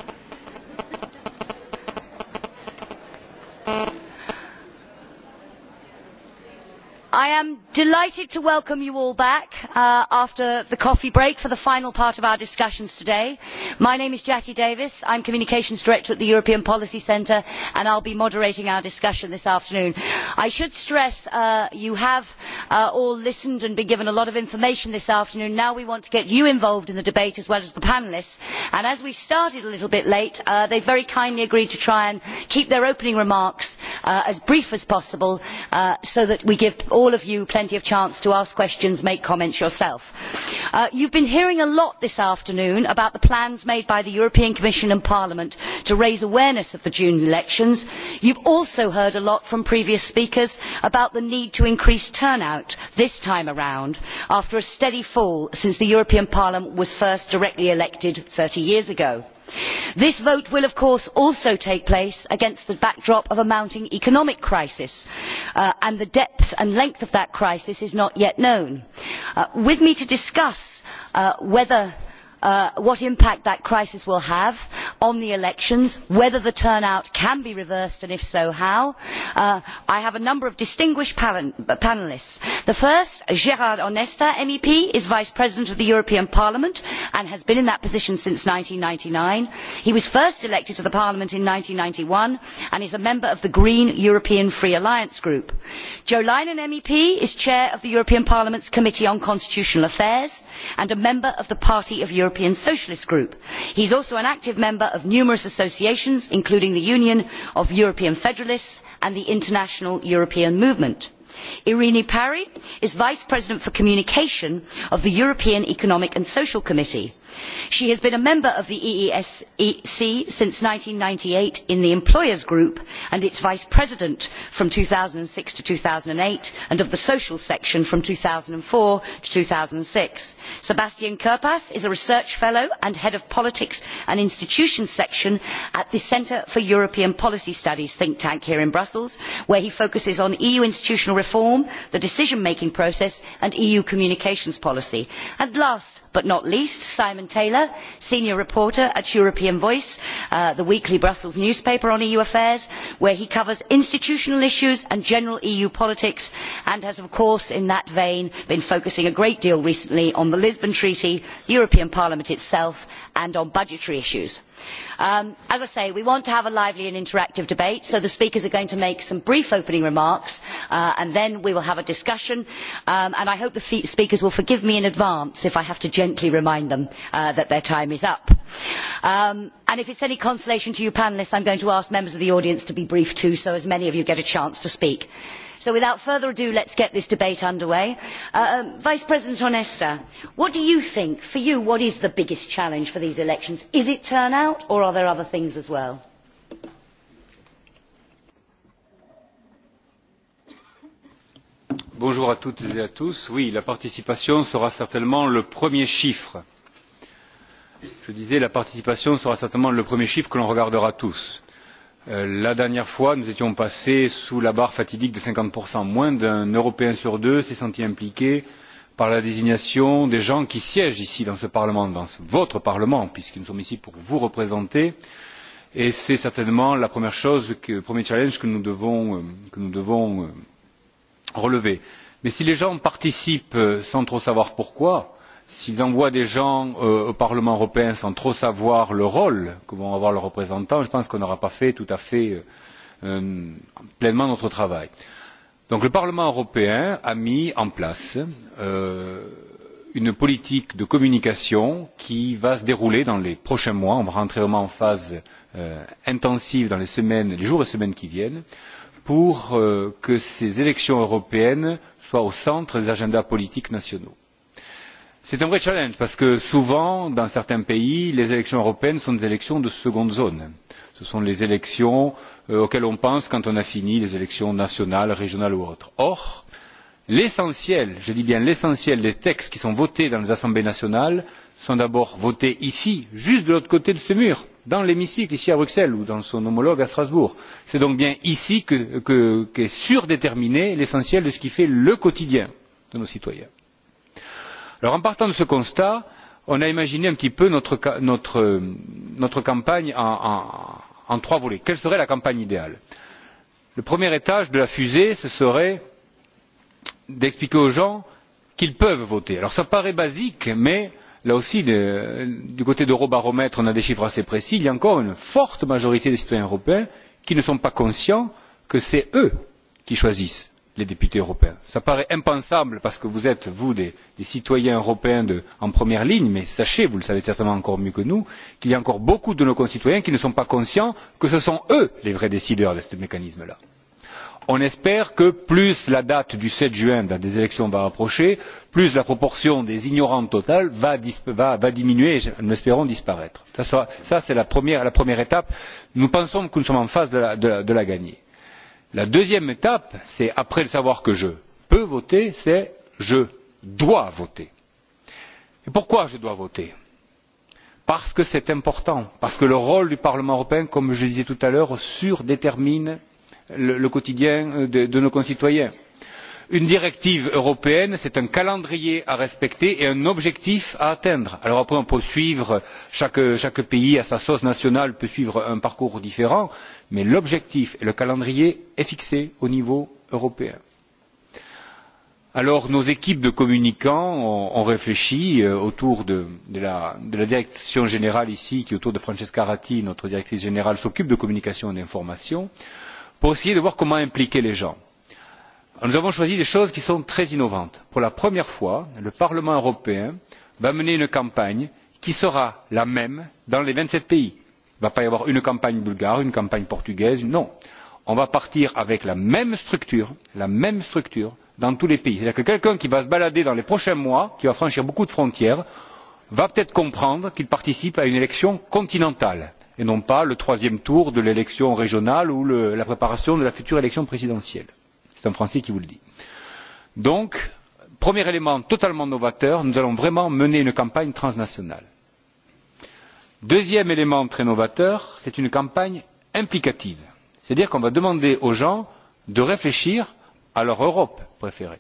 i am delighted to welcome you all back after the coffee break for the final part of our discussions today. my name is jackie davis i am communications director at the european policy centre and i will be moderating our discussion this afternoon. i should stress you have all listened and been given a lot of information this afternoon. now we want to get you involved in the debate as well as the panellists and as we started a little bit late they very kindly agreed to try and keep their opening remarks as brief as possible so that we give all all of you plenty of chance to ask questions and make comments yourself. you have been hearing a lot this afternoon about the plans made by the european commission and parliament to raise awareness of the june elections. you have also heard a lot from previous speakers about the need to increase turnout this time around after a steady fall since the european parliament was first directly elected thirty years ago this vote will of course also take place against the backdrop of a mounting economic crisis and the depth and length of that crisis is not yet known. with me to discuss whether what impact that crisis will have on the elections whether the turnout can be reversed and if so how. i have a number of distinguished panellists. the first Gerard onesta mep is vice president of the european parliament and has been in that position since. one ninety nine he was first elected to the parliament in one and ninety one and is a member of the green european free alliance group. jo leinen mep is chair of the european parliament's committee on constitutional affairs and a member of the party of european socialist group. he is also an active member of numerous associations including the union of european federalists and the international european movement. Irene Parry is Vice President for Communication of the European Economic and Social Committee. She has been a member of the EESC since ninety eight in the Employers Group and its Vice President from two thousand six to two 2008 and of the Social Section from two thousand four to two thousand 2006. Sebastian Kerpas is a Research Fellow and Head of Politics and Institutions Section at the Centre for European Policy Studies think tank here in Brussels, where he focuses on EU institutional reform the decision making process and eu communications policy. and last but not least simon taylor senior reporter at european voice the weekly brussels newspaper on eu affairs where he covers institutional issues and general eu politics and has of course in that vein been focusing a great deal recently on the lisbon treaty the european parliament itself and on budgetary issues as i say we want to have a lively and interactive debate so the speakers are going to make some brief opening remarks and then we will have a discussion and i hope the speakers will forgive me in advance if i have to gently remind them that their time is up. if it is any consolation to you panellists i am going to ask members of the audience to be brief too so as many of you get a chance to speak so without further ado let us get this debate under way. vice president onesta what do you think for you what is the biggest challenge for these elections? is it turnout or are there other things as well? bonjour à toutes et à tous oui la participation sera certainement le premier chiffre je disais la participation sera certainement le premier chiffre que l'on regardera tous La dernière fois, nous étions passés sous la barre fatidique de 50%. Moins d'un Européen sur deux s'est senti impliqué par la désignation des gens qui siègent ici dans ce Parlement, dans votre Parlement, puisque nous sommes ici pour vous représenter. Et c'est certainement la première chose, le premier challenge que nous devons relever. Mais si les gens participent sans trop savoir pourquoi, s'ils envoient des gens au Parlement européen sans trop savoir le rôle que vont avoir leurs représentants, je pense qu'on n'aura pas fait tout à fait pleinement notre travail. le Parlement européen a mis en place une politique de communication qui va se dérouler dans les prochains mois. On va rentrer vraiment en phase intensive dans les jours et semaines qui viennent pour que ces élections européennes soient au centre des agendas politiques nationaux c'est un vrai challenge parce que souvent dans certains pays les élections européennes sont des élections de seconde zone ce sont les élections auxquelles on pense quand on a fini les élections nationales régionales ou autres. or l'essentiel je dis bien l'essentiel des textes qui sont votés dans les assemblées nationales sont d'abord votés ici juste de l'autre côté de ce mur dans l'hémicycle ici à bruxelles ou dans son homologue à strasbourg. c'est donc bien ici qu'est surdéterminé l'essentiel de ce qui fait le quotidien de nos citoyens en partant de ce constat on a imaginé un petit peu notre campagne en trois volets. quelle serait la campagne idéale? le premier étage de la fusée ce serait d'expliquer aux gens qu'ils peuvent voter. alors cela paraît basique mais là aussi du côté d'eurobaromètre on a des chiffres assez précis il y a encore une forte majorité des citoyens européens qui ne sont pas conscients que c'est eux qui choisissent les députés européens. cela paraît impensable parce que vous êtes vous des citoyens européens en première ligne mais sachez vous le savez certainement encore mieux que nous qu'il y a encore beaucoup de nos concitoyens qui ne sont pas conscients que ce sont eux les vrais décideurs de ce mécanisme là. on espère que plus la date du sept juin des élections va approcher plus la proportion des ignorants totale va diminuer et nous espérons disparaître. c'est la première étape. nous pensons que nous sommes en phase de la gagner la deuxième étape c'est après le savoir que je peux voter c'est je dois voter. pourquoi je dois voter? parce que c'est important parce que le rôle du parlement européen comme je le disais tout à l'heure surdétermine le quotidien de nos concitoyens une directive européenne c'est un calendrier à respecter et un objectif à atteindre. alors après on peut suivre chaque pays à sa sauce nationale peut suivre un parcours différent mais l'objectif et le calendrier sont fixés au niveau européen. alors nos équipes de communicants ont réfléchi autour de la direction générale ici qui autour de francesca ratti notre directrice générale s'occupe de communication et d'information pour essayer de voir comment impliquer les gens nous avons choisi des choses qui sont très innovantes. pour la première fois le parlement européen va mener une campagne qui sera la même dans les vingt sept pays. il ne va pas y avoir une campagne bulgare une campagne portugaise non on va partir avec la même structure la même structure dans tous les pays. c'est à dire que quelqu'un qui va se balader dans les prochains mois qui va franchir beaucoup de frontières va peut être comprendre qu'il participe à une élection continentale et non pas le troisième tour de l'élection régionale ou la préparation de la future élection présidentielle c'est un français qui vous le dit. donc premier élément totalement novateur nous allons vraiment mener une campagne transnationale. deuxième élément très novateur c'est une campagne implicative c'est à dire qu'on va demander aux gens de réfléchir à leur europe préférée.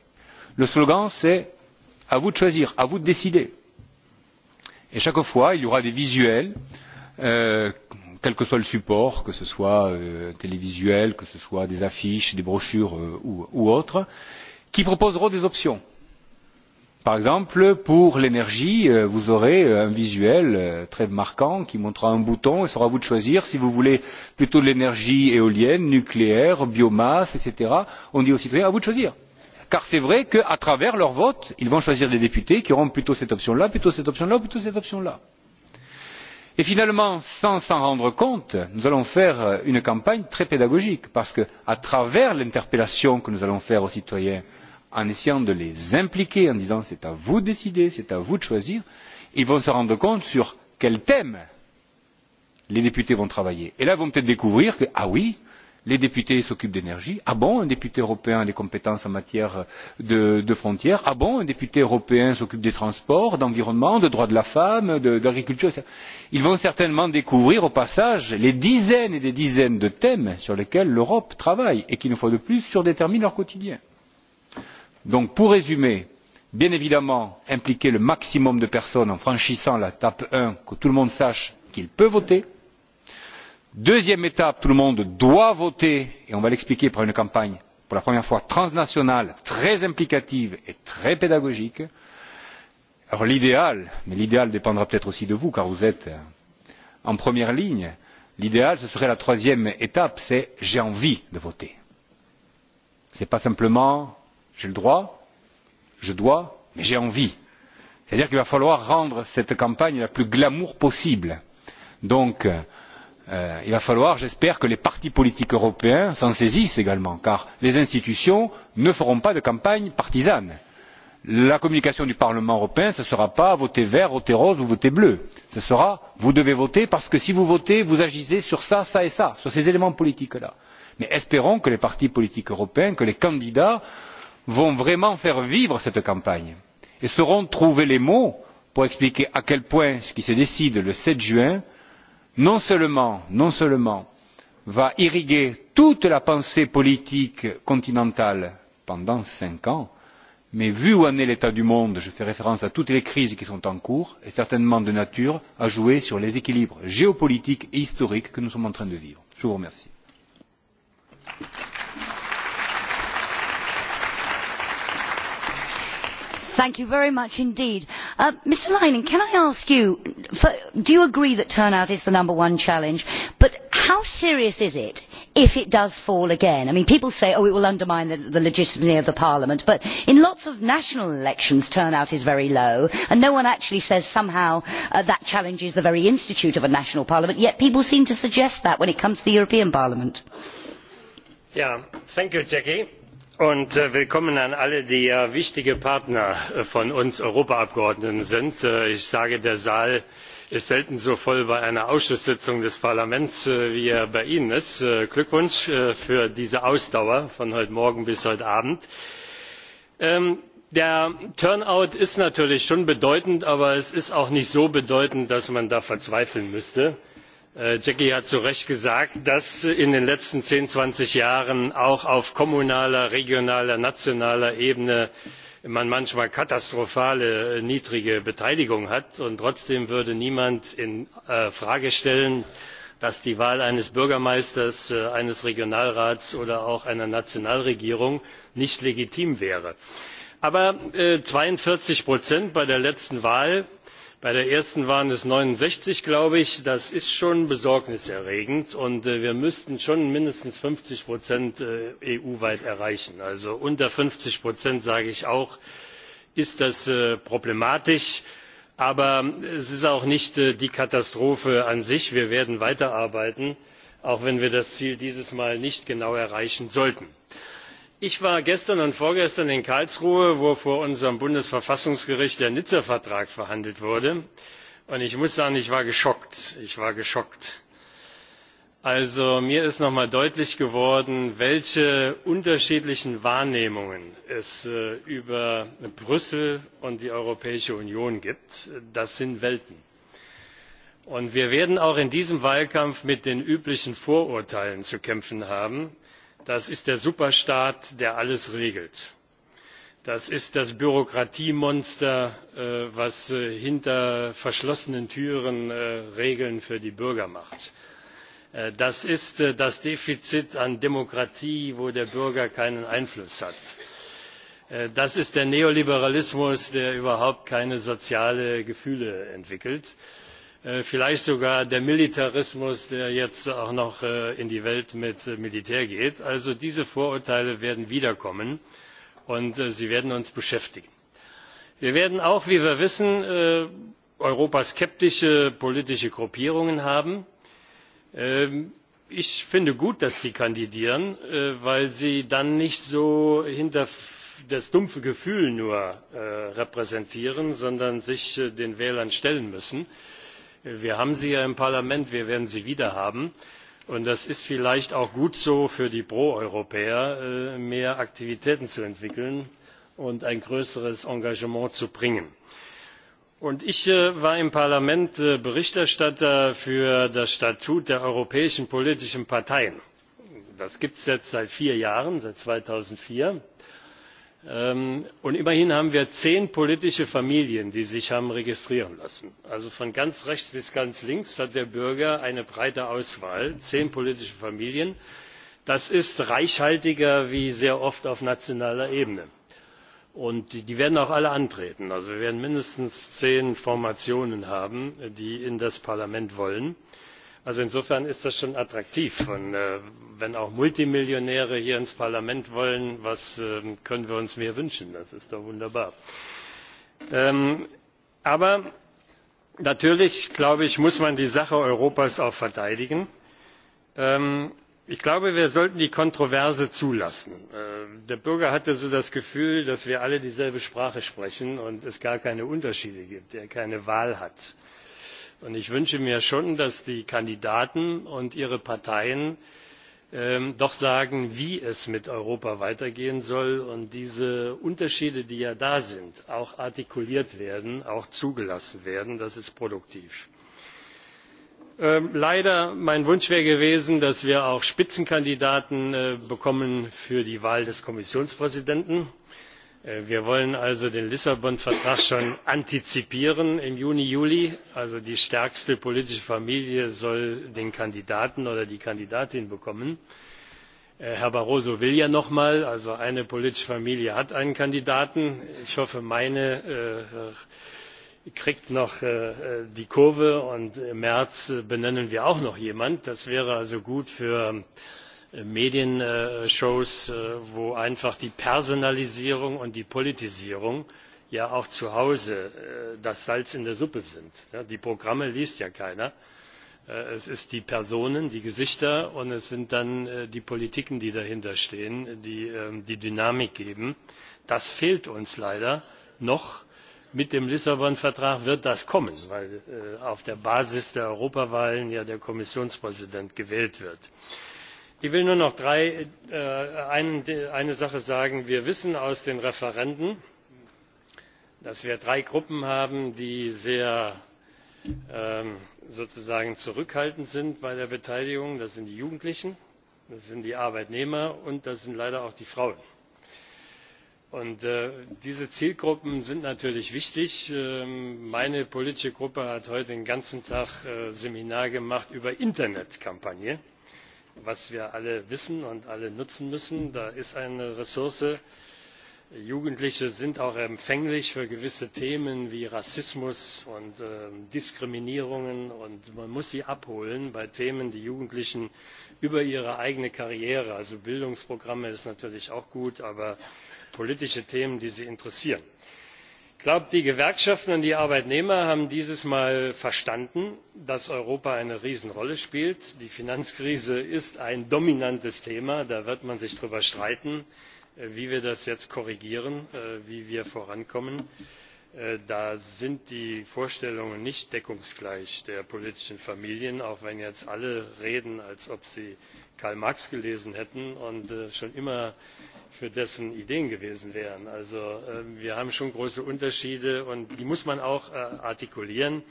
le slogan c'est à vous de choisir à vous de décider. et chaque fois il y aura des visuels quel que soit le support, que ce soit télévisuel, que ce soit des affiches, des brochures ou autres, qui proposeront des options. Par exemple, pour l'énergie, vous aurez un visuel très marquant qui montrera un bouton et sera à vous de choisir si vous voulez plutôt de l'énergie éolienne, nucléaire, biomasse, etc. On dit aux citoyens à vous de choisir. Car c'est vrai qu'à travers leur vote, ils vont choisir des députés qui auront plutôt cette option-là, plutôt cette option-là, ou plutôt cette option-là et finalement sans s'en rendre compte nous allons faire une campagne très pédagogique parce qu'à travers l'interpellation que nous allons faire aux citoyens en essayant de les impliquer en disant c'est à vous de décider c'est à vous de choisir ils vont se rendre compte sur quels thèmes les députés vont travailler et là ils vont peut être découvrir que ah oui les députés s'occupent d'énergie ah bon un député européen a des compétences en matière de frontières ah bon un député européen s'occupe des transports d'environnement des droits de la femme de d'agriculture etc. ils vont certainement découvrir au passage les dizaines et des dizaines de thèmes sur lesquels l'europe travaille et qui une fois de plus surdéterminent leur quotidien. donc pour résumer bien évidemment impliquer le maximum de personnes en franchissant l'étape un que tout le monde sache qu'il peut voter Deuxième étape, tout le monde doit voter, et on va l'expliquer par une campagne pour la première fois transnationale, très implicative et très pédagogique. l'idéal, mais l'idéal dépendra peut-être aussi de vous, car vous êtes en première ligne, l'idéal, ce serait la troisième étape, c'est j'ai envie de voter. Ce n'est pas simplement j'ai le droit, je dois, mais j'ai envie. C'est-à-dire qu'il va falloir rendre cette campagne la plus glamour possible. Donc, il va falloir j'espère que les partis politiques européens s'en saisissent également car les institutions ne feront pas de campagne partisane. la communication du parlement européen ce ne sera pas voter vert voter rose ou voter bleu ce sera vous devez voter parce que si vous votez vous agissez sur ça ça et ça sur ces éléments politiques là. mais espérons que les partis politiques européens que les candidats vont vraiment faire vivre cette campagne et sauront trouver les mots pour expliquer à quel point ce qui se décide le sept juin non seulement va irriguer toute la pensée politique continentale pendant cinq ans mais vu où en est l'état du monde je fais référence à toutes les crises qui sont en cours et certainement de nature à jouer sur les équilibres géopolitiques et historiques que nous sommes en train de vivre. je vous remercie. Thank you very much indeed. Mr Leinen, can I ask you, do you agree that turnout is the number one challenge, but how serious is it if it does fall again? I mean, people say, oh, it will undermine the legitimacy of the Parliament, but in lots of national elections turnout is very low, and no one actually says somehow that challenges the very institute of a national Parliament, yet people seem to suggest that when it comes to the European Parliament. thank you, und willkommen an alle die ja wichtige partner von uns europaabgeordneten sind. ich sage der saal ist selten so voll bei einer ausschusssitzung des parlaments wie er bei ihnen ist. glückwunsch für diese ausdauer von heute morgen bis heute abend! der turnout ist natürlich schon bedeutend aber es ist auch nicht so bedeutend dass man da verzweifeln müsste jackie hat zu recht gesagt dass in den letzten zehn zwanzig jahren auch auf kommunaler regionaler nationaler ebene man manchmal katastrophale niedrige beteiligung hat und trotzdem würde niemand in frage stellen dass die wahl eines bürgermeisters eines regionalrats oder auch einer nationalregierung nicht legitim wäre. aber zweiundvierzig bei der letzten wahl bei der ersten waren es 69, glaube ich das ist schon besorgniserregend und wir müssten schon mindestens fünfzig eu weit erreichen. also unter fünfzig sage ich auch ist das problematisch aber es ist auch nicht die katastrophe an sich wir werden weiterarbeiten auch wenn wir das ziel dieses mal nicht genau erreichen sollten ich war gestern und vorgestern in karlsruhe wo vor unserem bundesverfassungsgericht der nizza vertrag verhandelt wurde und ich muss sagen ich war geschockt. ich war geschockt. also mir ist noch einmal deutlich geworden welche unterschiedlichen wahrnehmungen es über brüssel und die europäische union gibt. das sind welten. und wir werden auch in diesem wahlkampf mit den üblichen vorurteilen zu kämpfen haben das ist der superstaat der alles regelt das ist das bürokratiemonster das hinter verschlossenen türen regeln für die bürger macht das ist das defizit an demokratie wo der bürger keinen einfluss hat das ist der neoliberalismus der überhaupt keine sozialen gefühle entwickelt vielleicht sogar der militarismus der jetzt auch noch in die welt mit militär geht. also diese vorurteile werden wiederkommen und sie werden uns beschäftigen. wir werden auch wie wir wissen europaskeptische politische gruppierungen haben. ich finde gut dass sie kandidieren weil sie dann nicht so das dumpfe gefühl nur repräsentieren sondern sich den wählern stellen müssen wir haben sie ja im parlament wir werden sie wieder haben und das ist vielleicht auch gut so für die pro europäer mehr aktivitäten zu entwickeln und ein größeres engagement zu bringen. ich war im parlament berichterstatter für das statut der europäischen politischen parteien. das gibt es jetzt seit vier jahren seit zweitausendvier und immerhin haben wir zehn politische familien die sich haben registrieren lassen. also von ganz rechts bis ganz links hat der bürger eine breite auswahl zehn politische familien. das ist reichhaltiger als sehr oft auf nationaler ebene. und die werden auch alle antreten. also wir werden mindestens zehn formationen haben die in das parlament wollen also insofern ist das schon attraktiv und wenn auch multimillionäre hier ins parlament wollen was können wir uns mehr wünschen? das ist doch wunderbar. aber natürlich ich muss man die sache europas auch verteidigen. ich glaube wir sollten die kontroverse zulassen. der bürger hatte so das gefühl dass wir alle dieselbe sprache sprechen und es gar keine unterschiede gibt er keine wahl hat und ich wünsche mir schon dass die kandidaten und ihre parteien doch sagen wie es mit europa weitergehen soll und diese unterschiede die ja da sind auch artikuliert werden auch zugelassen werden. das ist produktiv. leider mein wunsch wäre gewesen dass wir auch spitzenkandidaten bekommen für die wahl des kommissionspräsidenten wir wollen also den lissabon vertrag schon antizipieren im juni juli also die stärkste politische familie soll den kandidaten oder die kandidatin bekommen. herr barroso will ja noch mal also eine politische familie hat einen kandidaten. ich hoffe meine kriegt noch die kurve und im märz benennen wir auch noch jemanden. das wäre also gut für Medienshows, wo einfach die Personalisierung und die Politisierung ja auch zu Hause das Salz in der Suppe sind. Die Programme liest ja keiner. Es sind die Personen, die Gesichter und es sind dann die Politiken, die dahinter stehen, die die Dynamik geben. Das fehlt uns leider noch. Mit dem Lissabon Vertrag wird das kommen, weil auf der Basis der Europawahlen ja der Kommissionspräsident gewählt wird ich will nur noch eine sache sagen wir wissen aus den referenden dass wir drei gruppen haben die sehr sozusagen zurückhaltend sind bei der beteiligung das sind die jugendlichen das sind die arbeitnehmer und das sind leider auch die frauen. diese zielgruppen sind natürlich wichtig. meine politische Gruppe hat heute den ganzen tag seminar gemacht über internetkampagnen was wir alle wissen und alle nutzen müssen. da ist eine ressource. jugendliche sind auch empfänglich für gewisse themen wie rassismus und diskriminierungen und man muss sie abholen bei themen die jugendlichen über ihre eigene karriere also bildungsprogramme ist natürlich auch gut aber politische themen die sie interessieren ich glaube die gewerkschaften und die arbeitnehmer haben dieses mal verstanden dass europa eine riesenrolle spielt. die finanzkrise ist ein dominantes thema da wird man sich darüber streiten wie wir das jetzt korrigieren wie wir vorankommen. da sind die vorstellungen nicht deckungsgleich der politischen familien auch wenn jetzt alle reden als ob sie karl marx gelesen hätten und schon immer für dessen ideen gewesen wären. also wir haben schon große unterschiede und die muss man auch artikulieren.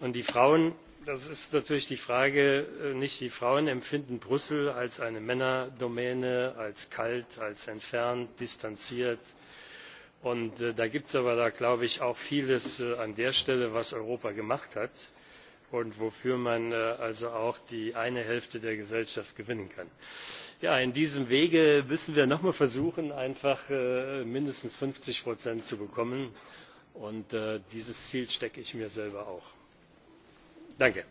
und die frauen das ist natürlich die frage nicht die frauen empfinden brüssel als eine männerdomäne als kalt als entfernt distanziert. und da gibt es aber glaube ich auch vieles an der stelle was europa gemacht hat und wofür man also auch die eine hälfte der gesellschaft gewinnen kann ja in diesem wege müssen wir noch mal versuchen einfach mindestens 50 zu bekommen und dieses ziel stecke ich mir selber auch. danke!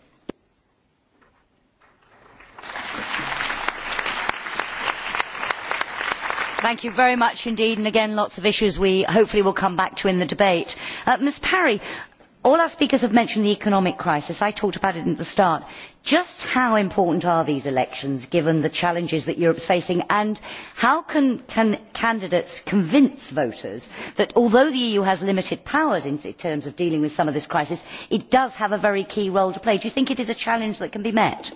Thank you very much indeed, and again, lots of issues we hopefully will come back to in the debate. Ms Parry, all our speakers have mentioned the economic crisis i talked about it at the start just how important are these elections given the challenges that europe is facing and how can candidates convince voters that although the eu has limited powers in terms of dealing with some of this crisis it does have a very key role to play? do you think it is a challenge that can be met?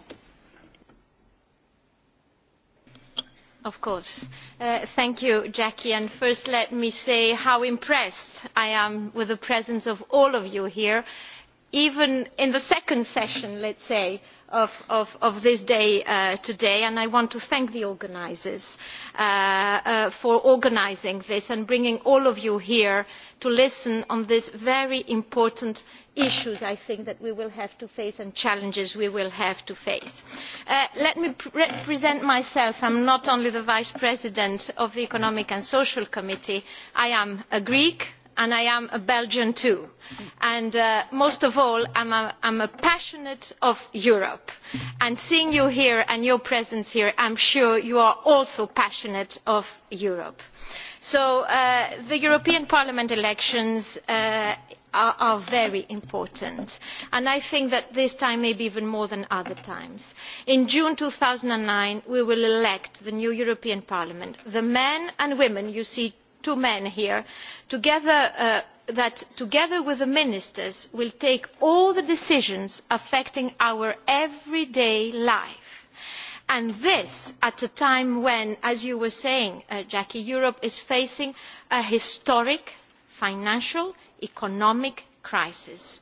Of course. Thank you, Jackie. And first let me say how impressed I am with the presence of all of you here, even in the second session, let's say of this day today and i want to thank the organisers for organising this and bringing all of you here to listen on these very important issues i think that we will have to face and challenges we will have to face. let me present myself i am not only the vice president of the economic and social committee i am a greek and I am a Belgian too. And most of all, I am a passionate of Europe. And seeing you here and your presence here, I am sure you are also passionate of Europe. So the European Parliament elections are very important and i think that this time maybe even more than other times. in june two thousand nine we will elect the new european parliament the men and women you see two men here that together with the ministers will take all the decisions affecting our everyday life and this at a time when as you were saying jackie europe is facing a historic financial economic crisis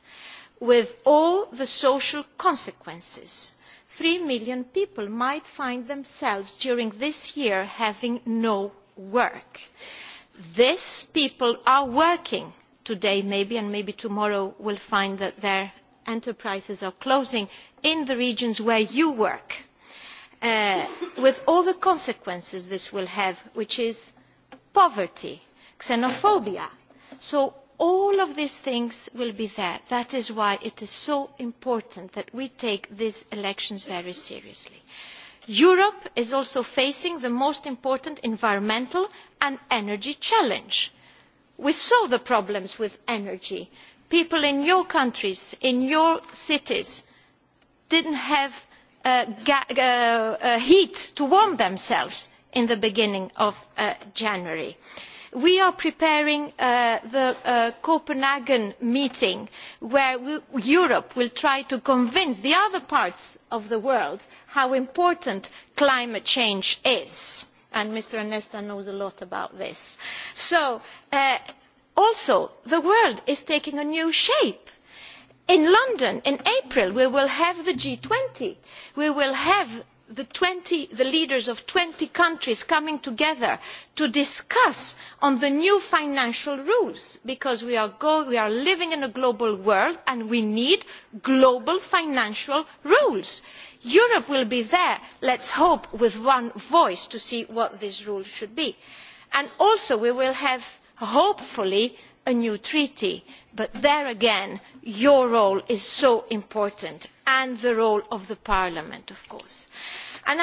with all the social consequences. three million people might find themselves during this year having no work these people are working today maybe and maybe tomorrow will find that their enterprises are closing in the regions where you work with all the consequences this will have which is poverty xenophobia so all of these things will be there that is why it is so important that we take these elections very seriously Europe is also facing the most important environmental and energy challenge. We saw the problems with energy. People in your countries, in your cities, did not have heat to warm themselves in the beginning of January we are preparing the copenhagen meeting where europe will try to convince the other parts of the world how important climate change is and mr nesta knows a lot about this. so also the world is taking a new shape. in london in april we will have the g twenty we will have the leaders of twenty countries coming together to discuss the new financial rules because we are living in a global world and we need global financial rules. europe will be there let us hope with one voice to see what these rules should be. also we will have hopefully a new treaty but there again your role is so important and the role of parliament of course.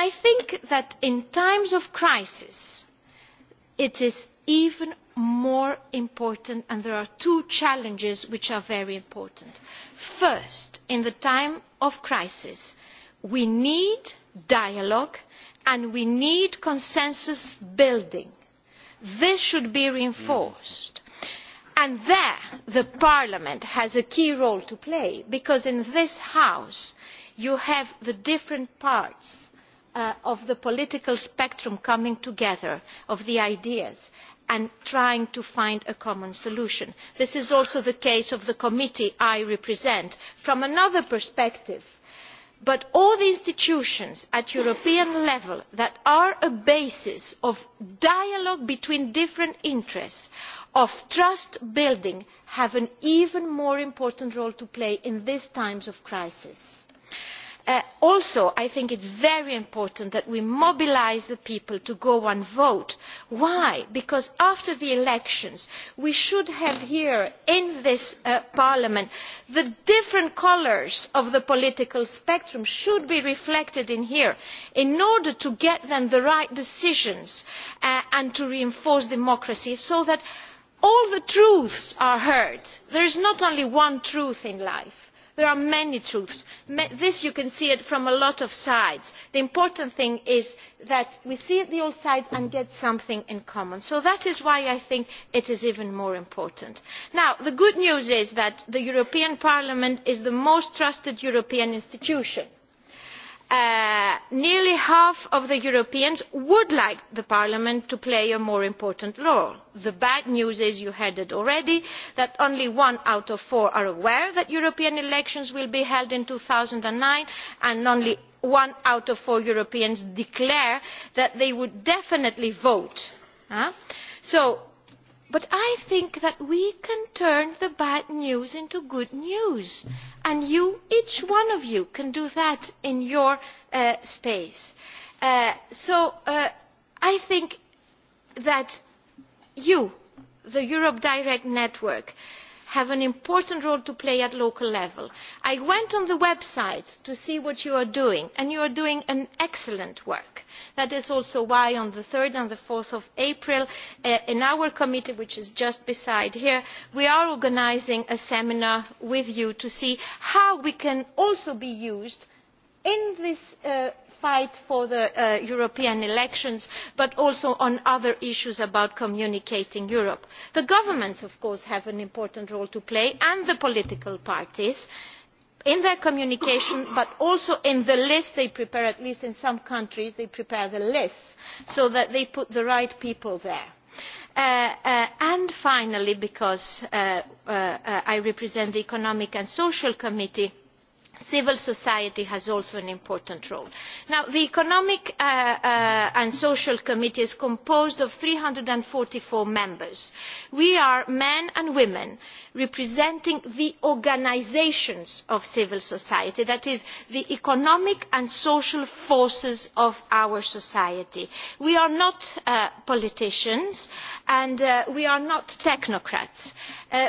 i think that in times of crisis it is even more important and there are two challenges which are very important. first in the time of crisis we need dialogue and we need consensus building. this should be reinforced and there parliament has a key role to play because in this house you have the different parts of the political spectrum coming together of the ideas and trying to find a common solution. this is also the case of the committee i represent. from another perspective but all the institutions at european level that are a basis of dialogue between different interests of trust building have an even more important role to play in these times of crisis also i think it is very important that we mobilise the people to go and vote. why? because after the elections we should have here in this parliament the different colours of the political spectrum should be reflected in here in order to get the right decisions and to reinforce democracy so that all the truths are heard. there is not only one truth in life there are many truths. this you can see it from a lot of sides. the important thing is that we see the old sides and get something in common. so that is why i think it is even more important. now the good news is that the european parliament is the most trusted european institution nearly half of the Europeans would like Parliament to play a more important role. The bad news is, you heard it already, that only one out of four are aware that European elections will be held in 2009 and only one out of four Europeans declare that they would definitely vote. But I think that we can turn the bad news into good news, and you, each one of you, can do that in your space. So I think that you, the Europe Direct Network, have an important role to play at local level. I went on the website to see what you are doing and you are doing an excellent work. That is also why on the 3 and the 4 of April in our committee which is just beside here we are organising a seminar with you to see how we can also be used in this fight for the European elections, but also on other issues about communicating Europe. The governments, of course, have an important role to play, and the political parties, in their communication, but also in the list they prepare, at least in some countries, they prepare the lists, so that they put the right people there. And finally, because I represent the Economic and Social Committee, civil society has also an important role. the economic and social committee is composed of three hundred and forty four members. we are men and women representing the organisations of civil society that is the economic and social forces of our society. we are not politicians and we are not technocrats.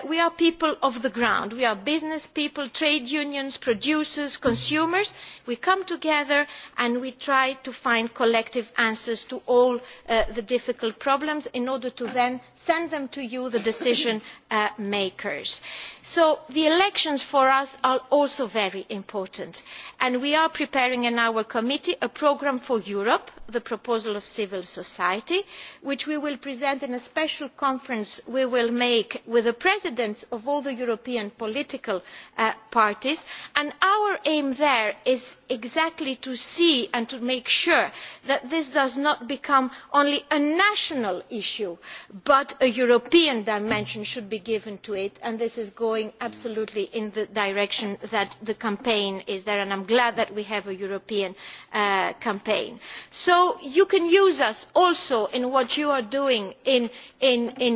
we are people of the ground. we are business people trade unions producers users, consumers we come together and we try to find collective answers to all the difficult problems in order to then send them to you the decision makers. so the elections for us are also very important and we are preparing in our committee a programme for europe the proposal of civil society which we will present in a special conference we will make with the presidents of all the european political parties and our aim there is exactly to see and to make sure that this does not become only a national issue but a european dimension should be given to it and this is going absolutely in the direction that the campaign is there and i am glad that we have a european campaign. so you can use us also in what you are doing in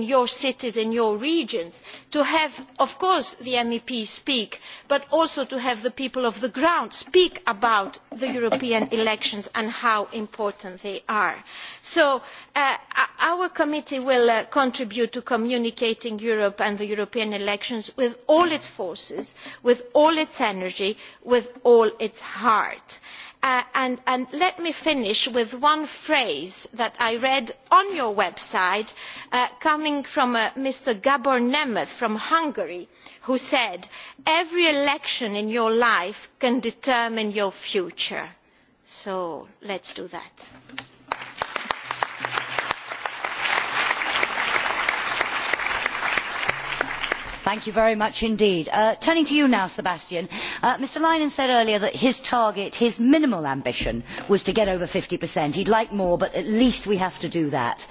your cities in your regions to have of course the meps speak but also to have the people on the ground speak about the European elections and how important they are. So our committee will contribute to communicating Europe and the European elections with all its forces, with all its energy, with all its heart and let me finish with one phrase that i read on your website coming from mr gabor nemeth from hungary who said every election in your life can determine your future'. so let's do that. Thank you very much indeed. Turning to you now, Sebastian. Mr Leinen said earlier that his target, his minimal ambition, was to get over 50%. He'd like more, but at least we have to do that.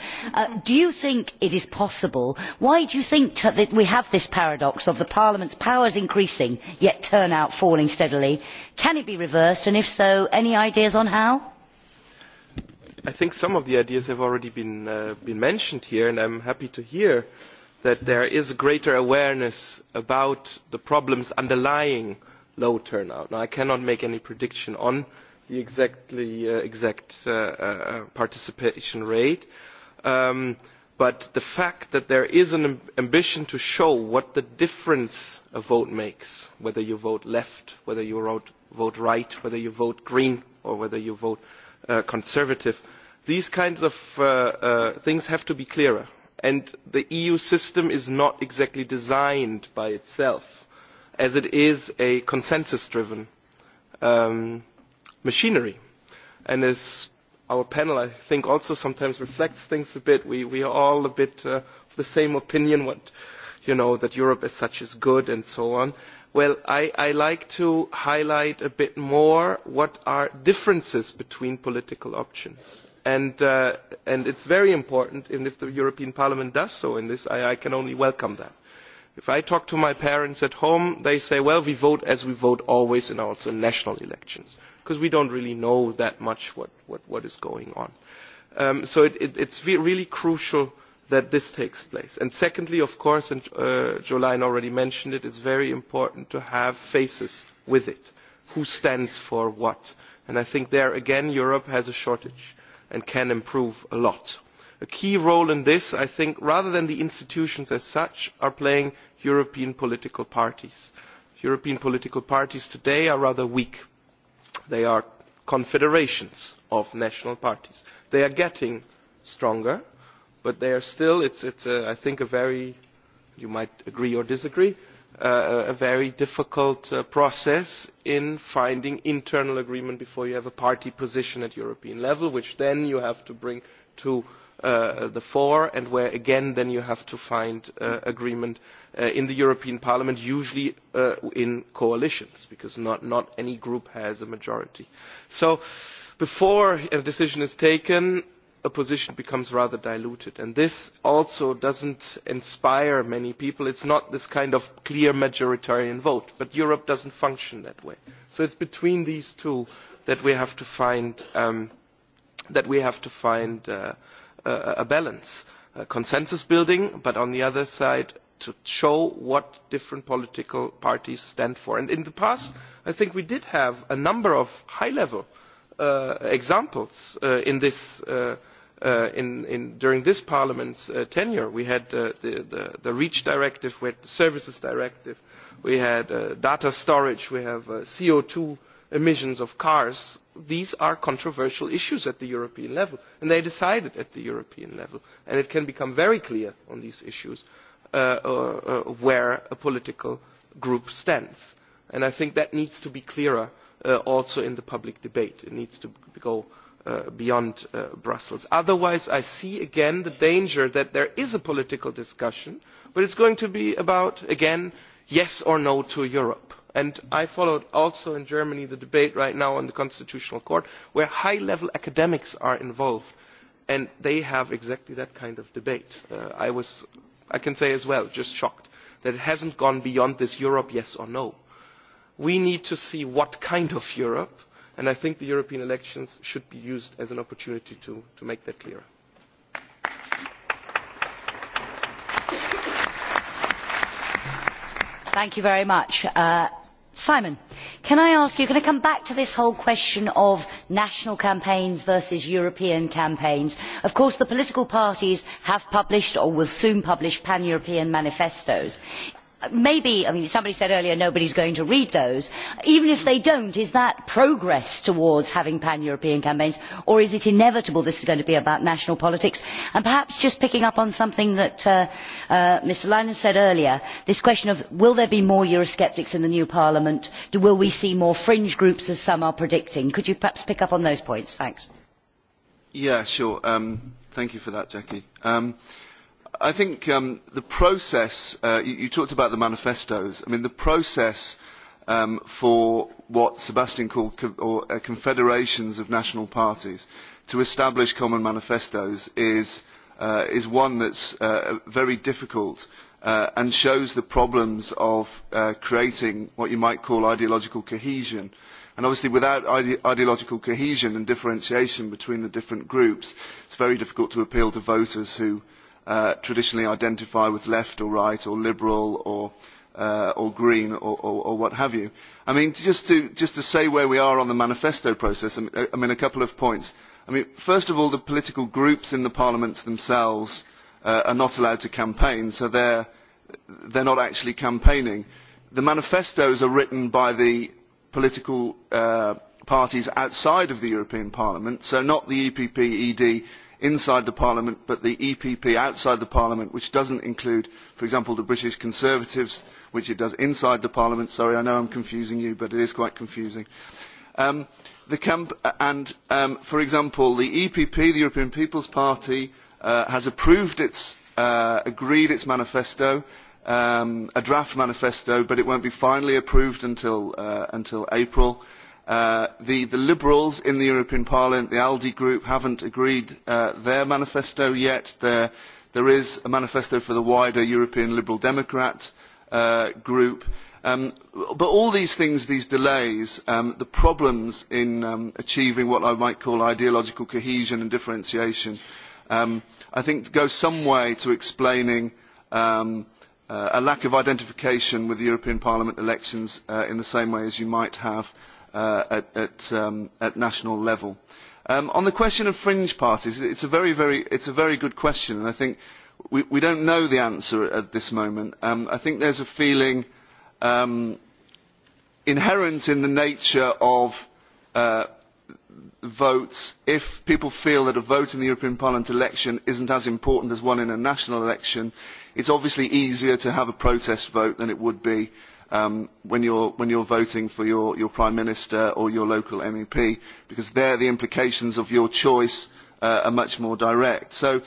Do you think it is possible? Why do you think that we have this paradox of the Parliament's powers increasing, yet turnout falling steadily? Can it be reversed, and if so, any ideas on how? I think some of the ideas have already been mentioned here, and I'm happy to hear that there is greater awareness about the problems underlying low turnout. Now, I cannot make any prediction on the exact participation rate, but the fact that there is an ambition to show what the difference a vote makes, whether you vote left, whether you vote right, whether you vote green, or whether you vote conservative, these kinds of things have to be clearer and the eu system is not exactly designed by itself as it is a consensus driven machinery and as our panel i think also sometimes reflects things a bit we we are all a bit of the same opinion you know that europe as such is good and so on well i like to highlight a bit more what are differences between political options and it's very important and if the european parliament does so in this i can only welcome that. if i talk to my parents at home they say well we vote as we vote always in also in national elections because we don't really know that much what is going on. so it it's really crucial that this takes place. And secondly, of course, and leinen already mentioned it, is very important to have faces with it. Who stands for what? And I think there again Europe has a shortage and can improve a lot. A key role in this, I think, rather than the institutions as such, are playing European political parties. European political parties today are rather weak. They are confederations of national parties. They are getting stronger but they are still it's it's i think a very you might agree or disagree a very difficult process in finding internal agreement before you have a party position at european level which then you have to bring to the fore and where again then you have to find agreement in the european parliament usually in coalitions because not not any group has a majority. so before a decision is taken a position becomes rather diluted. And this also does not inspire many people. It is not this kind of clear majoritarian vote. But Europe does not function that way. So it is between these two that we have to find that we have to find a balance. Consensus building, but on the other side to show what different political parties stand for. in the past, I think we did have a number of high-level examples during this Parliament's tenure. We had the REACH directive, we had the Services directive, we had data storage, we have CO2 emissions of cars. These are controversial issues at the European level, and they decided at the European level. And it can become very clear on these issues where a political group stands. And I think that needs to be clearer also in the public debate. It needs to go beyond Brussels. Otherwise, I see again the danger that there is a political discussion, but it's going to be about, again, yes or no to Europe. And I followed also in Germany the debate right now on the Constitutional Court, where high-level academics are involved, and they have exactly that kind of debate. I was, I can say as well, just shocked that it has not gone beyond this Europe yes or no we need to see what kind of Europe, and I think the European elections should be used as an opportunity to make that clear. Thank you very much. Simon, can I ask you, can I come back to this whole question of national campaigns versus European campaigns? Of course, the political parties have published or will soon publish pan-European manifestos maybe i mean somebody said earlier nobody is going to read those even if they don't is that progress towards having pan european campaigns or is it inevitable this is going to be about national politics and perhaps just picking up on something that mr leinen said earlier this question of will there be more eurosceptics in the new parliament will we see more fringe groups as some are predicting could you perhaps pick up on those points thanks thank you for that jackie I think the process, you talked about the manifestos. I mean, the process for what Sebastian called confederations of national parties to establish common manifestos is one that's very difficult and shows the problems of creating what you might call ideological cohesion. And obviously without ideological cohesion and differentiation between the different groups, it's very difficult to appeal to voters who traditionally identify with left or right or liberal or green or what have you. just to say where we are on the manifesto process, mean, a couple of points. first of all, the political groups in the parliaments themselves are not allowed to campaign, so they are not actually campaigning. The manifestos are written by the political parties outside of the European Parliament, so not the EPP, ED inside the Parliament, but the EPP outside the Parliament, which does not include, for example, the British Conservatives, which it does inside the Parliament. Sorry, I know I am confusing you, but it is quite confusing. And, for example, the EPP, the European People's Party, has approved its, agreed its manifesto, a draft manifesto, but it won't be finally approved until April The Liberals in the European Parliament, the ALDE Group, haven't agreed their manifesto yet. There is a manifesto for the wider European Liberal Democrat Group. But all these things, these delays, the problems in achieving what I might call ideological cohesion and differentiation, I think go some way to explaining a lack of identification with the European Parliament elections in the same way as you might have at national level. On the question of fringe parties, it's a very good question, and I think we don't know the answer at this moment. I think there's a feeling inherent in the nature of votes if people feel that a vote in the European Parliament election isn't as important as one in a national election, it's obviously easier to have a protest vote than it would be when you're voting for your Prime Minister or your local MEP, because there the implications of your choice are much more direct. So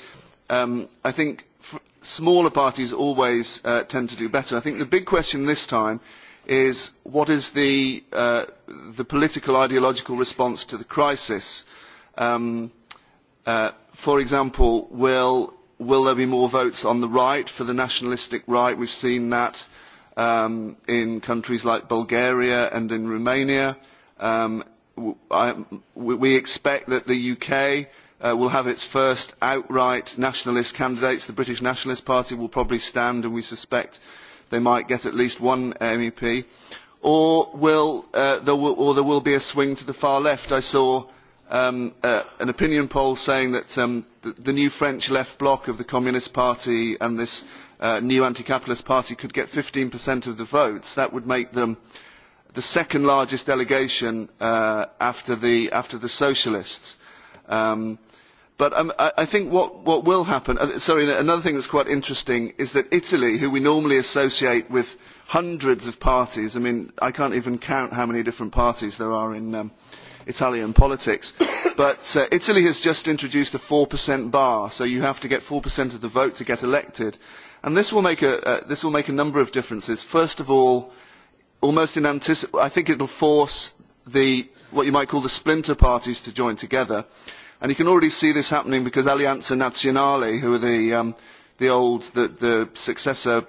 I think smaller parties always tend to do better. I think the big question this time is what is the political ideological response to the crisis? For example, will there be more votes on the right, for the nationalistic right? We've seen that in countries like Bulgaria and in Romania. We expect that the UK will have its first outright nationalist candidates. The British Nationalist Party will probably stand, and we suspect they might get at least one MEP. Or there will be a swing to the far left. I saw an opinion poll saying that the new French left bloc of the Communist Party and this new anti capitalist party could get 15% of the votes that would make them the second largest delegation after the after the socialists but i think what will happen sorry another thing that's quite interesting is that italy who we normally associate with hundreds of parties i mean i can't even count how many different parties there are in italian politics but italy has just introduced a 4% bar so you have to get 4% of the vote to get elected And this will make a number of differences. First of all, almost in I think it will force the what you might call the splinter parties to join together. And you can already see this happening because Alianza Nazionale, who are the the old the successor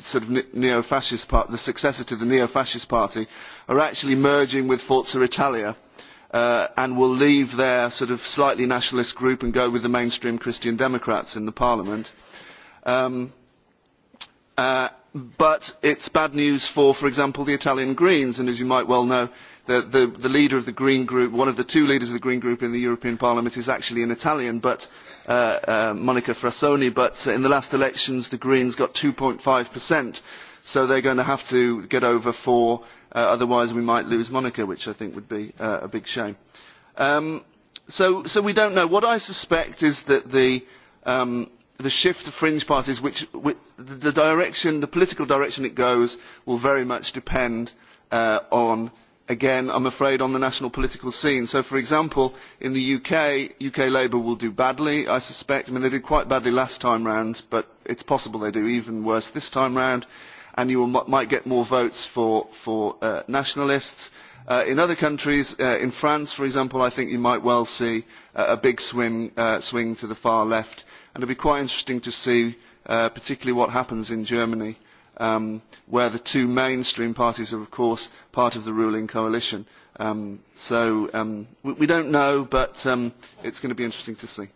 sort of neo fascist the successor to the neo fascist party, are actually merging with Forza Italia and will leave their sort of slightly nationalist group and go with the mainstream Christian Democrats in the Parliament. But it's bad news for, for example, the Italian Greens. And as you might well know, the leader of the Green Group, one of the two leaders of the Green Group in the European Parliament is actually an Italian, but Monica Frassoni. But in the last elections, the Greens got 2.5%. So they're going to have to get over four, otherwise we might lose Monica, which I think would be a big shame. So we don't know. What I suspect is that the the shift of fringe parties, which the direction, the political direction it goes, will very much depend on, again, I'm afraid, on the national political scene. So, for example, in the UK, UK Labour will do badly, I suspect. I mean, they did quite badly last time round, but it's possible they do even worse this time round, and you might get more votes for nationalists. In other countries, in France, for example, I think you might well see a big swing to the far left and it will be quite interesting to see particularly what happens in Germany, where the two mainstream parties are, of course, part of the ruling coalition. So we don't know, but it's going to be interesting to see.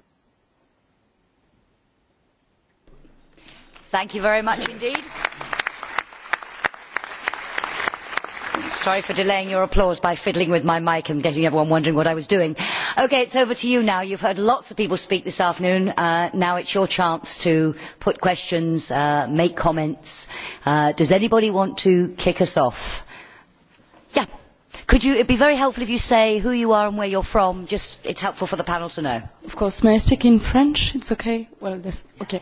Thank you very much indeed. sorry for delaying your applause by fiddling with my mic and getting everyone wondering what i was doing. okay it's over to you now. You've heard lots of people speak this afternoon. now it's your chance to put questions make comments. does anybody want to kick us off? Yeah. Could you? It'd be very helpful if you say who you are and where you're from. Just it's helpful for the panel to know. Of course. May I speak in French? It's okay. Well, this, okay.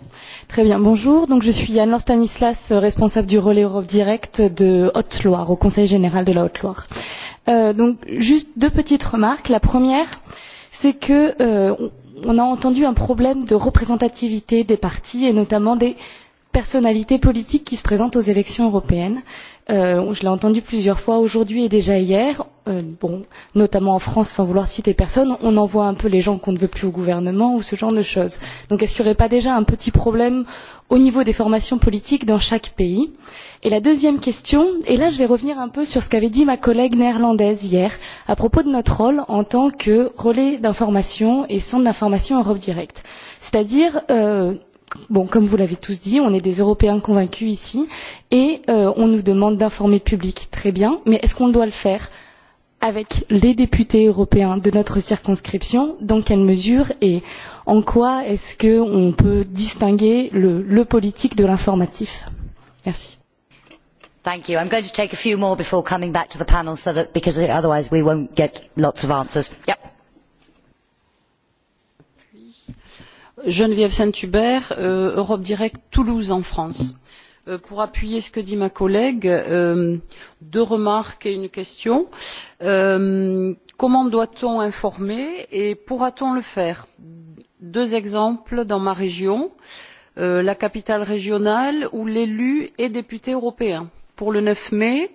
Très bien. Bonjour. Donc je suis Yann laure Stanislas, responsable du relais Europe Direct de Haute-Loire au Conseil général de la Haute-Loire. donc juste deux petites remarques. La première, c'est que on a entendu un problème de représentativité des partis et notamment des personnalités politiques qui se présentent aux élections européennes. Euh, Je l'ai entendu plusieurs fois aujourd'hui et déjà hier, bon, notamment en France, sans vouloir citer personne, on envoie un peu les gens qu'on ne veut plus au gouvernement ou ce genre de choses. Donc est-ce qu'il n'y aurait pas déjà un petit problème au niveau des formations politiques dans chaque pays Et la deuxième question, et là je vais revenir un peu sur ce qu'avait dit ma collègue néerlandaise hier à propos de notre rôle en tant que relais d'information et centre d'information Europe Direct. C'est-à-dire Euh, Bon, comme vous l'avez tous dit, on est des Européens convaincus ici et on nous demande d'informer le public. Très bien, mais est-ce qu'on doit le faire avec les députés européens de notre circonscription Dans quelle mesure et en quoi est-ce qu'on peut distinguer le politique de l'informatif Merci. Thank you. I'm going to take a few more before coming back to the panel so that because otherwise we won't get lots of answers. Yep. Geneviève Saint-Hubert, Europe Direct Toulouse en France. Pour appuyer ce que dit ma collègue, deux remarques et une question. Comment doit-on informer et pourra-t-on le faire Deux exemples dans ma région, la capitale régionale où l'élu est député européen. Pour le 9 mai,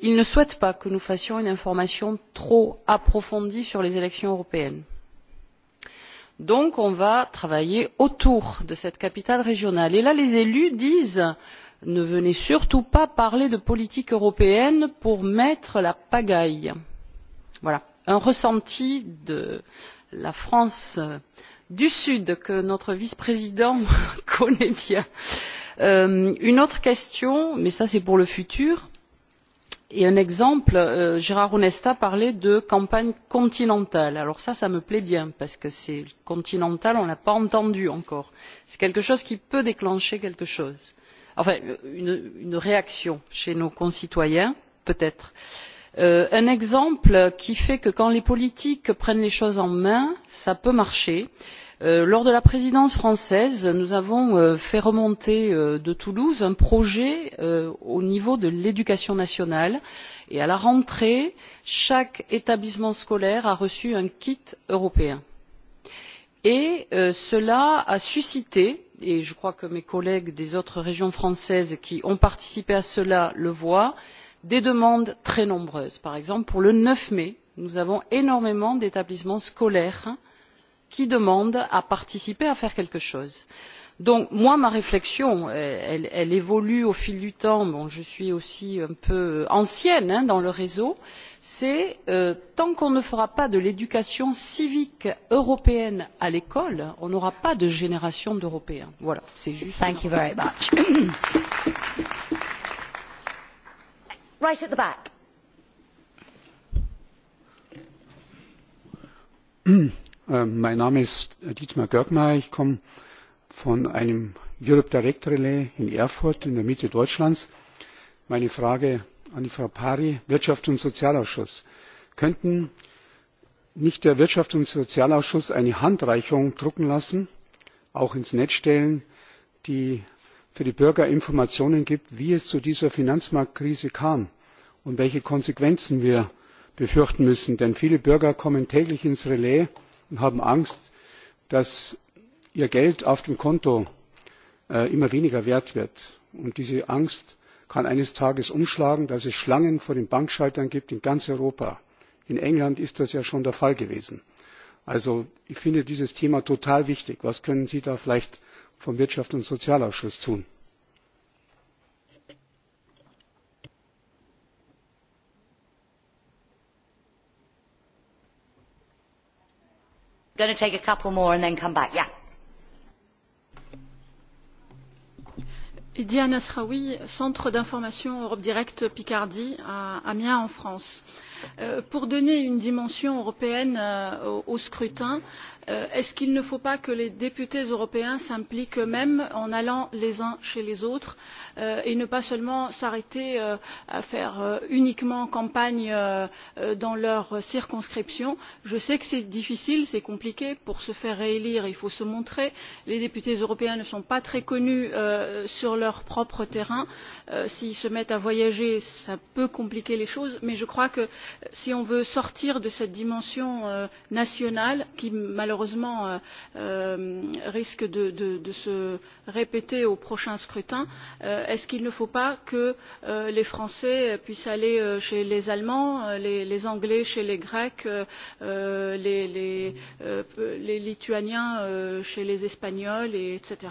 il ne souhaite pas que nous fassions une information trop approfondie sur les élections européennes donc on va travailler autour de cette capitale régionale et là les élus disent ne venez surtout pas parler de politique européenne pour mettre la pagaille. voilà un ressenti de la france du sud que notre vice président connaît bien. une autre question mais cela c'est pour le futur et un exemple gérard onesta parlait de campagne continentale alors ça ça me plaît bien parce que c'est continental on ne l'a pas entendu encore c'est quelque chose qui peut déclencher quelque chose enfin une réaction chez nos concitoyens peut être un exemple qui fait que quand les politiques prennent les choses en main ça peut marcher lors de la présidence française nous avons fait remonter de toulouse un projet au niveau de l'éducation nationale et à la rentrée chaque établissement scolaire a reçu un kit européen. cela a suscité et je crois que mes collègues des autres régions françaises qui ont participé à cela le voient des demandes très nombreuses. par exemple pour le neuf mai nous avons énormément d'établissements scolaires qui demande à participer à faire quelque chose. donc ma réflexion elle évolue au fil du temps je suis aussi un peu ancienne dans le réseau c'est tant qu'on ne fera pas de l'éducation civique européenne à l'école on n'aura pas de génération d'européens. voilà c'est juste. Mein Name ist Dietmar Görgmeier. Ich komme von einem Europe Direct Relais in Erfurt in der Mitte Deutschlands. Meine Frage an die Frau Pari, Wirtschafts- und Sozialausschuss. Könnten nicht der Wirtschafts und Sozialausschuss eine Handreichung drucken lassen, auch ins Netz stellen, die für die Bürger Informationen gibt, wie es zu dieser Finanzmarktkrise kam und welche Konsequenzen wir befürchten müssen? Denn viele Bürger kommen täglich ins Relais und haben Angst, dass ihr Geld auf dem Konto immer weniger wert wird. Und diese Angst kann eines Tages umschlagen, dass es Schlangen vor den Bankschaltern gibt in ganz Europa. In England ist das ja schon der Fall gewesen. Also ich finde dieses Thema total wichtig. Was können Sie da vielleicht vom Wirtschafts- und Sozialausschuss tun? going to take a couple more and then come back. Yeah. Diane Asraoui, Centre d'information Europe Direct Picardie à Amiens en France pour donner une dimension européenne au scrutin est ce qu'il ne faut pas que les députés européens s'impliquent eux mêmes en allant les uns chez les autres et ne pas seulement s'arrêter à faire uniquement campagne dans leur circonscription? je sais que c'est difficile c'est compliqué pour se faire réélire il faut se montrer les députés européens ne sont pas très connus sur leur propre terrain s'ils se mettent à voyager cela peut compliquer les choses mais je crois que si on veut sortir de cette dimension nationale qui malheureusement risque de se répéter au prochain scrutin est ce qu'il ne faut pas que les français puissent aller chez les allemands les anglais chez les grecs les lituaniens chez les espagnols etc.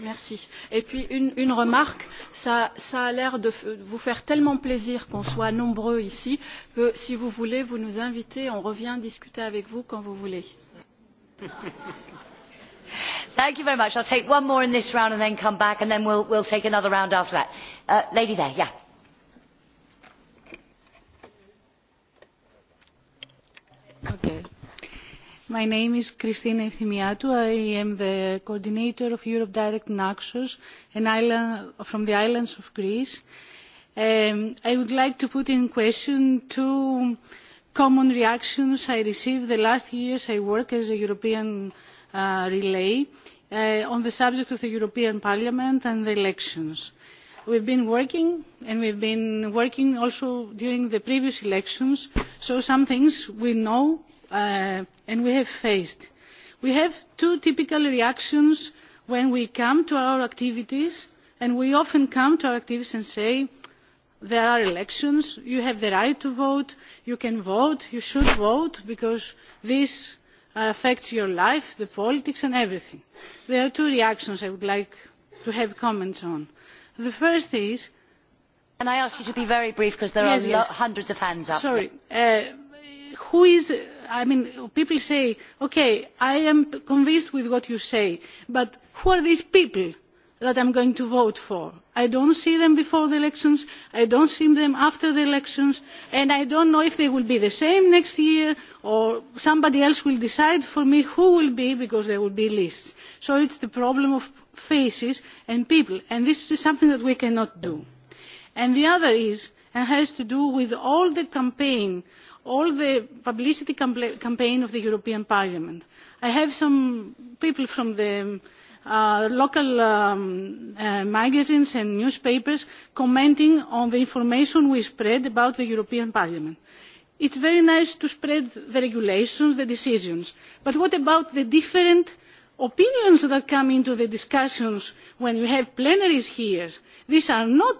Merci. Et puis une remarque, ça a l'air de vous faire tellement plaisir qu'on soit nombreux ici que si vous voulez, vous nous invitez, on revient discuter avec vous quand vous voulez. Thank you very much. I'll take one more in this round and then come back and then we'll take another round after that. Lady there, yeah. My name is Christina Efthimiatou. I am the coordinator of Europe Direct Naxos, an island from the islands of Greece. I would like to put in question two common reactions I received the last years I work as a European relay on the subject of the European Parliament and the elections. We've been working and we've been working also during the previous elections, so some things we know and we have faced. We have two typical reactions when we come to our activities and we often come to our activities and say there are elections, you have the right to vote, you can vote, you should vote because this affects your life, the politics and everything. There are two reactions I would like to have comments on. The first is And I ask you to be very brief because there are hundreds of hands up. Sorry. Who is I mean, people say, okay, I am convinced with what you say, but who are these people that I am going to vote for? I don't see them before the elections, I do not see them after the elections, and I do not know if they will be the same next year or somebody else will decide for me who will be because there will be lists. So it is the problem of faces and people, and this is something that we cannot do. And the other is, and has to do with all the campaign all the publicity campaign of the European Parliament. I have some people from the local magazines and newspapers commenting on the information we spread about the European Parliament. It's very nice to spread the regulations, the decisions, but what about the different opinions that come into the discussions when we have plenaries here? These are not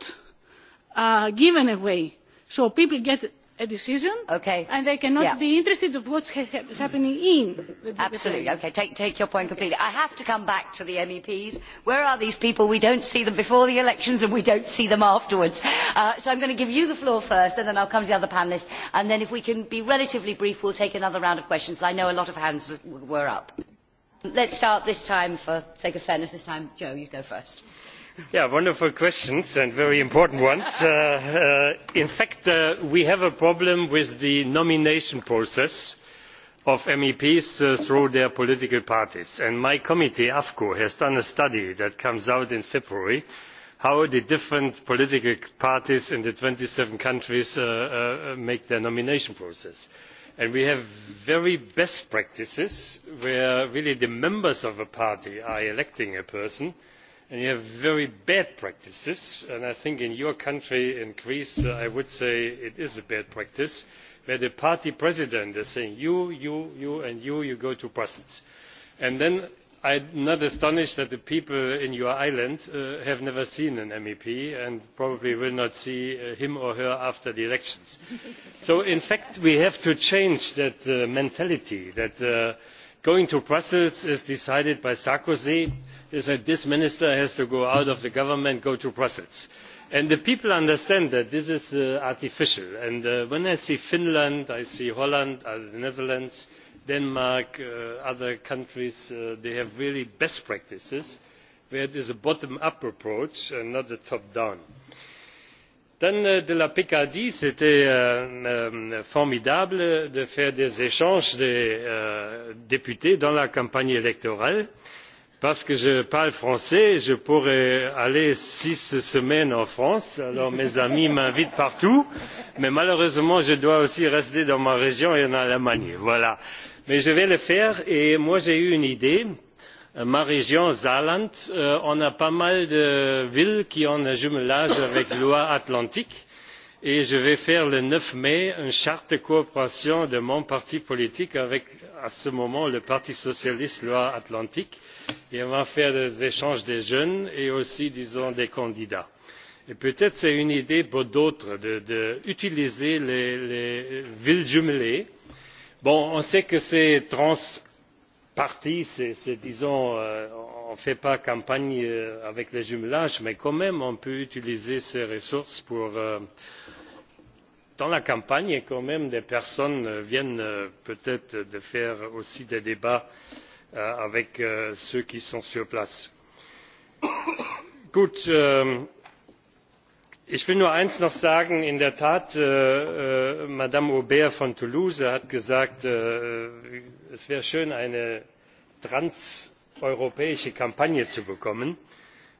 given away, so people get a decision and they cannot be interested in what's happening in the absolutely okay take your point completely. i have to come back to the meps where are these people? we don't see them before the elections and we don't see them afterwards so I'm going to give you the floor first and then I'll come to the other panellists and then if we can be relatively brief we'll take another round of questions. i know a lot of hands were up. Let's start this time for sake of fairness this time Joe, you go first. Yeah, wonderful questions and very important ones. In fact, we have a problem with the nomination process of MEPs through their political parties. And my committee, AFCO, has done a study that comes out in February how the different political parties in the twenty seven countries make their nomination process. And we have very best practices where really the members of a party are electing a person and you have very bad practices and i think in your country in greece i would say it is a bad practice where the party president is saying you you you and you you go to brussels and then i am not astonished that the people in your island have never seen an mep and probably will not see him or her after the elections. so in fact we have to change that mentality that going to brussels is decided by sarkozy this minister has to go out of the government go to brussels and the people understand that this is artificial and when i see finland i see holland the netherlands denmark other countries they have really best practices where there is a bottom up approach and not a top down. Then de la Picardie, c'était formidable de faire des échanges de députés dans la campagne électorale, parce que je parle français, je pourrais aller six semaines en France, alors mes amis m'invitent partout, mais malheureusement je dois aussi rester dans ma région et en Allemagne. Voilà. Mais je vais le faire et moi j'ai eu une idée ma région saarland on a pas mal de villes qui ont un jumelage avec loire atlantique et je vais faire le neuf mai une charte de coopération de mon parti politique avec à ce moment le parti socialiste loire atlantique et on va faire des échanges des jeunes et aussi disons des candidats. et peut être c'est une idée pour d'autres d'utiliser les villes jumelées. bon on sait que c'est trans parti disons on ne fait pas campagne avec les jumelages mais quand même on peut utiliser ces ressources pour dans la campagne et quand même des personnes viennent peut être de faire aussi des débats avec ceux qui sont sur place. Écoutez ich will nur eines noch sagen in der tat madame aubert von toulouse hat gesagt es wäre schön eine transeuropäische kampagne zu bekommen.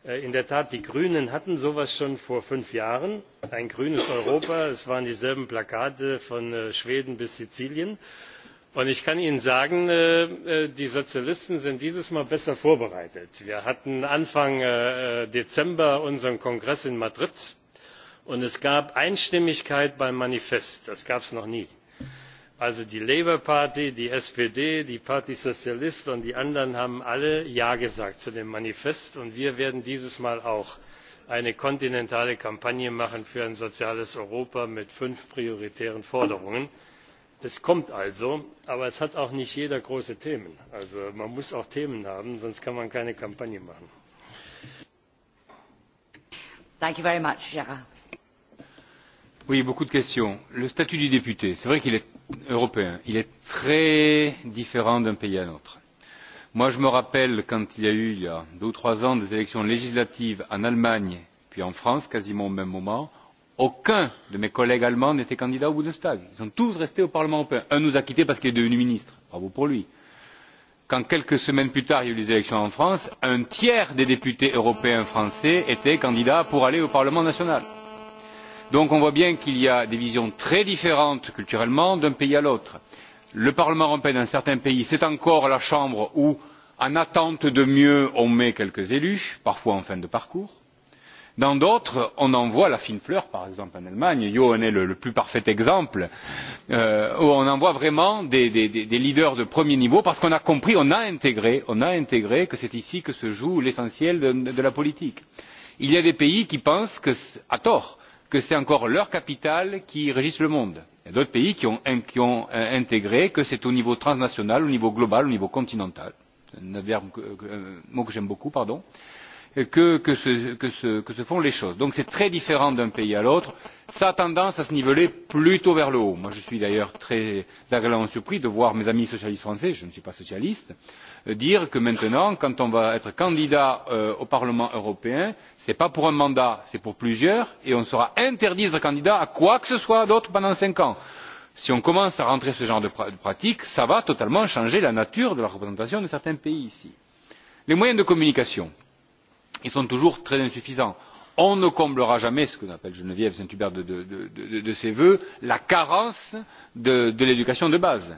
in der tat die grünen hatten so etwas schon vor fünf jahren ein grünes europa es waren dieselben plakate von schweden bis sizilien. und ich kann ihnen sagen die sozialisten sind dieses mal besser vorbereitet. wir hatten anfang dezember unseren kongress in madrid und es gab einstimmigkeit beim manifest das gab es noch nie. also die labour party die spd die partie socialiste und die anderen haben alle ja gesagt zu dem manifest und wir werden dieses mal auch eine kontinentale kampagne machen für ein soziales europa mit fünf prioritären forderungen. es kommt also aber es hat auch nicht jeder große themen. also man muss auch themen haben sonst kann man keine kampagne machen. Oui, beaucoup de questions. Le statut du député, c'est vrai qu'il est européen. Il est très différent d'un pays à l'autre. Moi, je me rappelle quand il y a eu, il y a deux ou trois ans, des élections législatives en Allemagne, puis en France, quasiment au même moment, aucun de mes collègues allemands n'était candidat au Bundestag. Ils sont tous restés au Parlement européen. Un nous a quittés parce qu'il est devenu ministre. Bravo pour lui. Quand quelques semaines plus tard, il y a eu les élections en France, un tiers des députés européens français étaient candidats pour aller au Parlement national donc on voit bien qu'il y a des visions très différentes culturellement d'un pays à l'autre. le parlement européen dans certains pays c'est encore la chambre où en attente de mieux on met quelques élus parfois en fin de parcours. dans d'autres on envoie la fine fleur par exemple en allemagne jo est le plus parfait exemple où on envoie vraiment des leaders de premier niveau parce qu'on a compris on a intégré que c'est ici que se joue l'essentiel de la politique. il y a des pays qui pensent à tort que c'est encore leur capital qui régisse le monde. il y a d'autres pays qui ont intégré que c'est au niveau transnational au niveau global au niveau continental un mot que j'aime beaucoup pardon que que se font les choses. donc c'est très différent d'un pays à l'autre. ça a tendance à se niveler plutôt vers le haut. je suis d'ailleurs très agréablement surpris de voir mes amis socialistes français je ne suis pas socialiste dire que maintenant quand on va être candidat au parlement européen ce n'est pas pour un mandat c'est pour plusieurs et on sera interdit d'être candidat à quoi que ce soit d'autre pendant cinq ans. si on commence à rentrer ce genre de pratique cela va totalement changer la nature de la représentation de certains pays ici. les moyens de communication ils sont toujours très insuffisants. on ne comblera jamais ce que j'appelle geneviève saint hubert de ses vœux la carence de l'éducation de base.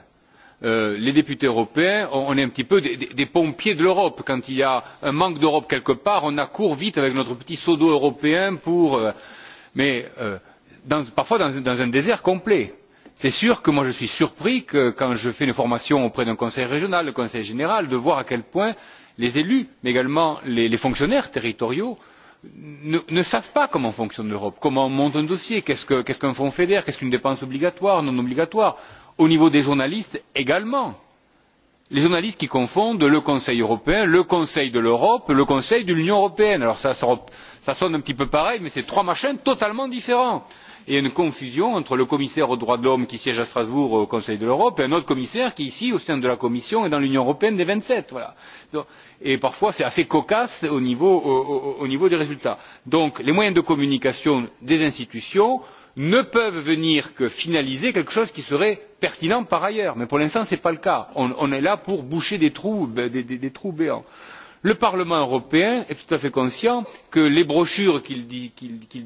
les députés européens on est un petit peu des pompiers de l'europe quand il y a un manque d'europe quelque part on accourt vite avec notre petit sodo européen pour mais parfois dans un désert complet. C'est sûr que moi je suis surpris quand je fais une formation auprès d'un conseil régional, d'un conseil général, de voir à quel point les élus mais également les fonctionnaires territoriaux ne savent pas comment fonctionne l'europe comment on monte un dossier qu'est ce qu'un fonds feder qu'est ce qu'une dépense obligatoire non obligatoire au niveau des journalistes également les journalistes qui confondent le conseil européen le conseil de l'europe le conseil de l'union européenne alors ça sonne un petit peu pareil mais c'est trois machines totalement différents et une confusion entre le commissaire aux droits de l'homme qui siège à strasbourg au conseil de l'europe et un autre commissaire qui ici au sein de la commission et dans l'union européenne des vingt sept et parfois c'est assez cocasse au niveau des résultats. donc les moyens de communication des institutions ne peuvent venir que finaliser quelque chose qui serait pertinent par ailleurs mais pour l'instant ce n'est pas le cas. on est là pour boucher des trous béants le parlement européen est tout à fait conscient que les brochures qu'il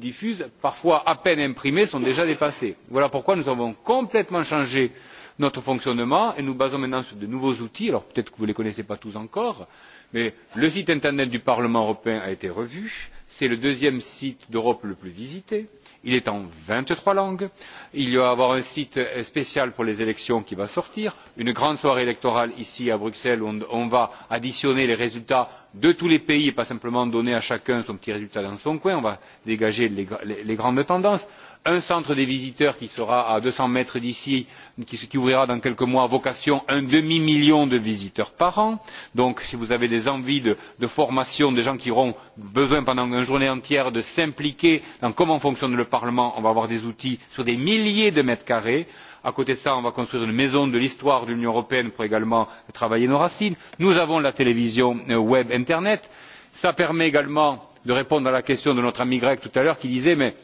diffuse parfois à peine imprimées sont déjà dépassées. voilà pourquoi nous avons complètement changé notre fonctionnement et nous basons maintenant sur de nouveaux outils alors peut être que vous ne les connaissez pas tous encore mais le site internet du parlement européen a été revu c'est le deuxième site d'europe le plus visité il est en vingt trois langues il va y avoir un site spécial pour les élections qui va sortir une grande soirée électorale ici à bruxelles où on va additionner les résultats de tous les pays et pas simplement donner à chacun son petit résultat dans son coin on va dégager les grandes tendances un centre des visiteurs qui sera à deux cents mètres d'ici qui ouvrira dans quelques mois vocation un demi million de visiteurs par an donc si vous avez des envies de formation des gens qui auront besoin pendant une journée entière de s'impliquer dans comment fonctionne le parlement on va avoir des outils sur des milliers de mètres carrés à côté de cela on va construire une maison de l'histoire de l'union européenne pour également travailler nos racines nous avons la télévision web internet cela permet également de répondre à la question de notre ami grec tout à l'heure qui disait mais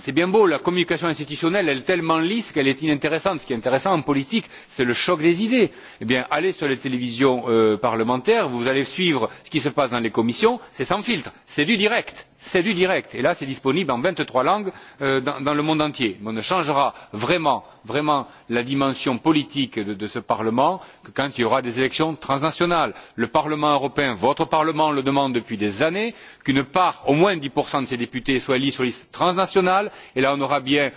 c'est bien beau la communication institutionnelle est tellement lisse qu'elle est inintéressante. ce qui est intéressant en politique c'est le choc des idées. eh bien allez sur les télévisions parlementaires vous allez suivre ce qui se passe dans les commissions c'est sans filtre c'est du direct c'est du direct et là c'est disponible en vingt trois langues dans le monde entier. on ne changera vraiment la dimension politique de ce parlement que quand il y aura des élections transnationales. le parlement européen votre parlement le demande depuis des années qu'une part au moins dix de ses députés soit élue sur liste transnationale et là on aura bien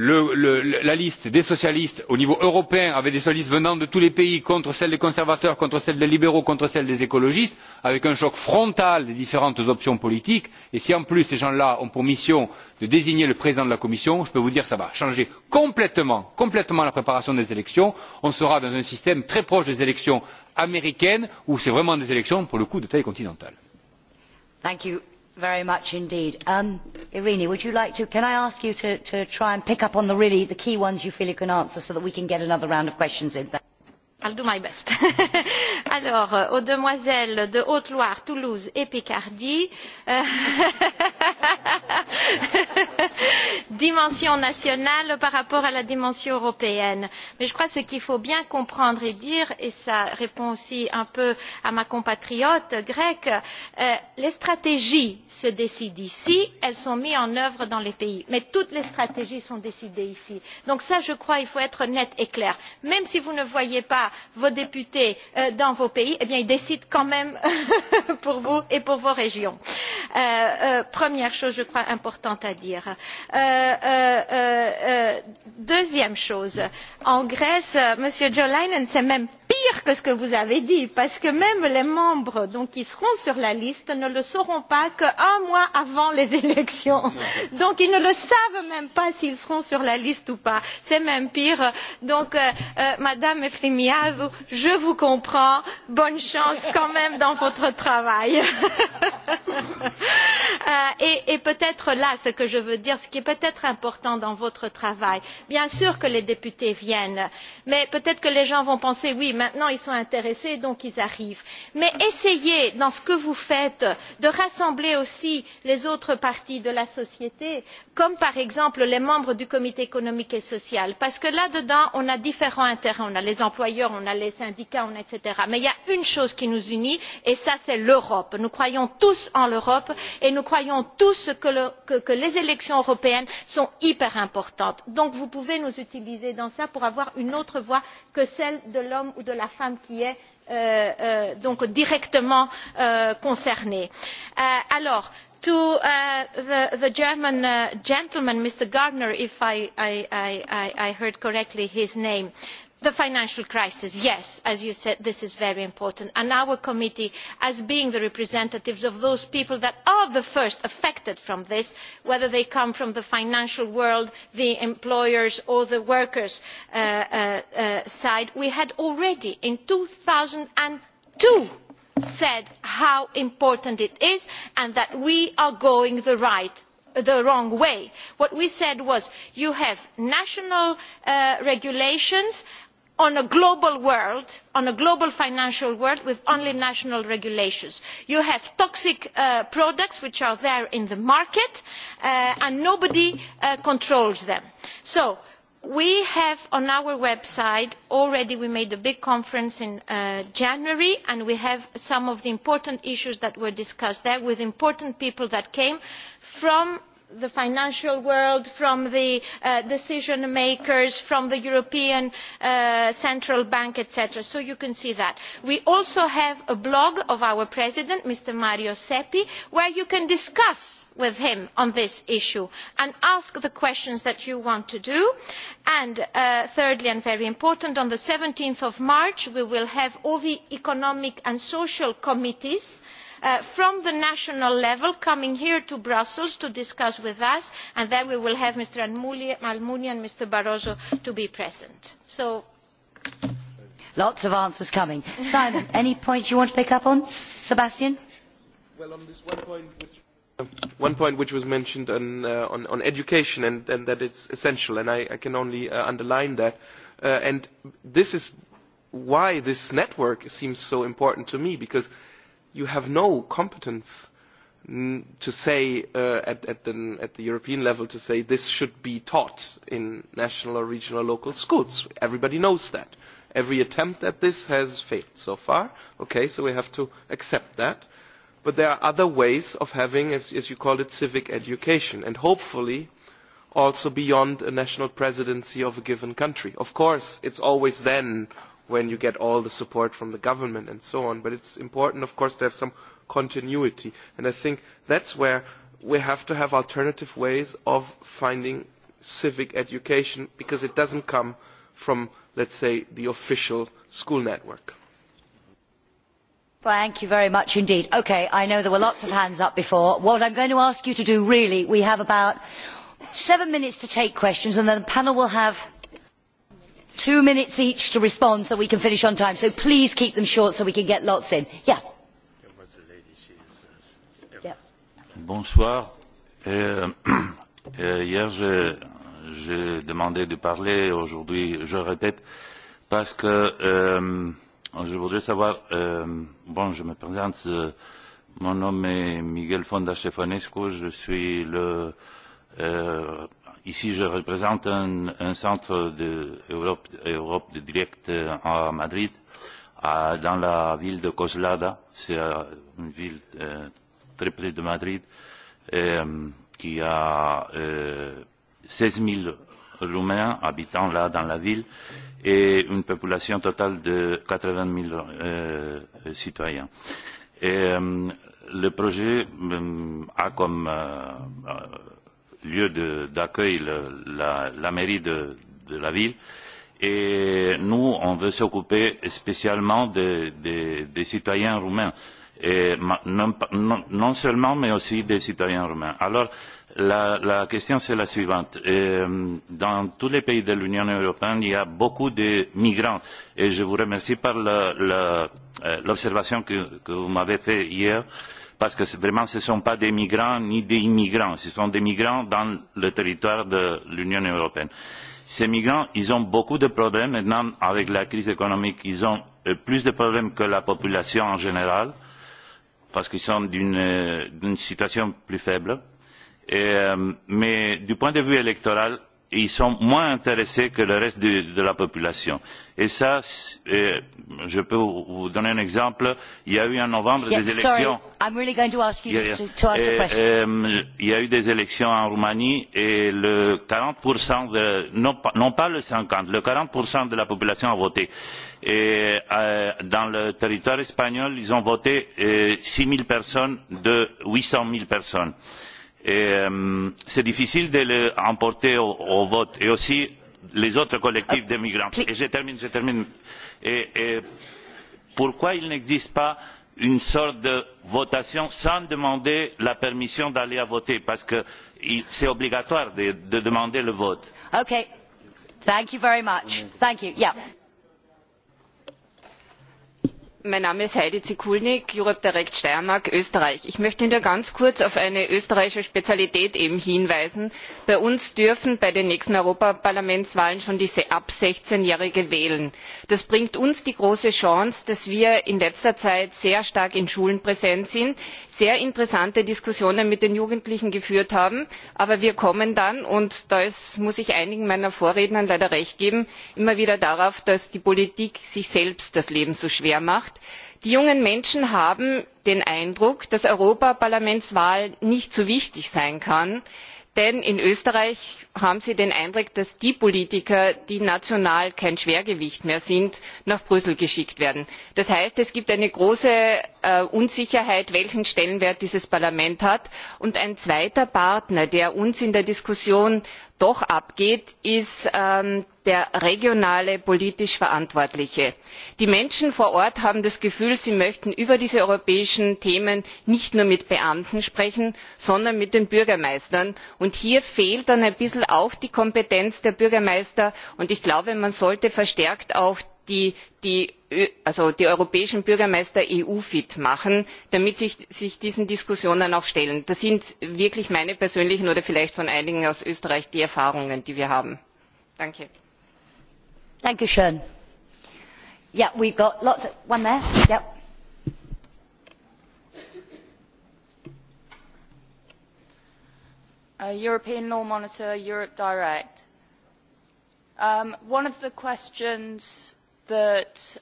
la liste des socialistes au niveau européen avec des socialistes venant de tous les pays contre celle des conservateurs contre celle des libéraux contre celle des écologistes avec un choc frontal des différentes options politiques et si en plus ces gens là ont pour mission de désigner le président de la commission je peux vous dire que cela va changer complètement la préparation des élections. on sera dans un système très proche des élections américaines où ce sont vraiment des élections pour le coup de taille continentale very much indeed. Irene. would you like to, can I ask you to try and pick up on the really, the key ones you feel you can answer so that we can get another round of questions in I'll do my best. Alors, aux demoiselles de Haute-Loire, Toulouse et Picardie, dimension nationale par rapport à la dimension européenne. Mais je crois ce qu'il faut bien comprendre et dire, et ça répond aussi un peu à ma compatriote grecque, les stratégies se décident ici, elles sont mises en œuvre dans les pays. Mais toutes les stratégies sont décidées ici. Donc ça, je crois, il faut être net et clair. Même si vous ne voyez pas vos députés dans vos pays eh bien ils décident quand même pour vous et pour vos régions. première chose je crois importante à dire. deuxième chose en grèce m. jolainen c'est même pire que ce que vous avez dit parce que même les membres qui seront sur la liste ne le sauront pas qu'un mois avant les élections. donc ils ne le savent même pas s'ils seront sur la liste ou pas. c'est même pire. donc madame efthimiou je vous comprends. Bonne chance quand même dans votre travail. Et peut-être là, ce que je veux dire, ce qui est peut-être important dans votre travail, bien sûr que les députés viennent, mais peut-être que les gens vont penser, oui, maintenant ils sont intéressés, donc ils arrivent. Mais essayez, dans ce que vous faites, de rassembler aussi les autres parties de la société, comme par exemple les membres du Comité économique et social, parce que là-dedans, on a différents intérêts. On a les employeurs on a les syndicats etc. mais il y a une chose qui nous unit et c'est l'europe. nous croyons tous en l'europe et nous croyons tous que les élections européennes sont hyper importantes. donc vous pouvez nous utiliser dans cela pour avoir une autre voix que celle de l'homme ou de la femme qui est directement concerné. alors to the german gentleman mr gardner if i heard correctly his name the financial crisis yes as you said this is very important and our committee as being the representatives of those people that are the first affected from this whether they come from the financial world the employers or the workers' side we had already in two thousand two said how important it is and that we are going the the wrong way. what we said was you have national regulations on a global world on a global financial world with only national regulations. you have toxic products which are there in the market and nobody controls them. so we have on our website already we made a big conference in january and we have some of the important issues that were discussed there with important people that came from the financial world from the decision makers from the european central bank etc. so you can see that. we also have a blog of our president mr mario Seppi, where you can discuss with him on this issue and ask the questions that you want to do. and thirdly and very important on seventeen march we will have all the economic and social committees from the national level coming here to brussels to discuss with us and then we will have mr almunia and mr barroso to be present. so lots of answers coming. simon any points you want to pick up on? sebastian? well on this one point which one point which was mentioned on education and that it's essential and i can only underline that and this is why this network seems so important to me because you have no competence to say at the European level to say this should be taught in national or regional or local schools. Everybody knows that. Every attempt at this has failed so far. Okay, so we have to accept that. But there are other ways of having, as you call it, civic education, and hopefully also beyond a national presidency of a given country. Of course, it's always then when you get all the support from the government and so on. But it's important, of course, to have some continuity. And I think that's where we have to have alternative ways of finding civic education because it doesn't come from, let's say, the official school network. Thank you very much indeed. Okay, I know there were lots of hands up before. What I'm going to ask you to do really, we have about seven minutes to take questions and then the panel will have two minutes each to respond so we can finish on time so please keep them short so we can get lots in. bonsoir hier j'ai demandé de parler aujourd'hui je répète parce que je voudrais savoir bon je me présente mon nom est Miguel fondas Stefanescu je suis le Ici, je représente un centre d'Europe de direct à Madrid, dans la ville de Coslada. C'est une ville très près de Madrid qui a 16 000 Roumains habitant là dans la ville et une population totale de 80 000 citoyens. Le projet a comme lieu d'accueil, la mairie de la ville. Et nous, on veut s'occuper spécialement des citoyens roumains. et Non seulement, mais aussi des citoyens roumains. Alors, la question, c'est la suivante. Dans tous les pays de l'Union européenne, il y a beaucoup de migrants. Et je vous remercie par l'observation que vous m'avez faite hier parce que vraiment ce ne sont pas des migrants ni des immigrants ce sont des migrants dans le territoire de l'union européenne. ces migrants ils ont beaucoup de problèmes maintenant avec la crise économique ils ont plus de problèmes que la population en général parce qu'ils sont d'une situation plus faible mais du point de vue électoral ils sont moins intéressés que le reste de la population. Et ça, je peux vous donner un exemple. Il y a eu en novembre des élections. Il y a eu des élections en Roumanie et le 40%, de, non pas le 50, le 40% de la population a voté. Et dans le territoire espagnol, ils ont voté 6 000 personnes de 800 000 personnes c'est difficile de le emporter au vote et aussi les autres collectifs des migrants. Et je termine, je termine. Pourquoi il n'existe pas une sorte de votation sans demander la permission d'aller à voter Parce que c'est obligatoire de demander le vote mein name ist heidi zikulnik europe Direct steiermark österreich. ich möchte nur ganz kurz auf eine österreichische spezialität hinweisen bei uns dürfen bei den nächsten europaparlamentswahlen schon diese ab 16 jährige wählen. das bringt uns die große chance dass wir in letzter zeit sehr stark in schulen präsent sind sehr interessante diskussionen mit den jugendlichen geführt haben aber wir kommen dann und da muss ich einigen meiner Vorrednern leider recht geben immer wieder darauf dass die politik sich selbst das leben so schwer macht die jungen menschen haben den eindruck dass europaparlamentswahl nicht so wichtig sein kann denn in österreich haben sie den eindruck dass die politiker die national kein schwergewicht mehr sind nach brüssel geschickt werden. das heißt es gibt eine große unsicherheit welchen stellenwert dieses parlament hat. und ein zweiter partner der uns in der diskussion doch abgeht ist der regionale politisch verantwortliche. die menschen vor ort haben das gefühl sie möchten über diese europäischen themen nicht nur mit beamten sprechen sondern mit den bürgermeistern und hier fehlt dann ein bisschen auch die kompetenz der bürgermeister und ich glaube man sollte verstärkt auch die also die europäischen bürgermeister eu fit machen damit sie sich diesen diskussionen auch stellen. das sind wirklich meine persönlichen oder vielleicht von einigen aus österreich die erfahrungen die wir haben. danke. european law monitor direct one of the questions that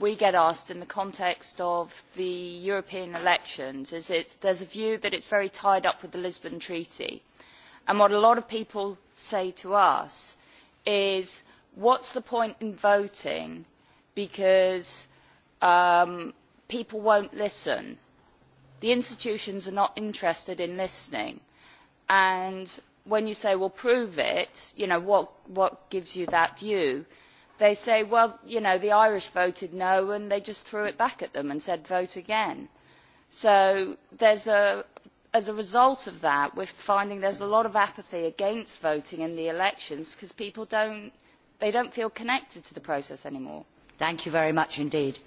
we get asked in the context of the European elections is that there's a view that it's very tied up with the Lisbon Treaty. And what a lot of people say to us is, what's the point in voting because people won't listen? The institutions are not interested in listening. And when you say, well, prove it, you know, what gives you that view? they say well you know the irish voted no and they just threw it back at them and said vote again. so as a result of that we're finding there a lot of apathy against voting in the elections because people do not feel connected to the process anymore. thank you very much indeed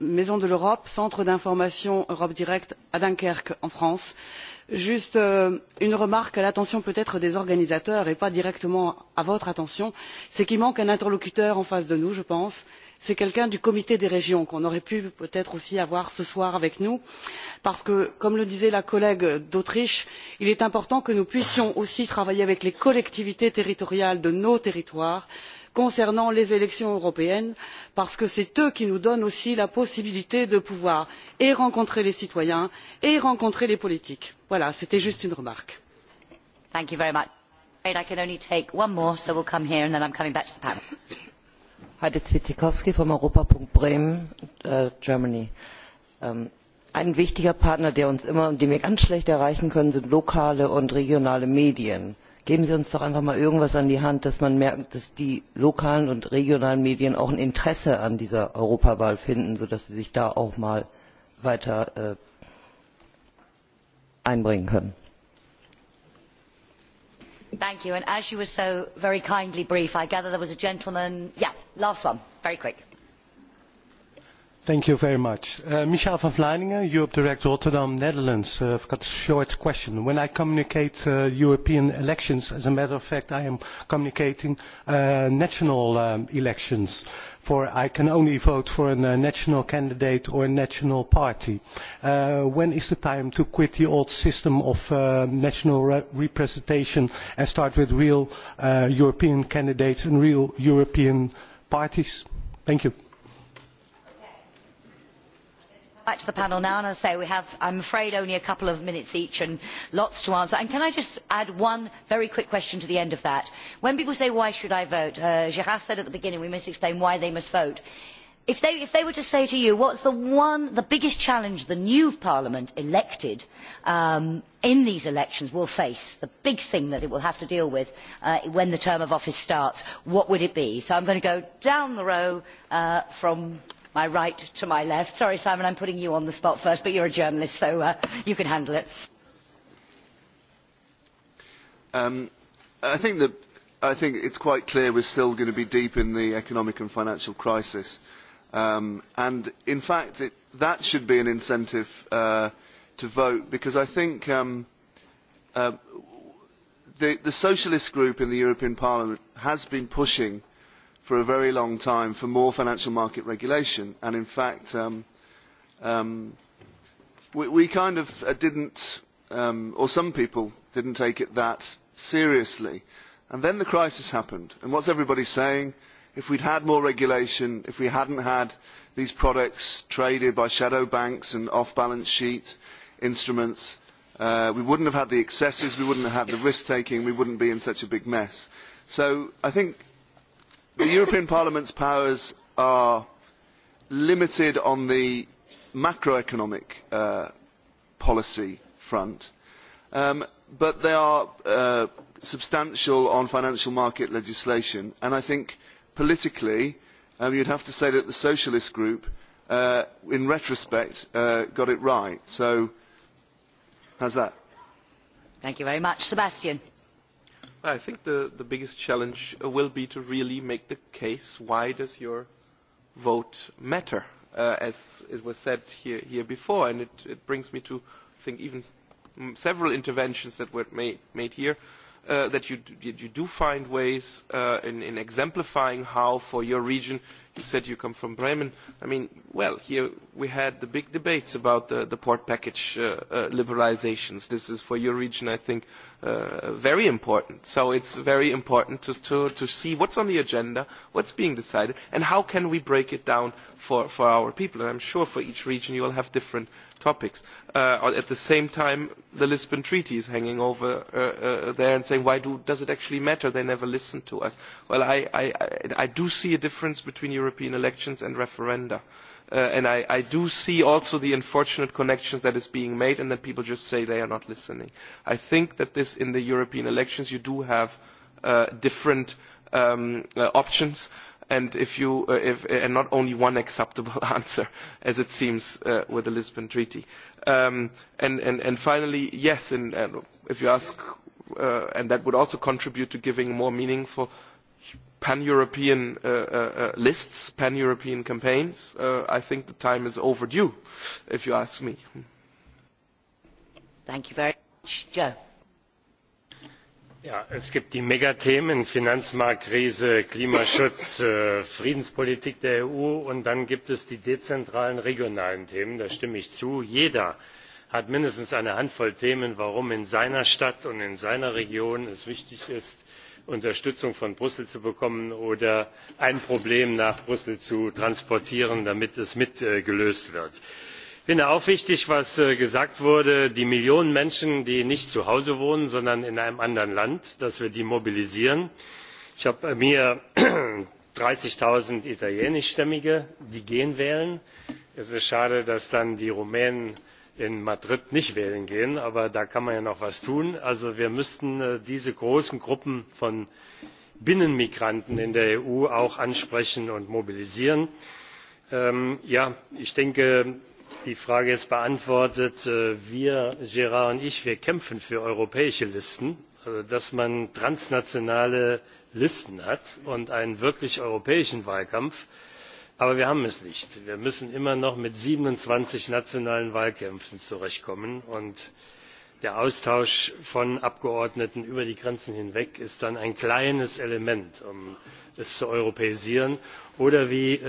maison de l'europe centre d'information europe direct à dunkerque en france. juste une remarque à l'attention peut être des organisateurs et pas directement à votre attention c'est qu'il manque un interlocuteur en face de nous je pense c'est quelqu'un du comité des régions qu'on aurait pu peut être aussi avoir ce soir avec nous parce que comme le disait la collègue d'autriche il est important que nous puissions aussi travailler avec les collectivités territoriales de nos territoires concernant les élections européennes parce que c'est eux qui nous donnent aussi la possibilité de pouvoir et rencontrer les citoyens et rencontrer les politiques. voilà c'était juste une remarque. ein wichtiger partner der uns immer und den wir ganz schlecht erreichen können sind lokale und regionale medien geben sie uns doch einfach mal irgendwas an die hand dass man merkt dass die lokalen und regionalen medien auch ein interesse an dieser europawahl finden sodass sie sich da auch mal weiter einbringen können. and as you were so very kindly brief i gather there was a gentleman yeah last one very quick. Thank you very much. Michel van Vleiningen, Europe Direct Rotterdam, Netherlands. I've got a short question. When I communicate European elections, as a matter of fact, I am communicating national elections. For I can only vote for a national candidate or a national party. When is the time to quit the old system of national representation and start with real European candidates and real European parties? Thank you back to the panel now and i say we have i am afraid only a couple of minutes each and lots to answer and can i just add one very quick question to the end of that when people say why should i vote gerard said at the beginning we must explain why they must vote if they were to say to you what is the one the biggest challenge the new parliament elected in these elections will face the big thing that it will have to deal with when the term of office starts what would it be? so i am going to go down the row from my right to my left. Sorry, Simon, I'm putting you on the spot first, but you're a journalist, so you can handle it. I think that I think it's quite clear we're still going to be deep in the economic and financial crisis. And in fact, that should be an incentive to vote because I think the socialist group in the European Parliament has been pushing for a very long time for more financial market regulation and in fact we kind of didn't or some people didn't take it that seriously and then the crisis happened and what's everybody saying if we'd had more regulation if we hadn't had these products traded by shadow banks and off balance sheet instruments we wouldn't have had the excesses we wouldn't have had the risk taking we wouldn't be in such a big mess so i think the European Parliament's powers are limited on the macroeconomic policy front, but they are substantial on financial market legislation. And I think politically, you would have to say that the Socialist Group, in retrospect, got it right. So, is that? Thank you very much. Sebastian. I think the, the biggest challenge will be to really make the case why does your vote matter, as it was said here, here before. And it, it brings me to think even several interventions that were made, made here, that you, you do find ways in, in exemplifying how for your region you said you come from Bremen. I mean, well, here we had the big debates about the port package liberalisations. This is for your region, I think, very important. So it's very important to see what's on the agenda, what's being decided, and how can we break it down for our people. And I'm sure for each region you will have different topics. At the same time, the Lisbon Treaty is hanging over there and saying, why does it actually matter? They never listen to us. Well, I do see a difference between European elections and referenda. And I do see also the unfortunate connections that is being made and that people just say they are not listening. I think that this in the European elections you do have different options and and not only one acceptable answer as it seems with the Lisbon Treaty. And finally, yes, if you ask and that would also contribute to giving more meaningful pan-European lists, pan-European campaigns. I think the time is overdue, if you ask me. Thank you very much. es gibt die Megathemen, Finanzmarktkrise, Klimaschutz, Friedenspolitik der EU und dann gibt es die dezentralen regionalen Themen. Da stimme ich zu. Jeder hat mindestens eine Handvoll Themen, warum in seiner Stadt und in seiner Region es wichtig ist, unterstützung von brüssel zu bekommen oder ein problem nach brüssel zu transportieren damit es mitgelöst wird. ich finde auch wichtig was gesagt wurde die millionen menschen die nicht zu hause wohnen sondern in einem anderen land dass wir die mobilisieren. ich habe bei mir dreißig italienischstämmige die gehen wählen. es ist schade dass dann die rumänen in Madrid nicht wählen gehen, aber da kann man ja noch etwas tun. Also wir müssten diese großen Gruppen von Binnenmigranten in der EU auch ansprechen und mobilisieren. Ja, ich denke, die Frage ist beantwortet. Wir, Gérard und ich, kämpfen für europäische Listen, dass man transnationale Listen hat und einen wirklich europäischen Wahlkampf aber wir haben es nicht. wir müssen immer noch mit siebenundzwanzig nationalen wahlkämpfen zurechtkommen und der austausch von abgeordneten über die grenzen hinweg ist dann ein kleines element um es zu europäisieren oder wie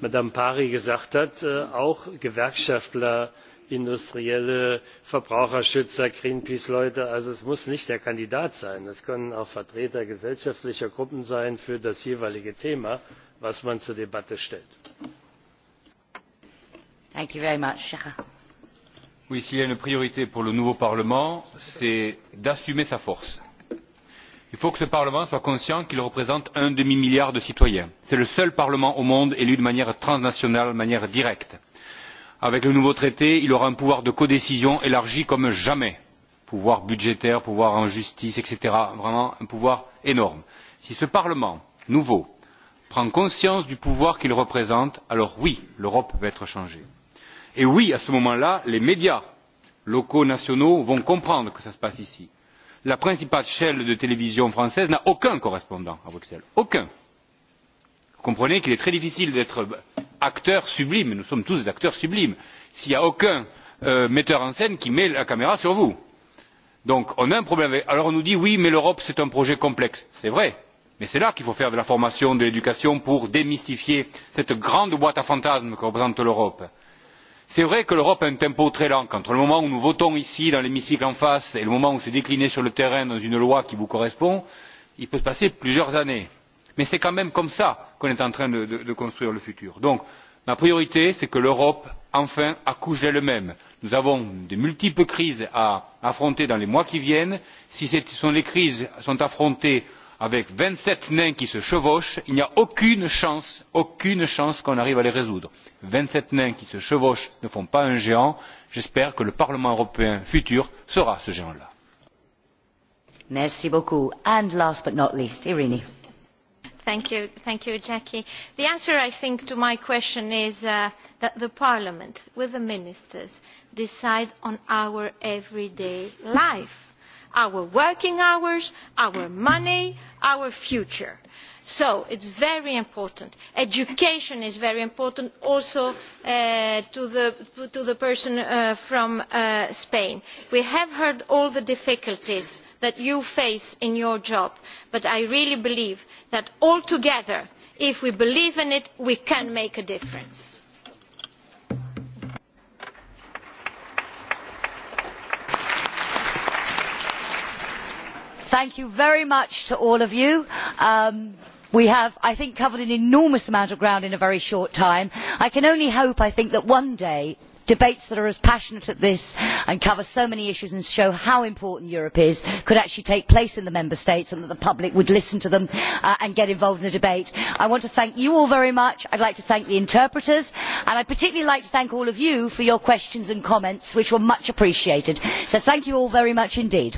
madame pari gesagt hat auch gewerkschaftler industrielle verbraucherschützer greenpeace leute also es muss nicht der kandidat sein es können auch vertreter gesellschaftlicher gruppen sein für das jeweilige thema das man zur debatte stellt. s'il y a une priorité pour le nouveau parlement c'est d'assumer sa force. il faut que ce parlement soit conscient qu'il représente un demi milliard de citoyens. c'est le seul parlement au monde élu de manière transnationale de manière directe avec le nouveau traité il aura un pouvoir de codécision élargi comme jamais pouvoir budgétaire pouvoir en justice etc. vraiment un pouvoir énorme. si ce parlement nouveau prend conscience du pouvoir qu'il représente alors oui l'europe va être changée et oui à ce moment là les médias locaux nationaux vont comprendre que cela se passe ici. la principale chaîne de télévision française n'a aucun correspondant à bruxelles aucun! comprenez qu'il est très difficile d'être acteur sublime nous sommes tous des acteurs sublimes s'il n'y a aucun metteur en scène qui met la caméra sur vous. donc on a un problème. alors on nous dit oui mais l'europe c'est un projet complexe. c'est vrai mais c'est là qu'il faut faire de la formation de l'éducation pour démystifier cette grande boîte à fantasmes que représente l'europe. c'est vrai que l'europe a un tempo très lent entre le moment où nous votons ici dans l'hémicycle en face et le moment où c'est décliné sur le terrain dans une loi qui vous correspond il peut se passer plusieurs années mais c'est quand même comme cela qu'on est en train de construire le futur. donc ma priorité c'est que l'europe enfin accouche d'elle même. nous avons de multiples crises à affronter dans les mois qui viennent. si les crises sont affrontées avec vingt sept nains qui se chevauchent il n'y a aucune chance aucune chance qu'on arrive à les résoudre. vingt sept nains qui se chevauchent ne font pas un géant. j'espère que le parlement européen futur sera ce géant là. merci beaucoup Thank you, Jackie. The answer, I think, to my question is that the Parliament, with the ministers, decide on our everyday life, our working hours, our money, our future so it is very important. education is very important also to the person from spain. we have heard all the difficulties that you face in your job but i really believe that all together if we believe in it we can make a difference. thank you very much to all of you we have i think covered an enormous amount of ground in a very short time. i can only hope that one day debates that are as passionate as this and cover so many issues and show how important europe is could actually take place in the member states and that the public would listen to them and get involved in the debate. i want to thank you all very much. i would like to thank the interpreters and i would particularly like to thank all of you for your questions and comments which were much appreciated. so thank you all very much indeed.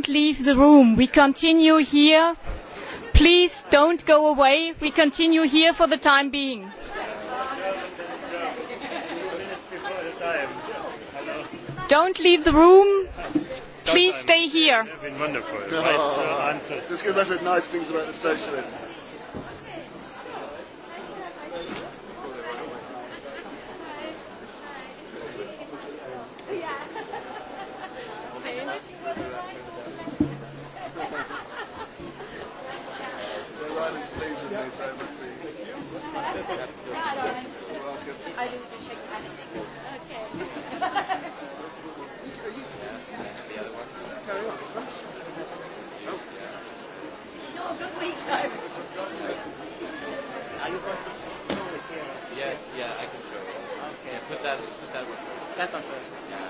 don't leave the room. We continue here. Please don't go away. We continue here for the time being. Don't leave the room. Please stay here. you going it here? Yes, yeah, I can show it. Okay. put that, put that one first. That one first. Yeah.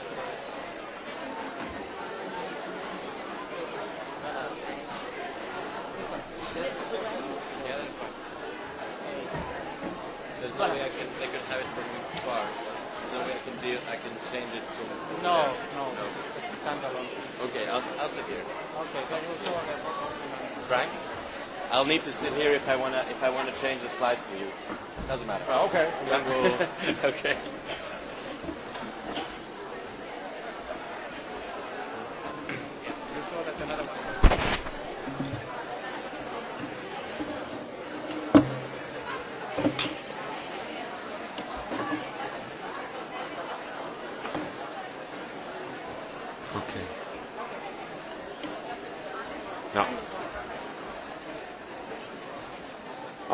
Yeah, that's fine. There's no way I can, I can have it from far. There's no way I can deal, I can change it to. no, no, no, it's a standalone. Okay, I'll, I'll sit here. Okay, so we'll show that one? Frank. I'll need to sit here if I want to if I wanna change the slides for you. Doesn't matter. okay. okay.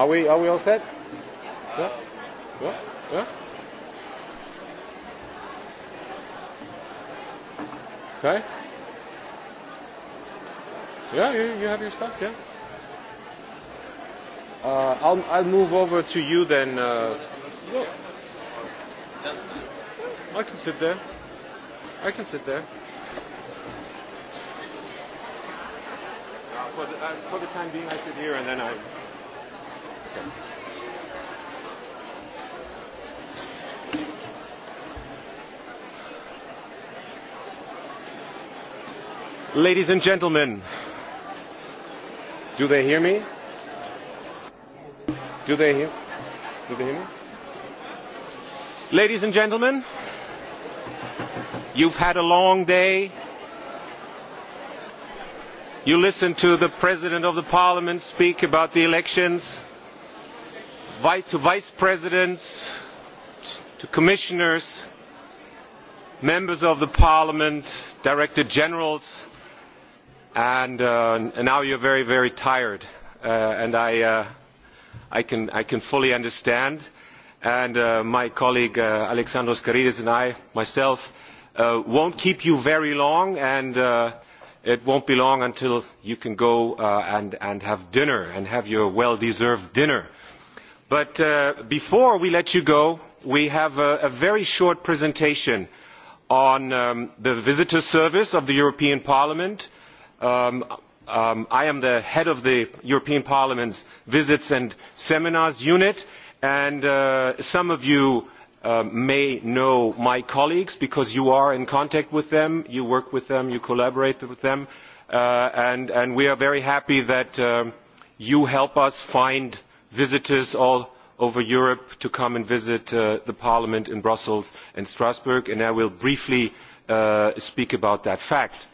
Are we are we all set? Yeah? Yeah? Yeah? Okay. Yeah, you, you have your stuff, yeah? Uh, I'll, I'll move over to you then. Uh, I can sit there. I can sit there. For the, uh, for the time being, I sit here and then I. Ladies and gentlemen, do they hear me? Do they hear? Do they hear me? Ladies and gentlemen, you've had a long day. You listened to the President of the Parliament speak about the elections to vice presidents to commissioners members of the parliament director generals and now you're very very tired and i i can i can fully understand and my colleague alexandros karidis and i myself won't keep you very long and it won't be long until you can go and have dinner and have your well deserved dinner But before we let you go, we have a very short presentation on the visitor service of the European Parliament. I am the head of the European Parliament's Visits and Seminars Unit, and some of you may know my colleagues because you are in contact with them, you work with them, you collaborate with them, and we are very happy that you help us find visitors all over Europe to come and visit the Parliament in Brussels and Strasbourg, and I will briefly speak about that fact.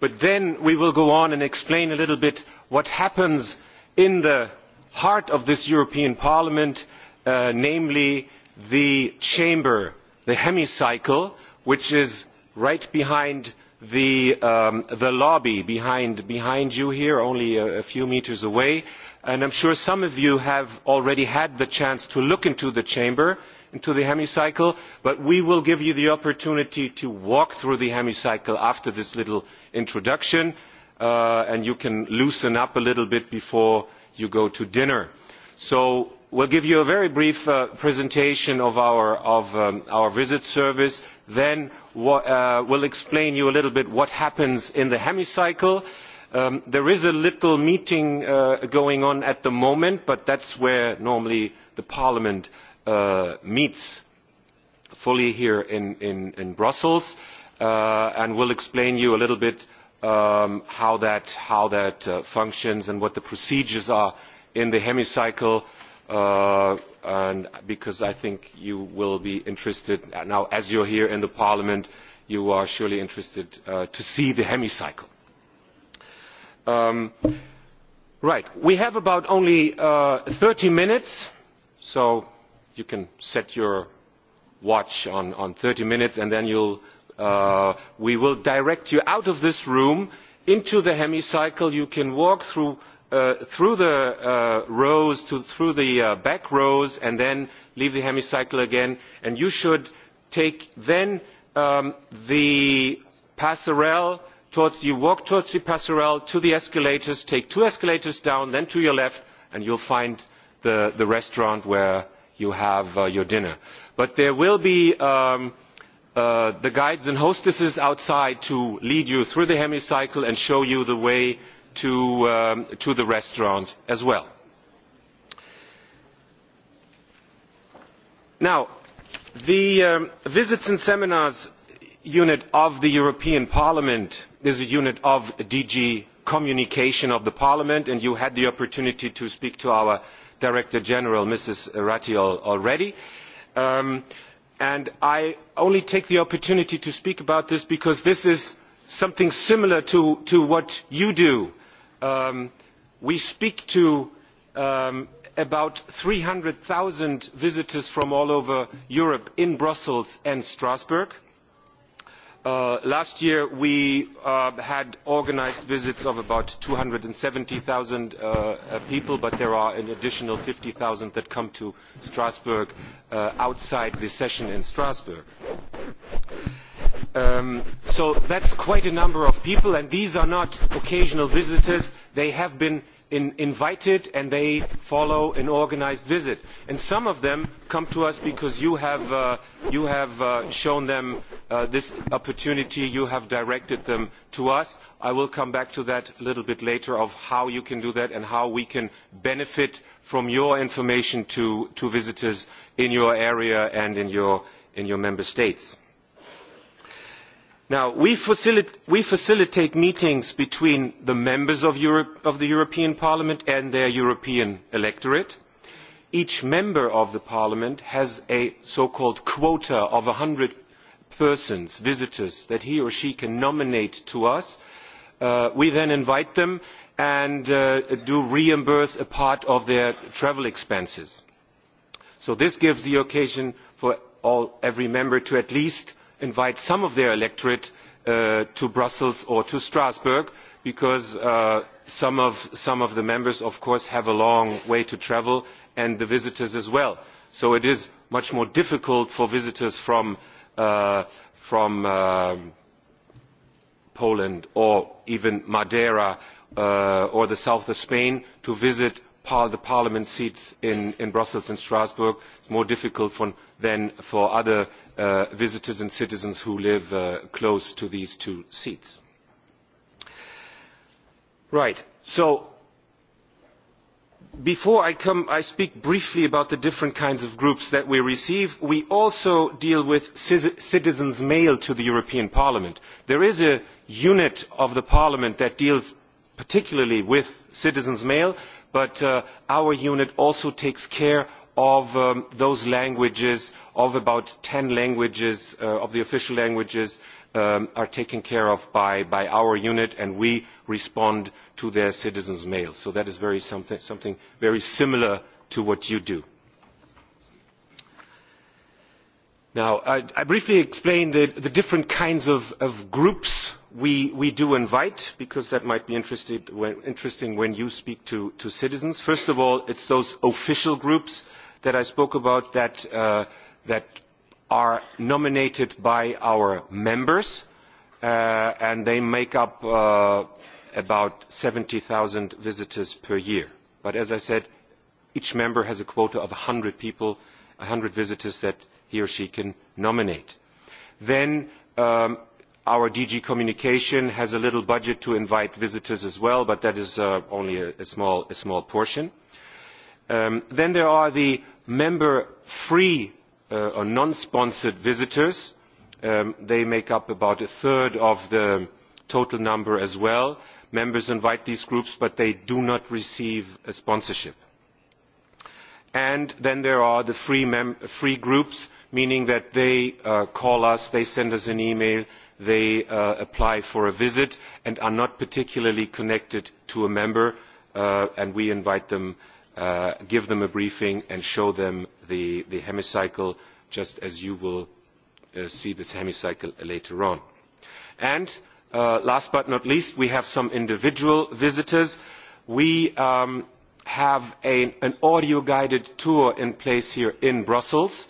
But then we will go on and explain a little bit what happens in the heart of this European Parliament, namely the chamber, the hemicycle, which is right behind the lobby, behind you here, only a few metres away and i am sure some of you have already had the chance to look into the chamber into the hemicycle but we will give you the opportunity to walk through the hemicycle after this little introduction and you can loosen up a little bit before you go to dinner. so we will give you a very brief presentation of our visit service then we will explain to you a little bit what happens in the hemicycle There is a little meeting going on at the moment, but that's where normally the Parliament meets fully here in Brussels, and will explain you a little bit how that functions and what the procedures are in the hemicycle, because I think you will be interested now, as you're here in the Parliament, you are surely interested to see the hemicycle. Right. We have about only 30 minutes, so you can set your watch on 30 minutes and then we will direct you out of this room into the hemicycle. You can walk through through the rows, through the back rows, and then leave the hemicycle again. And you should take then the passerelle you walk towards the passerelle to the escalators take two escalators down then to your left and you'll find the restaurant where you have your dinner. but there will be the guides and hostesses outside to lead you through the hemicycle and show you the way to the restaurant as well. now the visits and seminars unit of the European Parliament is a unit of DG Communication of the Parliament, and you had the opportunity to speak to our Director General, Mrs. Ratiol, already. I only take the opportunity to speak about this because this is something similar to what you do. We speak to about 300,000 visitors from all over Europe in Brussels and Strasbourg Last year we had organised visits of about 270,000 people, but there are an additional 50,000 that come to Strasbourg outside the session in Strasbourg. So that is quite a number of people, and these are not occasional visitors. They have been invited and they follow an organised visit. And some of them come to us because you have shown them this opportunity, you have directed them to us. I will come back to that a little bit later on how you can do that and how we can benefit from your information to visitors in your area and in your member states Now, we facilitate meetings between the members of the European Parliament and their European electorate. Each member of the Parliament has a so-called quota of 100 persons, visitors, that he or she can nominate to us. We then invite them and do reimburse a part of their travel expenses. So this gives the occasion for every member to at least invite some of their electorate to Brussels or to Strasbourg because some of the members, of course, have a long way to travel and the visitors as well. So it is much more difficult for visitors from Poland or even Madeira or the south of Spain to visit the parliament seats in brussels and strasbourg is more difficult than for other visitors and citizens who live close to these two seats. so before i speak briefly about the different kinds of groups that we receive we also deal with citizens' mail to the european parliament. there is a unit of the parliament that deals particularly with citizens' mail but our unit also takes care of those languages of about 10 languages of the official languages are taken care of by our unit and we respond to their citizens' mail. So that is very something very similar to what you do. Now I briefly explained the different kinds of groups we do invite because that might be interesting when you speak to citizens first of all it's those official groups that i spoke about that are nominated by our members and they make up about 70000 visitors per year but as i said each member has a quota of 100 people 100 visitors that he or she can nominate then Our DG Communication has a little budget to invite visitors as well, but that is only a small portion. Then there are the member-free or non-sponsored visitors. They make up about a third of the total number as well. Members invite these groups, but they do not receive a sponsorship. And then there are the free groups, meaning that they call us, they send us an email they apply for a visit and are not particularly connected to a member and we invite them give them a briefing and show them the hemicycle just as you will see this hemicycle later on. and last but not least we have some individual visitors. we have an audio guided tour in place here in brussels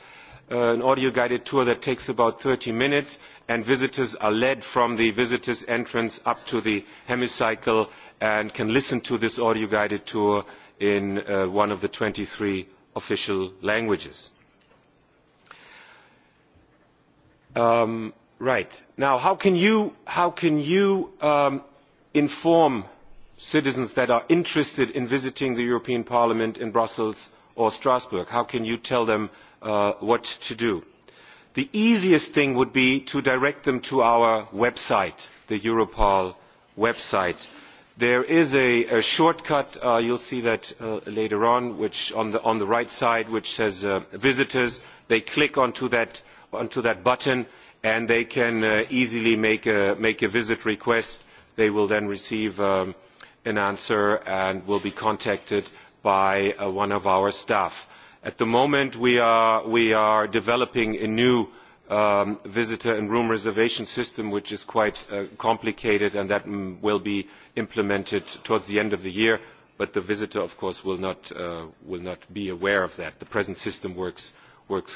an audio guided tour that takes about 30 minutes and visitors are led from the visitors' entrance up to the hemicycle and can listen to this audio guided tour in one of the twenty three official languages. how can you inform citizens that are interested in visiting the European Parliament in Brussels or Strasbourg? How can you tell them what to do? the easiest thing would be to direct them to our website the europol website. there is a shortcut you will see that later on on the right side which says visitors'. they click onto that button and they can easily make a visit request. they will then receive an answer and will be contacted by one of our staff At the moment, we are developing a new visitor and room reservation system, which is quite complicated, and that will be implemented towards the end of the year. But the visitor, of course, will not be aware of that. The present system works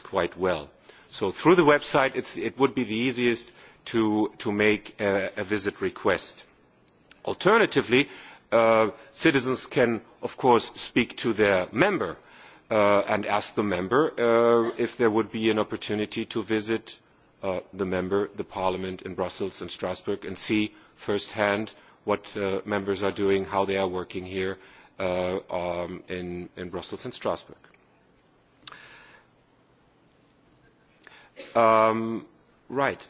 quite well. So through the website, it would be the easiest to make a visit request. Alternatively, citizens can, of course, speak to their member and ask the member if there would be an opportunity to visit the member, the parliament in Brussels and Strasbourg and see firsthand what members are doing, how they are working here in Brussels and Strasbourg. Right.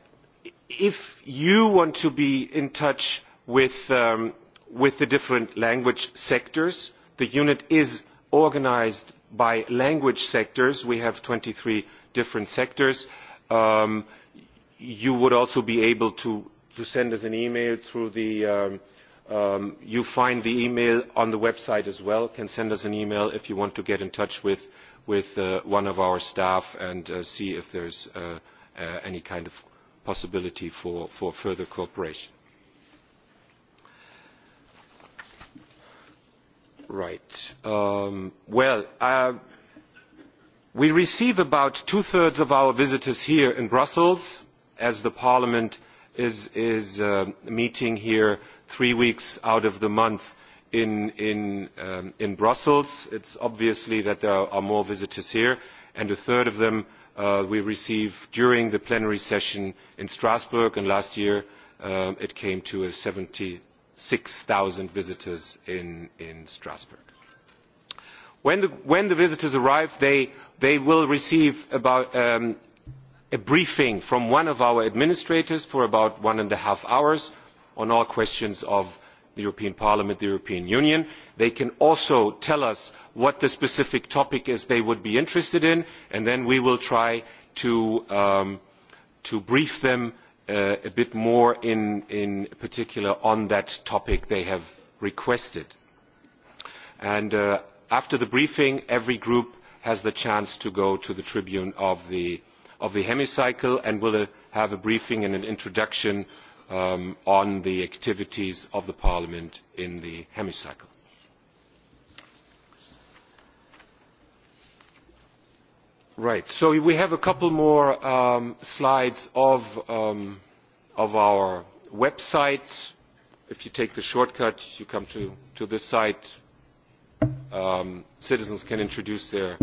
If you want to be in touch with the different language sectors, the unit is organized by language sectors we have 23 different sectors you would also be able to send us an email through the you find the email on the website as well can send us an email if you want to get in touch with one of our staff and see if there is any kind of possibility for further cooperation Right. Well, we receive about two-thirds of our visitors here in Brussels, as the Parliament is meeting here three weeks out of the month in Brussels. It's obviously that there are more visitors here, and a third of them we receive during the plenary session in Strasbourg, and last year it came to a 70 6,000 visitors in Strasbourg. When the visitors arrive, they will receive a briefing from one of our administrators for about one and a half hours on all questions of the European Parliament, the European Union. They can also tell us what the specific topic is they would be interested in, and then we will try to brief them a bit more in particular on that topic they have requested. And after the briefing, every group has the chance to go to the tribune of the hemicycle and will have a briefing and an introduction on the activities of the Parliament in the hemicycle. Right. So we have a couple more slides of our website. If you take the shortcut, you come to this site. Citizens can introduce their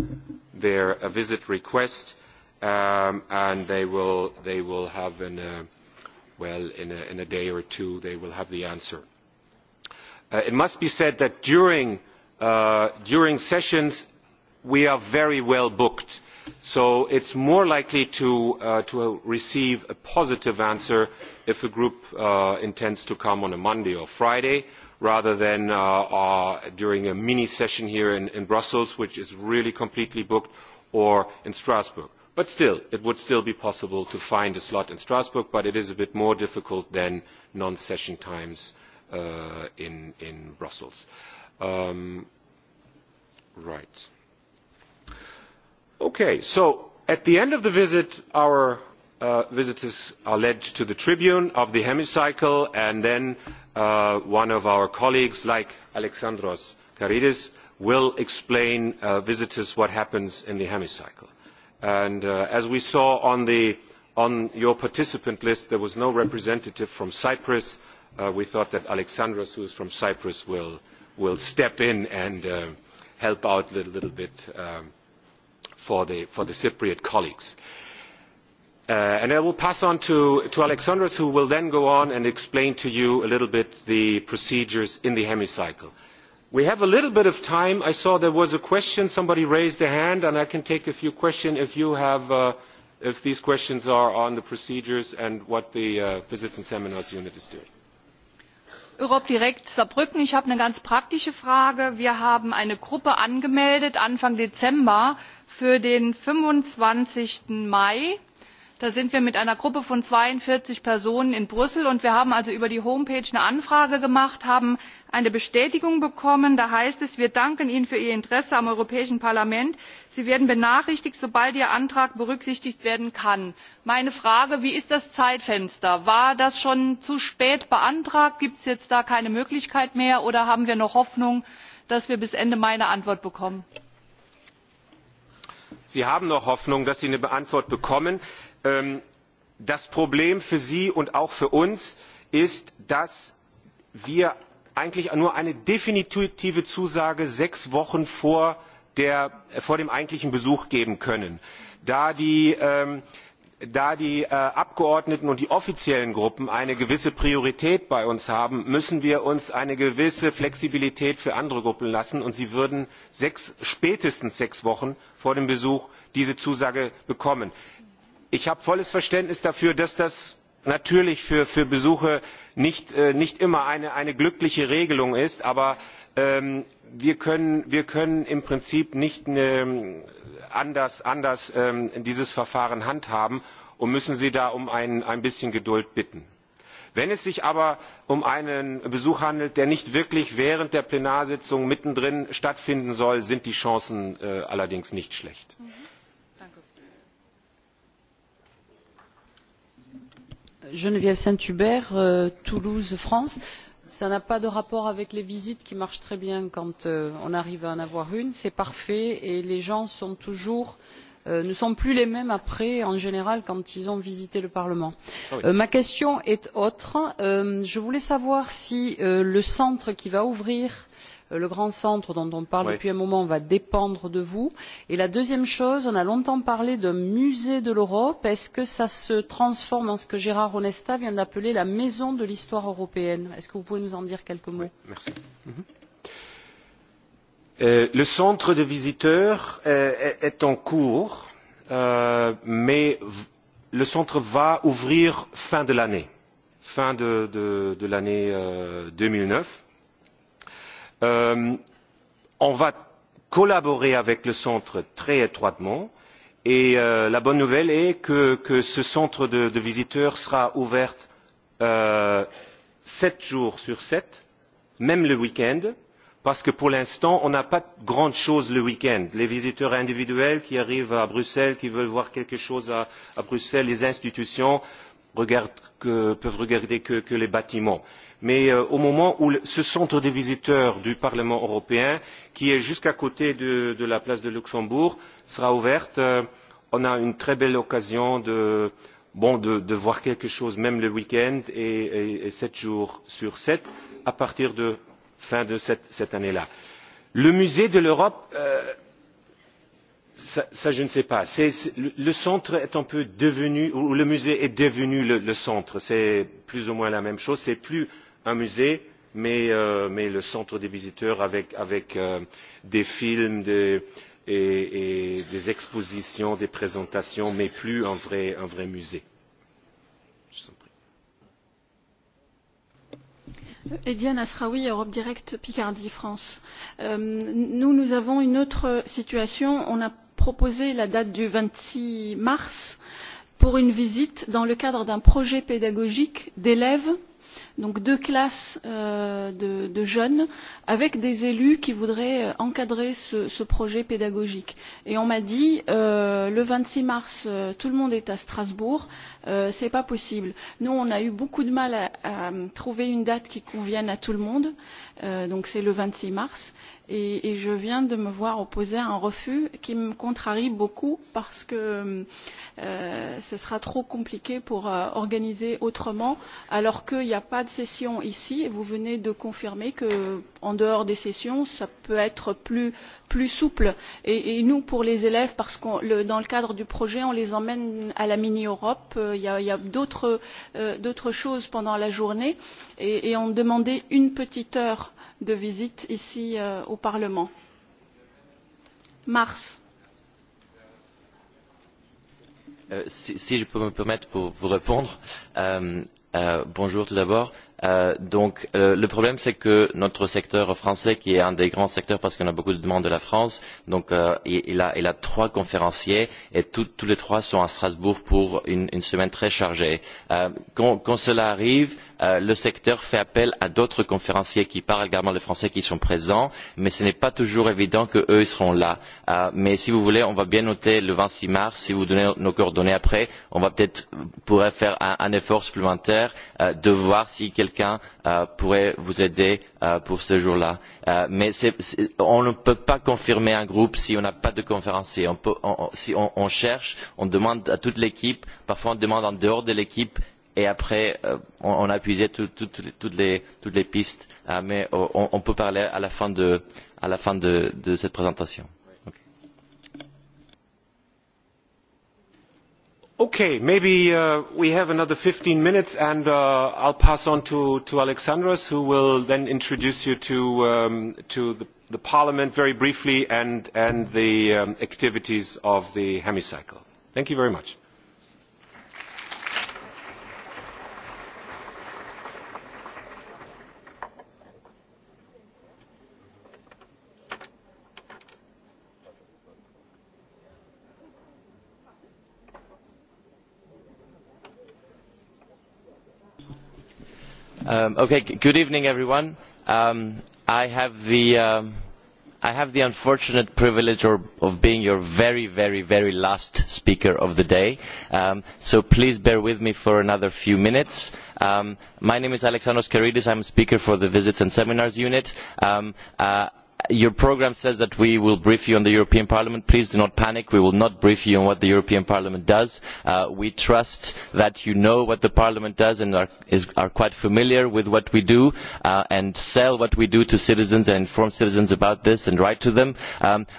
visit request, and they will have, well, in a day or two, they will have the answer. It must be said that during sessions, we are very well booked so it is more likely to receive a positive answer if a group intends to come on a monday or friday rather than during a mini session here in brussels which is really completely booked or in strasbourg. but still it would still be possible to find a slot in strasbourg but it is a bit more difficult than non session times in brussels. right. Okay, so at the end of the visit, our visitors are led to the tribune of the hemicycle, and then one of our colleagues, like Alexandros Karidis, will explain visitors what happens in the hemicycle. And as we saw on your participant list, there was no representative from Cyprus. We thought that Alexandros, who is from Cyprus, will step in and help out a little bit for the Cypriot colleagues. And I will pass on to Alexandros, who will then go on and explain to you a little bit the procedures in the hemicycle. We have a little bit of time. I saw there was a question. Somebody raised their hand, and I can take a few questions if you have, if these questions are on the procedures and what the visits and seminars unit is doing. Europe Direkt Saarbrücken. Ich habe eine ganz praktische Frage. Wir haben eine Gruppe angemeldet Anfang Dezember für den 25. Mai da sind wir mit einer gruppe von 42 personen in brüssel und wir haben also über die homepage eine anfrage gemacht haben eine bestätigung bekommen da heißt es wir danken ihnen für ihr interesse am europäischen parlament sie werden benachrichtigt sobald ihr antrag berücksichtigt werden kann. meine frage wie ist das zeitfenster? war das schon zu spät beantragt? gibt es jetzt da keine möglichkeit mehr oder haben wir noch hoffnung dass wir bis ende mai eine antwort bekommen? sie haben noch hoffnung dass sie eine antwort bekommen das problem für sie und auch für uns ist dass wir eigentlich nur eine definitive zusage sechs wochen vor dem eigentlichen besuch geben können da die abgeordneten und die offiziellen gruppen eine gewisse priorität bei uns haben müssen wir uns eine gewisse flexibilität für andere gruppen lassen und sie würden spätestens sechs wochen vor dem besuch diese zusage bekommen ich habe volles verständnis dafür dass das natürlich für besuche nicht immer eine glückliche regelung ist aber wir können im prinzip nicht anders dieses verfahren handhaben und müssen sie da um ein bisschen geduld bitten. wenn es sich aber um einen besuch handelt der nicht wirklich während der plenarsitzung mittendrin stattfinden soll sind die chancen allerdings nicht schlecht. Geneviève Saint-Hubert, Toulouse, France. Cela n'a pas de rapport avec les visites qui marchent très bien quand on arrive à en avoir une. C'est parfait et les gens ne sont plus les mêmes après en général quand ils ont visité le parlement. ma question est autre je voulais savoir si le centre qui va ouvrir le grand centre dont on parle depuis un moment va dépendre de vous. et la deuxième chose on a longtemps parlé d'un musée de l'europe est ce que ça se transforme en ce que gérard onesta vient d'appeler la maison de l'histoire européenne? est ce que vous pouvez nous en dire quelques mots? le centre de visiteurs est en cours mais le centre va ouvrir fin de l'année fin de l'année deux mille neuf on va collaborer avec le centre très étroitement et la bonne nouvelle est que ce centre de visiteurs sera ouvert sept jours sur sept même le week end parce que pour l'instant on n'a pas grand chose le week end les visiteurs individuels qui arrivent à bruxelles qui veulent voir quelque chose à bruxelles les institutions peuvent regarder que les bâtiments. Mais au moment où ce centre des visiteurs du Parlement européen, qui est juste à côté de la place de Luxembourg, sera ouvert, on a une très belle occasion de voir quelque chose, même le week-end et sept jours sur sept, à partir de fin de cette année-là. Le musée de l'Europe Ça, je ne sais pas. Le centre est un peu devenu, ou le musée est devenu le centre. C'est plus ou moins la même chose. C'est plus un musée, mais le centre des visiteurs avec des films et des expositions, des présentations, mais plus un vrai musée. Ediane Asraoui, Europe Direct Picardie France. Nous, nous avons une autre situation. On proposé la date du vingt six mars pour une visite dans le cadre d'un projet pédagogique d'élèves donc deux classes de jeunes avec des élus qui voudraient encadrer ce projet pédagogique. Et on m'a dit le 26 mars, tout le monde est à Strasbourg, ce n'est pas possible. Nous, on a eu beaucoup de mal à trouver une date qui convienne à tout le monde, donc c'est le 26 mars et je viens de me voir opposer un refus qui me contrarie beaucoup parce que ce sera trop compliqué pour organiser autrement alors qu'il n'y a pas de session ici et vous venez de confirmer que en dehors des sessions ça peut être plus plus souple et nous pour les élèves parce que dans le cadre du projet on les emmène à la mini Europe il y a d'autres d'autres choses pendant la journée et on demandait une petite heure de visite ici au Parlement. Mars. Si je peux me permettre pour vous répondre, bonjour tout d'abord. Donc le problème c'est que notre secteur français, qui est un des grands secteurs parce qu'on a beaucoup de demandes de la France, donc il a trois conférenciers et tous les trois sont à Strasbourg pour une semaine très chargée. Quand cela arrive, le secteur fait appel à d'autres conférenciers qui parlent également le français qui sont présents mais ce n'est pas toujours évident qu'eux seront là. mais si vous voulez on va bien noter le vingt six mars si vous donnez nos coordonnées après on va peut être pourrait faire un effort supplémentaire de voir si quelqu'un pourrait vous aider pour ce jour là. mais on ne peut pas confirmer un groupe si on n'a pas de conférencier. si on cherche on demande à toute l'équipe parfois on demande en dehors de l'équipe et après on a épuisé toutes les pistes mais on peut parler à la fin de cette présentation. Okay, maybe we have another 15 minutes and I'll pass on to Alexandros who will then introduce you to to the Parliament very briefly and the activities of the hemicycle. Thank you very much. Okay, good evening everyone. I have the I have the unfortunate privilege of being your very, very, very last speaker of the day, so please bear with me for another few minutes. My name is Alexandros Karidis. I'm a speaker for the Visits and Seminars Unit. Your programme says that we will brief you on the European Parliament. Please do not panic. We will not brief you on what the European Parliament does. We trust that you know what the Parliament does and are quite familiar with what we do and sell what we do to citizens and inform citizens about this and write to them.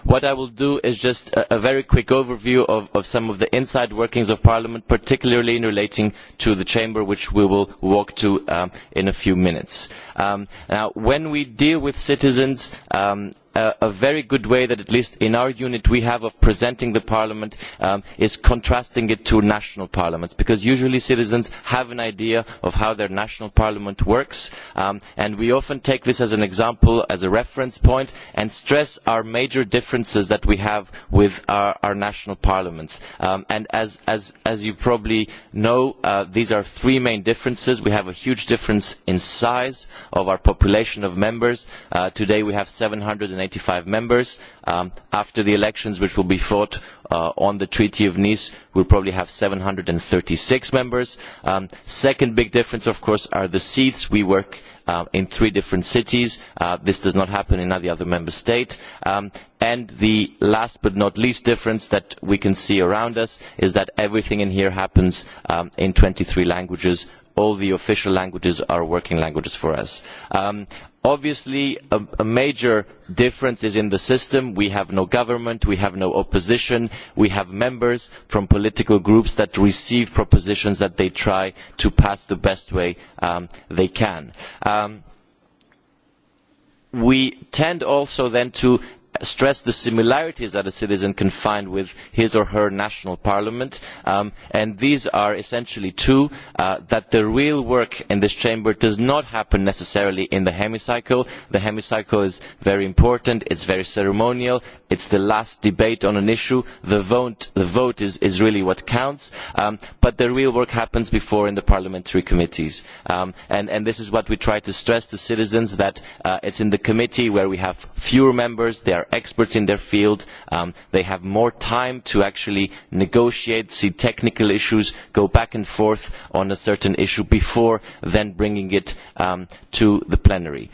What I will do is just a very quick overview of some of the inside workings of Parliament, particularly in relating to the Chamber, which we will walk to in a few minutes. Now, when we deal with citizens, um a very good way that at least in our unit we have of presenting the parliament is contrasting it to national parliaments because usually citizens have an idea of how their national parliament works and we often take this as an example as a reference point and stress our major differences that we have with our national parliaments. as you probably know these are three main differences. we have a huge difference in size of our population of members. today we have seven ninety five members. after the elections which will be fought on the treaty of nice we will probably have seven hundred and thirty six members. the second big difference of course are the seats. we work in three different cities this does not happen in any other member state and the last but not least difference that we can see around us is that everything in here happens in twenty three languages all the official languages are working languages for us. Obviously, a major difference is in the system. We have no government, we have no opposition, we have members from political groups that receive propositions that they try to pass the best way they can. We tend also then to stress the similarities that a citizen can find with his or her national parliament and these are essentially two that the real work in this chamber does not happen necessarily in the hemicycle. the hemicycle is very important it's very ceremonial it's the last debate on an issue the vote is really what counts but the real work happens before in the parliamentary committees and this is what we try to stress to citizens that it is in the committee where we have fewer members are experts in their field they have more time to actually negotiate see technical issues go back and forth on a certain issue before then bringing it to the plenary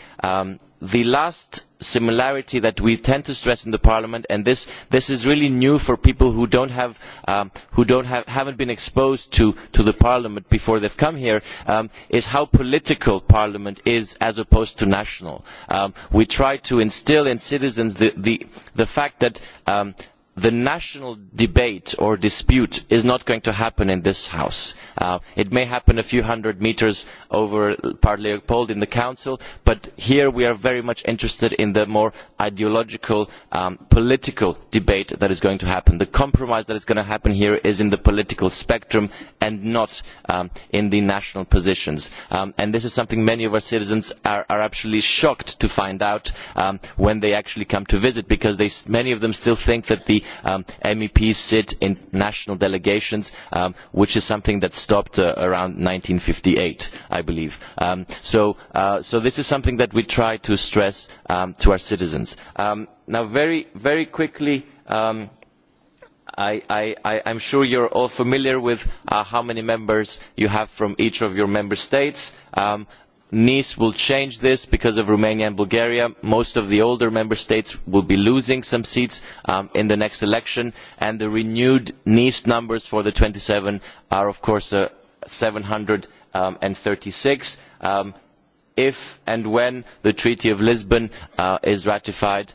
the last similarity that we tend to stress in parliament and this is really new for people who have not been exposed to the parliament before they have come here is how political parliament is as opposed to national. we try to instil in citizens the fact that the national debate or dispute is not going to happen in this house. it may happen a few hundred meters over part leopold in the council but here we are very much interested in the more ideological political debate that is going to happen. the compromise that is going to happen here is in the political spectrum and not in the national positions and this is something many of our citizens are actually shocked to find out when they actually come to visit because many of them still think that MEPs sit in national delegations, which is something that stopped around 1958, I believe. So this is something that we try to stress to our citizens. Now, very, very quickly. I am sure you are all familiar with how many members you have from each of your member states nice will change this because of romania and bulgaria most of the older member states will be losing some seats in the next election and the renewed nice numbers for the twenty seven are of course seven hundred and thirty six if and when the treaty of lisbon is ratified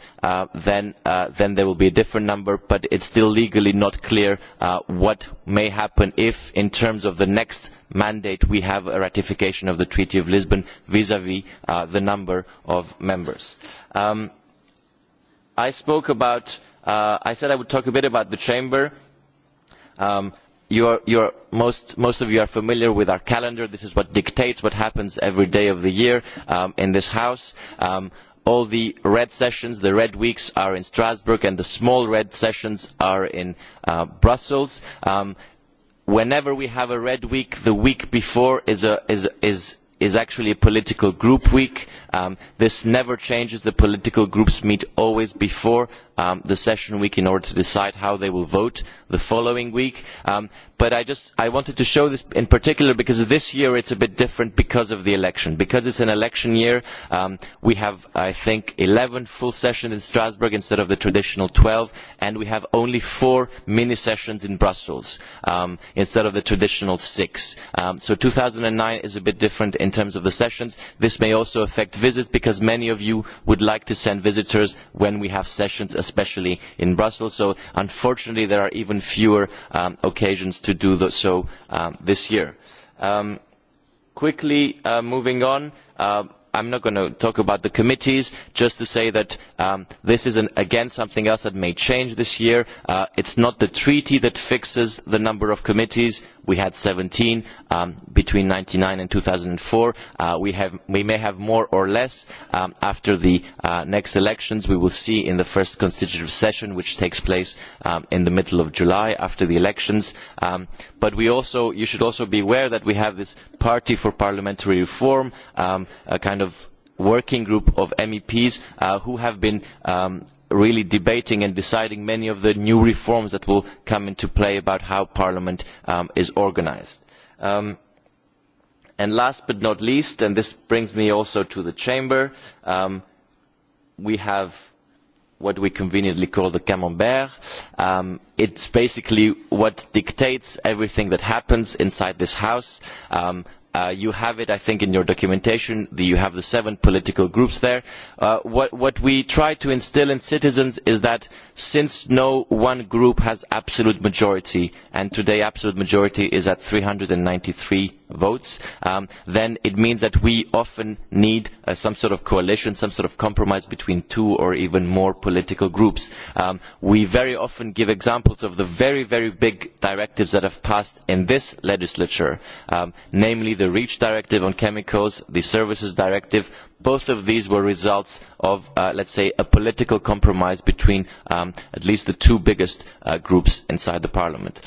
then there will be a different number but it is still legally not clear what may happen if in terms of the next mandate we have a ratification of the treaty of lisbon vis vis the number of members. i said i would talk a bit about the chamber most of you are familiar with our calendar this is what dictates what happens every day of the year in this house all the red sessions the red weeks are in strasbourg and the small red sessions are in brussels whenever we have a red week the week before is actually a political group week This never changes. The political groups meet always before the session week in order to decide how they will vote the following week. But I wanted to show this in particular because this year it's a bit different because of the election. Because it's an election year, we have I think 11 full sessions in Strasbourg instead of the traditional 12, and we have only four mini sessions in Brussels instead of the traditional six. So 2009 is a bit different in terms of the sessions. This may also affect visits because many of you would like to send visitors when we have sessions especially in brussels so unfortunately there are even fewer occasions to do so this year. quickly moving on i am not going to talk about the committees just to say that this is again something else that may change this year. it is not the treaty that fixes the number of committees we had 17 between 1999 and 2004. We may have more or less after the next elections. We will see in the first constitutive session, which takes place in the middle of July after the elections. But you should also be aware that we have this Party for Parliamentary Reform, a kind of working group of meps who have been really debating and deciding many of the new reforms that will come into play about how parliament is organised. last but not least and this brings me also to the chamber we have what we conveniently call the camembert. it basically what dictates everything that happens inside this house. You have it, I think, in your documentation. You have the seven political groups there. What we try to instill in citizens is that since no one group has absolute majority, and today absolute majority is at 393 votes then it means that we often need some sort of coalition some sort of compromise between two or even more political groups. we very often give examples of the very very big directives that have passed in this legislature namely the reach directive on chemicals the services directive both of these were results of let's say a political compromise between at least the two biggest groups inside parliament.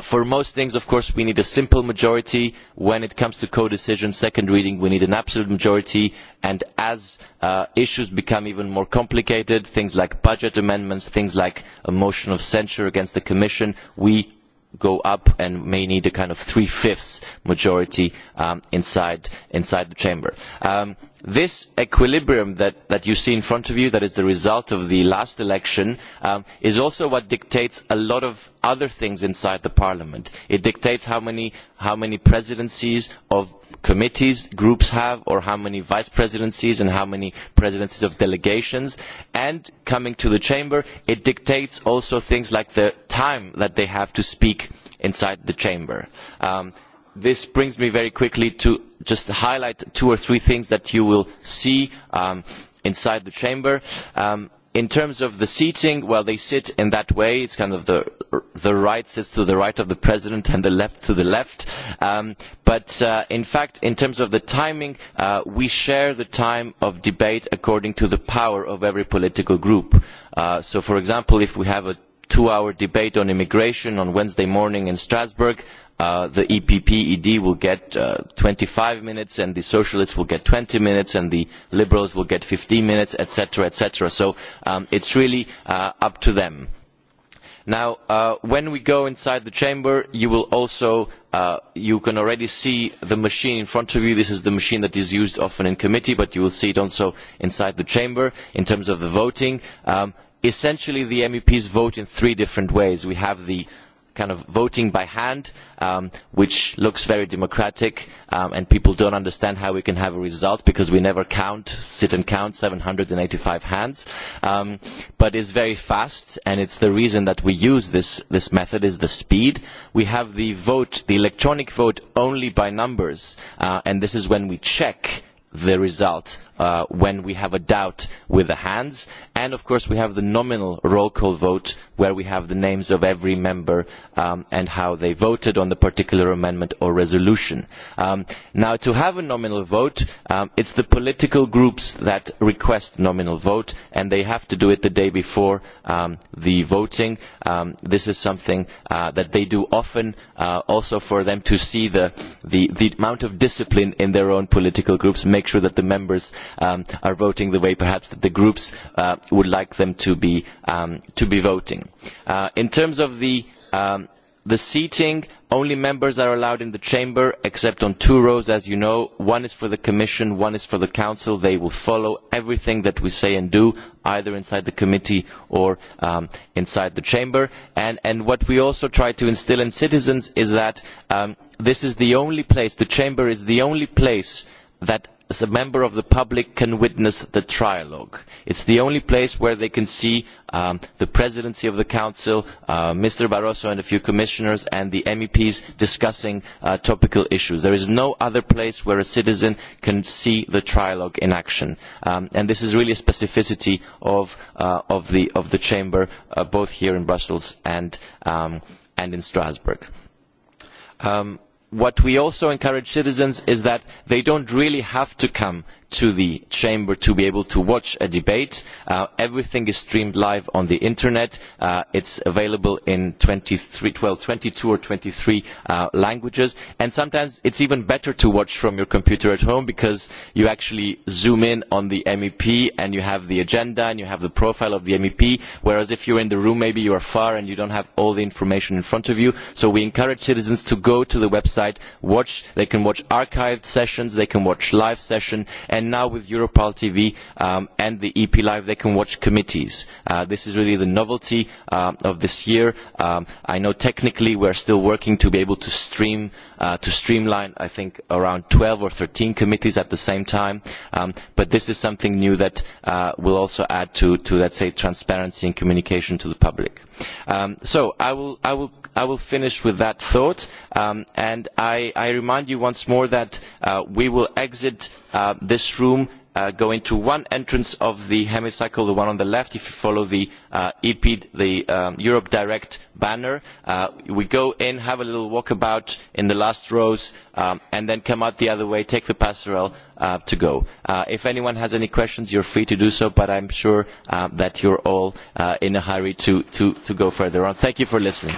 For most things, of course, we need a simple majority. When it comes to co-decision, second reading, we need an absolute majority. And as issues become even more complicated, things like budget amendments, things like a motion of censure against the Commission, we go up and may need a kind of three fifths majority inside the chamber. This equilibrium that you see in front of you, that is the result of the last election, is also what dictates a lot of other things inside the Parliament. It dictates how many presidencies of committees groups have or how many vice presidencies and how many presidencies of delegations and coming to the chamber it dictates also things like the time that they have to speak inside the chamber. this brings me very quickly to just highlight two or three things that you will see inside the chamber. In terms of the seating, well, they sit in that way. It's kind of the right sits to the right of the president and the left to the left. But in fact, in terms of the timing, we share the time of debate according to the power of every political group. So, for example, if we have a two-hour debate on immigration on Wednesday morning in Strasbourg, the epp ed will get 25 minutes and the socialists will get 20 minutes and the liberals will get 15 minutes etc etc so it's really up to them now when we go inside the chamber you will also you can already see the machine in front of you this is the machine that is used often in committee but you will see it also inside the chamber in terms of the voting essentially the meps vote in three different ways we have the kind of voting by hand which looks very democratic and people don't understand how we can have a result because we never count sit and count 785 hands but is very fast and it's the reason that we use this this method is the speed we have the vote the electronic vote only by numbers and this is when we check the result when we have a doubt with the hands and of course we have the nominal roll call vote where we have the names of every member and how they voted on the particular amendment or resolution. now to have a nominal vote it is the political groups that request nominal vote and they have to do it the day before the voting. this is something that they do often also for them to see the amount of discipline in their own political groups make sure that the members are voting the way perhaps that the groups would like them to be voting. In terms of the seating, only members are allowed in the chamber except on two rows, as you know. One is for the Commission, one is for the Council. They will follow everything that we say and do, either inside the committee or inside the chamber. And what we also try to instill in citizens is that this is the only place, the chamber is the only place that a member of the public can witness the trialogue. it is the only place where they can see the presidency of the council mr barroso and a few commissioners and the meps discussing topical issues. there is no other place where a citizen can see the trialogue in action and this is really a specificity of the chamber both here in brussels and in strasbourg what we also encourage citizens is that they do not really have to come to the chamber to be able to watch a debate. Everything is streamed live on the internet. It's available in 22 or 23 languages. And sometimes it's even better to watch from your computer at home because you actually zoom in on the MEP and you have the agenda and you have the profile of the MEP. Whereas if you're in the room, maybe you are far and you don't have all the information in front of you. So we encourage citizens to go to the website, watch. They can watch archived sessions, they can watch live sessions and now with Europol TV and the EP Live they can watch committees. This is really the novelty of this year. I know technically we are still working to be able to to streamline I think around 12 or 13 committees at the same time, but this is something new that will also add to let's say transparency and communication to the public. So I will finish with that thought and I remind you once more that we will exit this room go into one entrance of the hemicycle, the one on the left. If you follow the EP, the Europe Direct banner, we go in, have a little walk about in the last rows, and then come out the other way, take the passerelle to go. If anyone has any questions, you're free to do so, but I'm sure that you're all in a hurry to go further on. Thank you for listening.